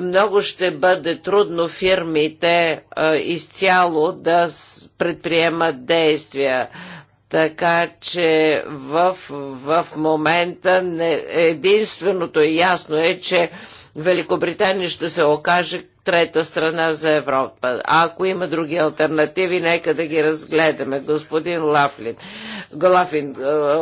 много ще бъде трудно фирмите изцяло да предприемат действия. Така че в, в момента не, единственото ясно е, че Великобритания ще се окаже трета страна за Европа. А ако има други альтернативи, нека да ги разгледаме. Господин Лафлин, Галафин, е,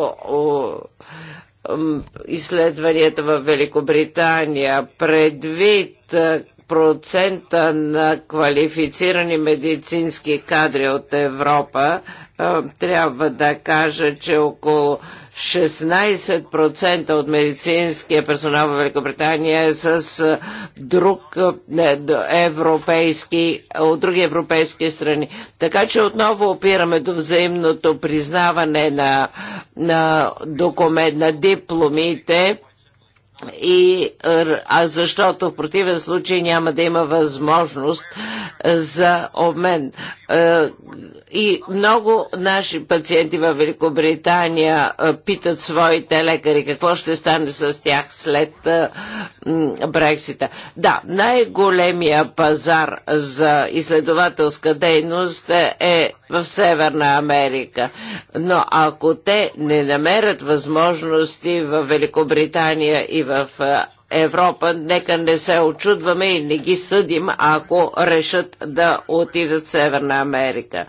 изследванията в Великобритания предвид е, процента на квалифицирани медицински кадри от Европа, е, трябва да кажа, че около 16% от медицинския персонал в Великобритания е с друг европейски, от други европейски страни. Така че отново опираме до взаимното признаване на, на, документ, на дипломите и, а защото в противен случай няма да има възможност е, за обмен. Е, и много наши пациенти в Великобритания е, питат своите лекари какво ще стане с тях след Брексита. Да, най-големия пазар за изследователска дейност е в Северна Америка. Но ако те не намерят възможности в Великобритания и в е, Европа, нека не се очудваме и не ги съдим, ако решат да отидат в Северна Америка.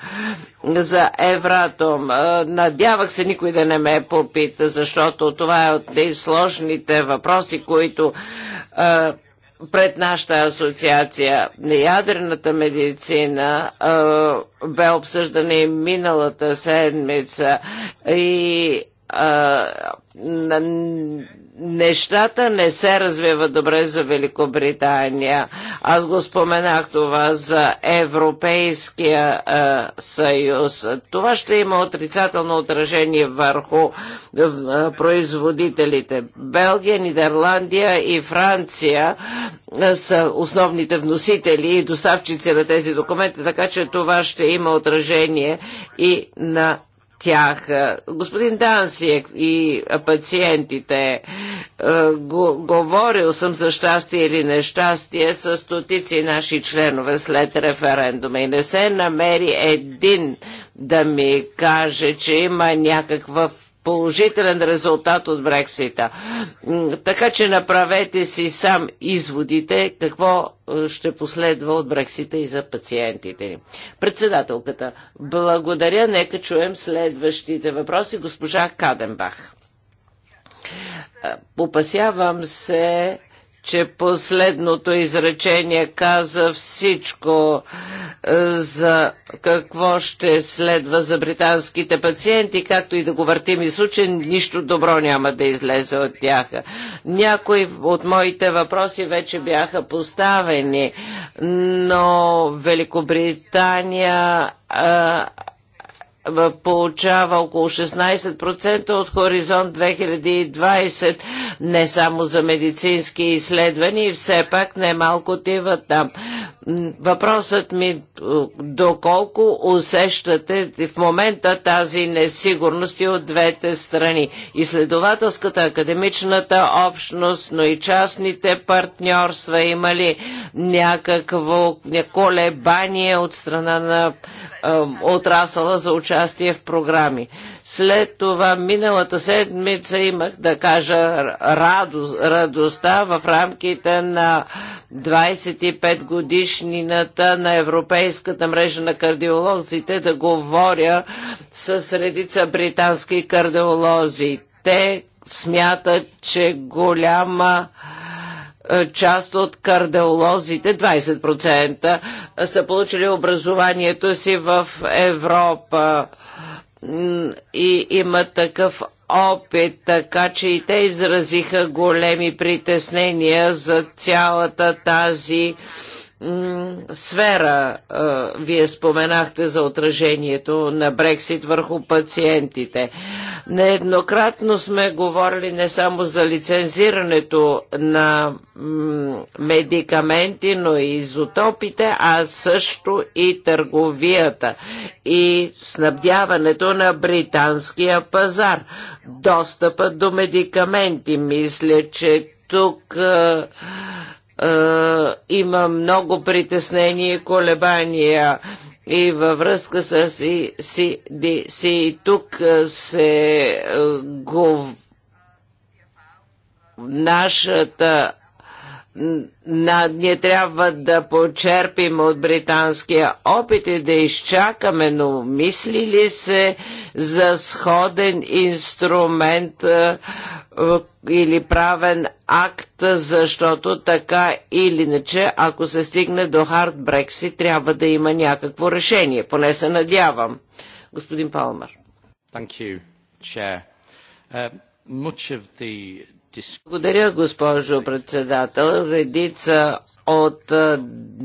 За Евратом. Е, надявах се никой да не ме попита, защото това е от тези сложните въпроси, които е, пред нашата асоциация. на Ядрената медицина бе обсъждана и миналата седмица и нещата не се развиват добре за Великобритания. Аз го споменах това за Европейския а, е, съюз. Това ще има отрицателно отражение върху а, е, производителите. Белгия, Нидерландия и Франция а, е, са основните вносители и доставчици на тези документи, така че това ще има отражение и на тях. Е, господин Дансиек и пациентите, е, говорил съм за щастие или нещастие с стотици наши членове след референдума и не се намери един да ми каже, че има някаква положителен резултат от Брексита. Така че направете си сам изводите какво е, ще последва от Брексита и за пациентите ни. Председателката, благодаря. Нека чуем следващите въпроси. Госпожа Каденбах. Попасявам е, се, че последното изречение каза всичко е, за какво ще следва за британските пациенти, както и да го въртим и случай, нищо добро няма да излезе от тях. Някои от моите въпроси вече бяха поставени, но Великобритания а, е, получава около 16% от Хоризонт 2020, не само за медицински изследвания и все пак немалко тива там. Въпросът ми е, доколко усещате в момента тази несигурност и от двете страни. Изследователската, академичната общност, но и частните партньорства има ли някакво колебание от страна на отрасъла за участие участие в програми. След това миналата седмица имах да кажа радост, радостта в рамките на 25 годишнината на Европейската мрежа на кардиолозите да говоря с редица британски кардиолози. Те смятат, че голяма е, част от кардиолозите, 20% е, са получили образованието си в Европа и има такъв опит, така че и те изразиха големи притеснения за цялата тази сфера. Вие споменахте за отражението на Брексит върху пациентите. Нееднократно сме говорили не само за лицензирането на медикаменти, но и изотопите, а също и търговията и снабдяването на британския пазар. Достъпът до медикаменти, мисля, че тук е, има много притеснения и колебания и във връзка с CDC. Тук е, се е, го нашата на, ние трябва да почерпим от британския опит и да изчакаме, но мисли ли се за сходен инструмент а, или правен акт, защото така или иначе, ако се стигне до хард Брексит, трябва да има някакво решение, поне се надявам. Господин Палмар. Thank you, Chair. Uh, much of the благодаря, госпожо председател. Редица от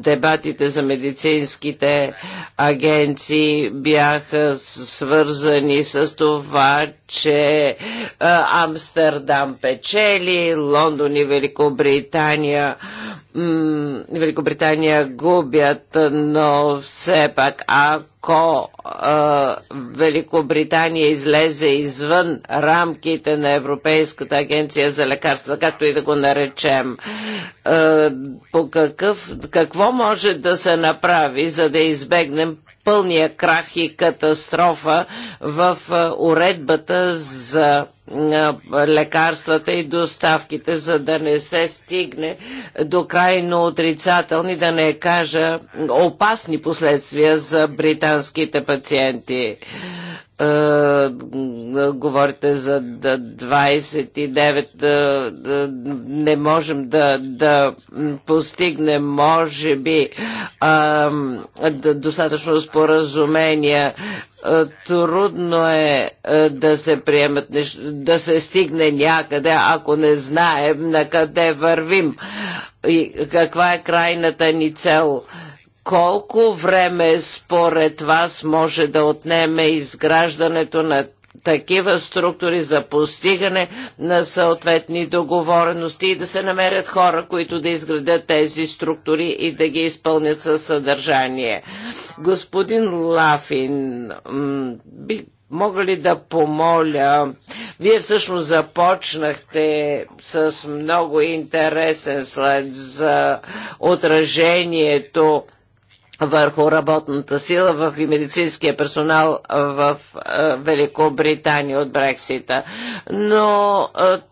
дебатите за медицинските агенции бяха свързани с това, че Амстердам печели, Лондон и Великобритания Великобритания губят, но все пак ако ако а, Великобритания излезе извън рамките на Европейската агенция за лекарства, както и да го наречем, а, по какъв, какво може да се направи, за да избегнем пълния крах и катастрофа в а, уредбата за лекарствата и доставките, за да не се стигне до крайно отрицателни, да не кажа опасни последствия за британските пациенти говорите за 29, не можем да, да постигнем, може би, достатъчно споразумение е, трудно е, е да се приемат неща, да се стигне някъде, ако не знаем на къде вървим и каква е крайната ни цел. Колко време според вас може да отнеме изграждането на такива структури за постигане на съответни договорености и да се намерят хора, които да изградят тези структури и да ги изпълнят със съдържание. Господин Лафин, би мога ли да помоля? Вие всъщност започнахте с много интересен след за отражението върху работната сила в и медицинския персонал в Великобритания от Брексита. Но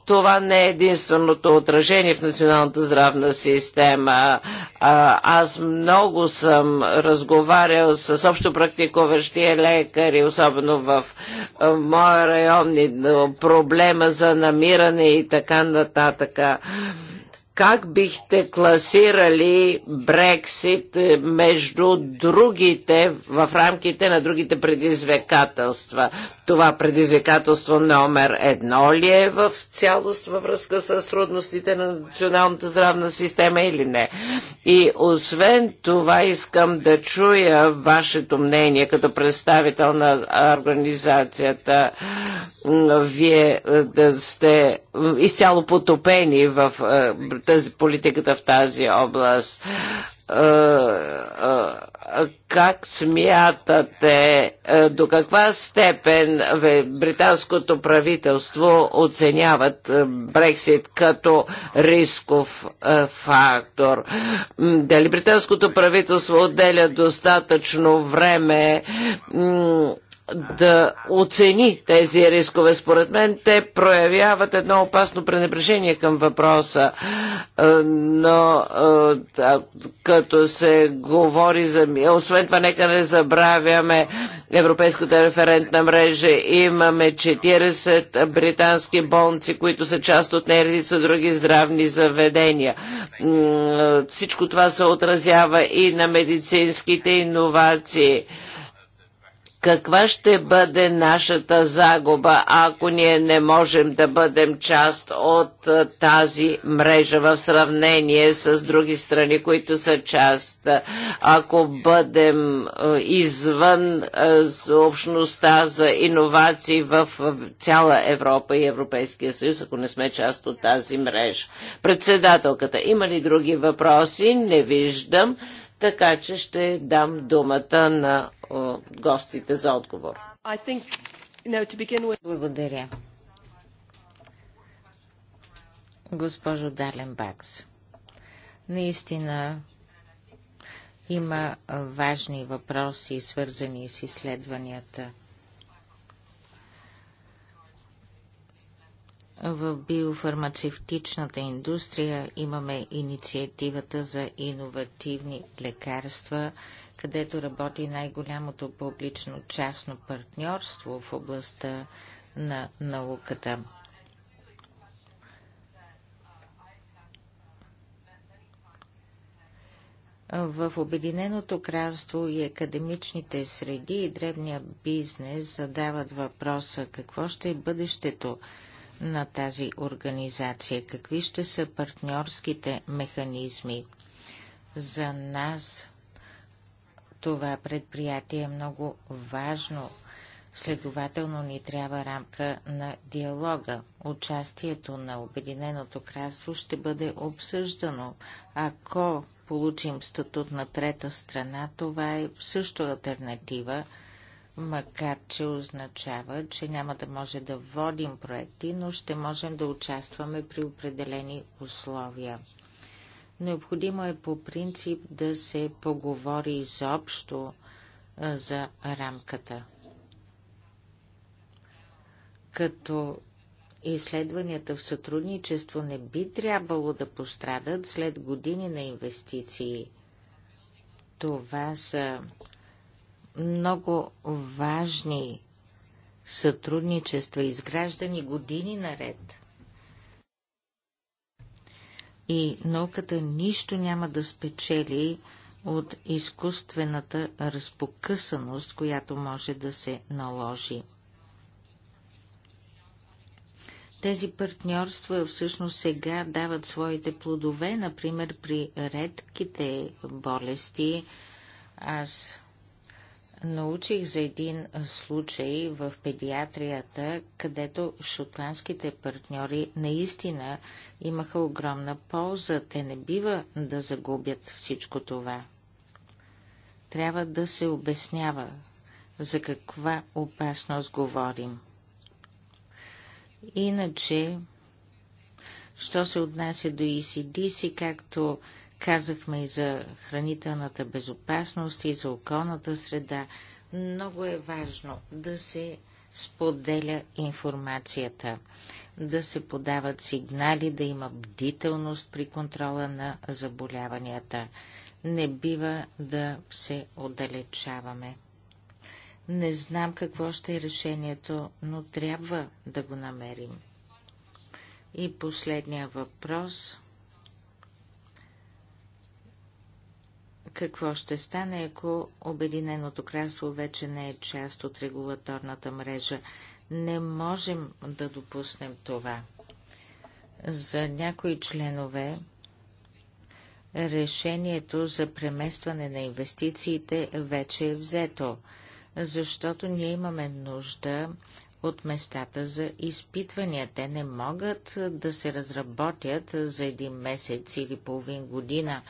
това не е единственото отражение в националната здравна система. Аз много съм разговарял с общо общопрактикуващи лекари, особено в моя район, проблема за намиране и така нататък. Как бихте класирали Брексит е, между другите, в рамките на другите предизвикателства? Това предизвикателство номер едно ли е в цялост във връзка с трудностите на националната здравна система или не? И освен това искам да чуя вашето мнение като представител на организацията. Вие е, да сте изцяло потопени в е, тази, политиката в тази област. Е, е, как смятате, е, до каква степен британското правителство оценяват Брексит като рисков фактор? Дали британското правителство отделя достатъчно време да оцени тези рискове. Според мен те проявяват едно опасно пренебрежение към въпроса, е, но е, като се говори за... Освен това, нека не забравяме Европейската референтна мрежа. Имаме 40 британски болници, които са част от нередица други здравни заведения. Е, всичко това се отразява и на медицинските иновации каква ще бъде нашата загуба, ако ние не можем да бъдем част от тази мрежа в сравнение с други страни, които са част. Ако бъдем извън общността за иновации в цяла Европа и Европейския съюз, ако не сме част от тази мрежа. Председателката, има ли други въпроси? Не виждам. Така че ще дам думата на гостите за отговор. Благодаря. Госпожо Даленбакс, наистина има важни въпроси, свързани с изследванията. В биофармацевтичната индустрия имаме инициативата за иновативни лекарства където работи най-голямото публично-частно партньорство в областта на науката. В Обединеното кралство и академичните среди и древния бизнес задават въпроса какво ще е бъдещето на тази организация, какви ще са партньорските механизми. За нас това предприятие е много важно. Следователно ни трябва рамка на диалога. Участието на Обединеното кралство ще бъде обсъждано. Ако получим статут на трета страна, това е също альтернатива, макар че означава, че няма да може да водим проекти, но ще можем да участваме при определени условия. Необходимо е по принцип да се поговори изобщо за рамката. Като изследванията в сътрудничество не би трябвало да пострадат след години на инвестиции. Това са много важни сътрудничества, изграждани години наред и науката нищо няма да спечели от изкуствената разпокъсаност, която може да се наложи. Тези партньорства всъщност сега дават своите плодове, например при редките болести. Аз научих за един случай в педиатрията, където шотландските партньори наистина имаха огромна полза. Те не бива да загубят всичко това. Трябва да се обяснява за каква опасност говорим. Иначе, що се отнася до ECDC, както Казахме и за хранителната безопасност и за околната среда. Много е важно да се споделя информацията, да се подават сигнали, да има бдителност при контрола на заболяванията. Не бива да се отдалечаваме. Не знам какво ще е решението, но трябва да го намерим. И последния въпрос какво ще стане, ако Обединеното кралство вече не е част от регулаторната мрежа. Не можем да допуснем това. За някои членове решението за преместване на инвестициите вече е взето, защото ние имаме нужда от местата за изпитвания. Те не могат да се разработят за един месец или половин година.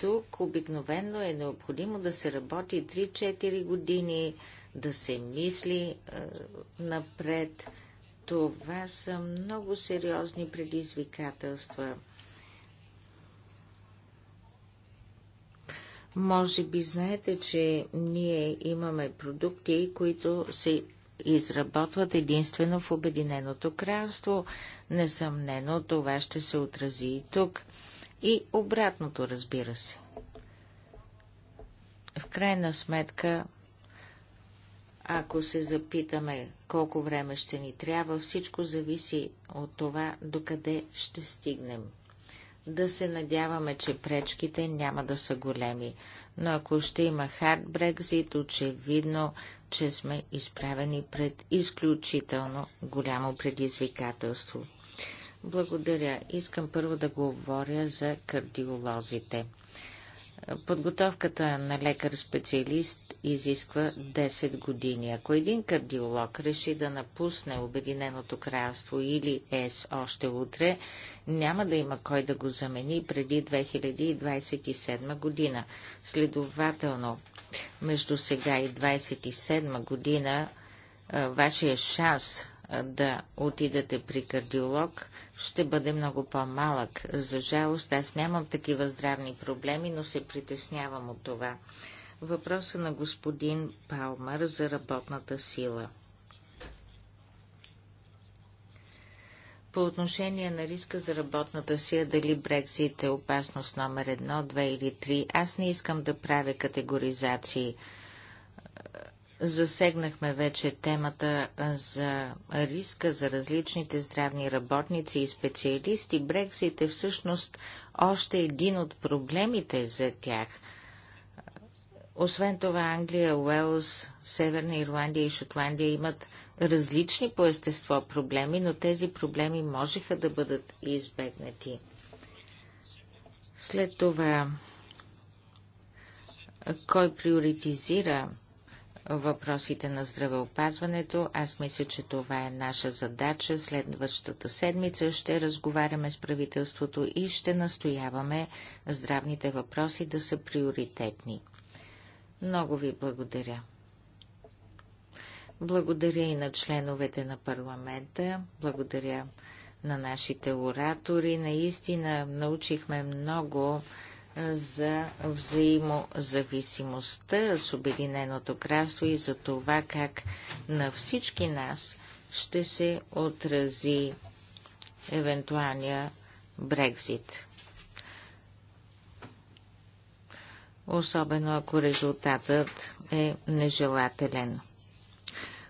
Тук обикновено е необходимо да се работи 3-4 години, да се мисли напред. Това са много сериозни предизвикателства. Може би знаете, че ние имаме продукти, които се изработват единствено в Обединеното кралство. Несъмнено това ще се отрази и тук и обратното, разбира се. В крайна сметка, ако се запитаме колко време ще ни трябва, всичко зависи от това, докъде ще стигнем. Да се надяваме, че пречките няма да са големи, но ако ще има хард Брекзит, очевидно, че сме изправени пред изключително голямо предизвикателство. Благодаря. Искам първо да говоря за кардиолозите. Подготовката на лекар-специалист изисква 10 години. Ако един кардиолог реши да напусне Обединеното кралство или ЕС още утре, няма да има кой да го замени преди 2027 година. Следователно, между сега и 27 година, вашия шанс да отидете при кардиолог, ще бъде много по-малък. За жалост, аз нямам такива здравни проблеми, но се притеснявам от това. Въпроса на господин Палмър за работната сила. По отношение на риска за работната сила, дали Брекзит е опасност номер едно, две или три, аз не искам да правя категоризации Засегнахме вече темата за риска за различните здравни работници и специалисти. Брексит е всъщност още един от проблемите за тях. Освен това, Англия, Уелс, Северна Ирландия и Шотландия имат различни по естество проблеми, но тези проблеми можеха да бъдат избегнати. След това, кой приоритизира въпросите на здравеопазването. Аз мисля, че това е наша задача. Следващата седмица ще разговаряме с правителството и ще настояваме здравните въпроси да са приоритетни. Много ви благодаря. Благодаря и на членовете на парламента. Благодаря на нашите оратори. Наистина научихме много за взаимозависимостта с Обединеното кралство и за това как на всички нас ще се отрази евентуалния Брекзит. Особено ако резултатът е нежелателен.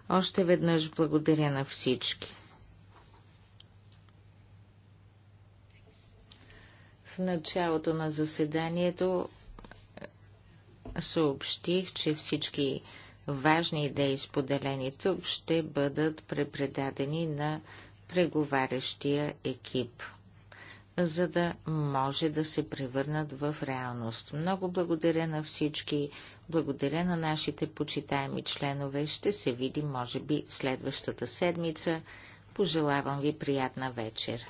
Още веднъж благодаря на всички. В началото на заседанието съобщих, че всички важни идеи, споделени тук, ще бъдат препредадени на преговарящия екип, за да може да се превърнат в реалност. Много благодаря на всички, благодаря на нашите почитаеми членове. Ще се видим, може би, следващата седмица. Пожелавам ви приятна вечер.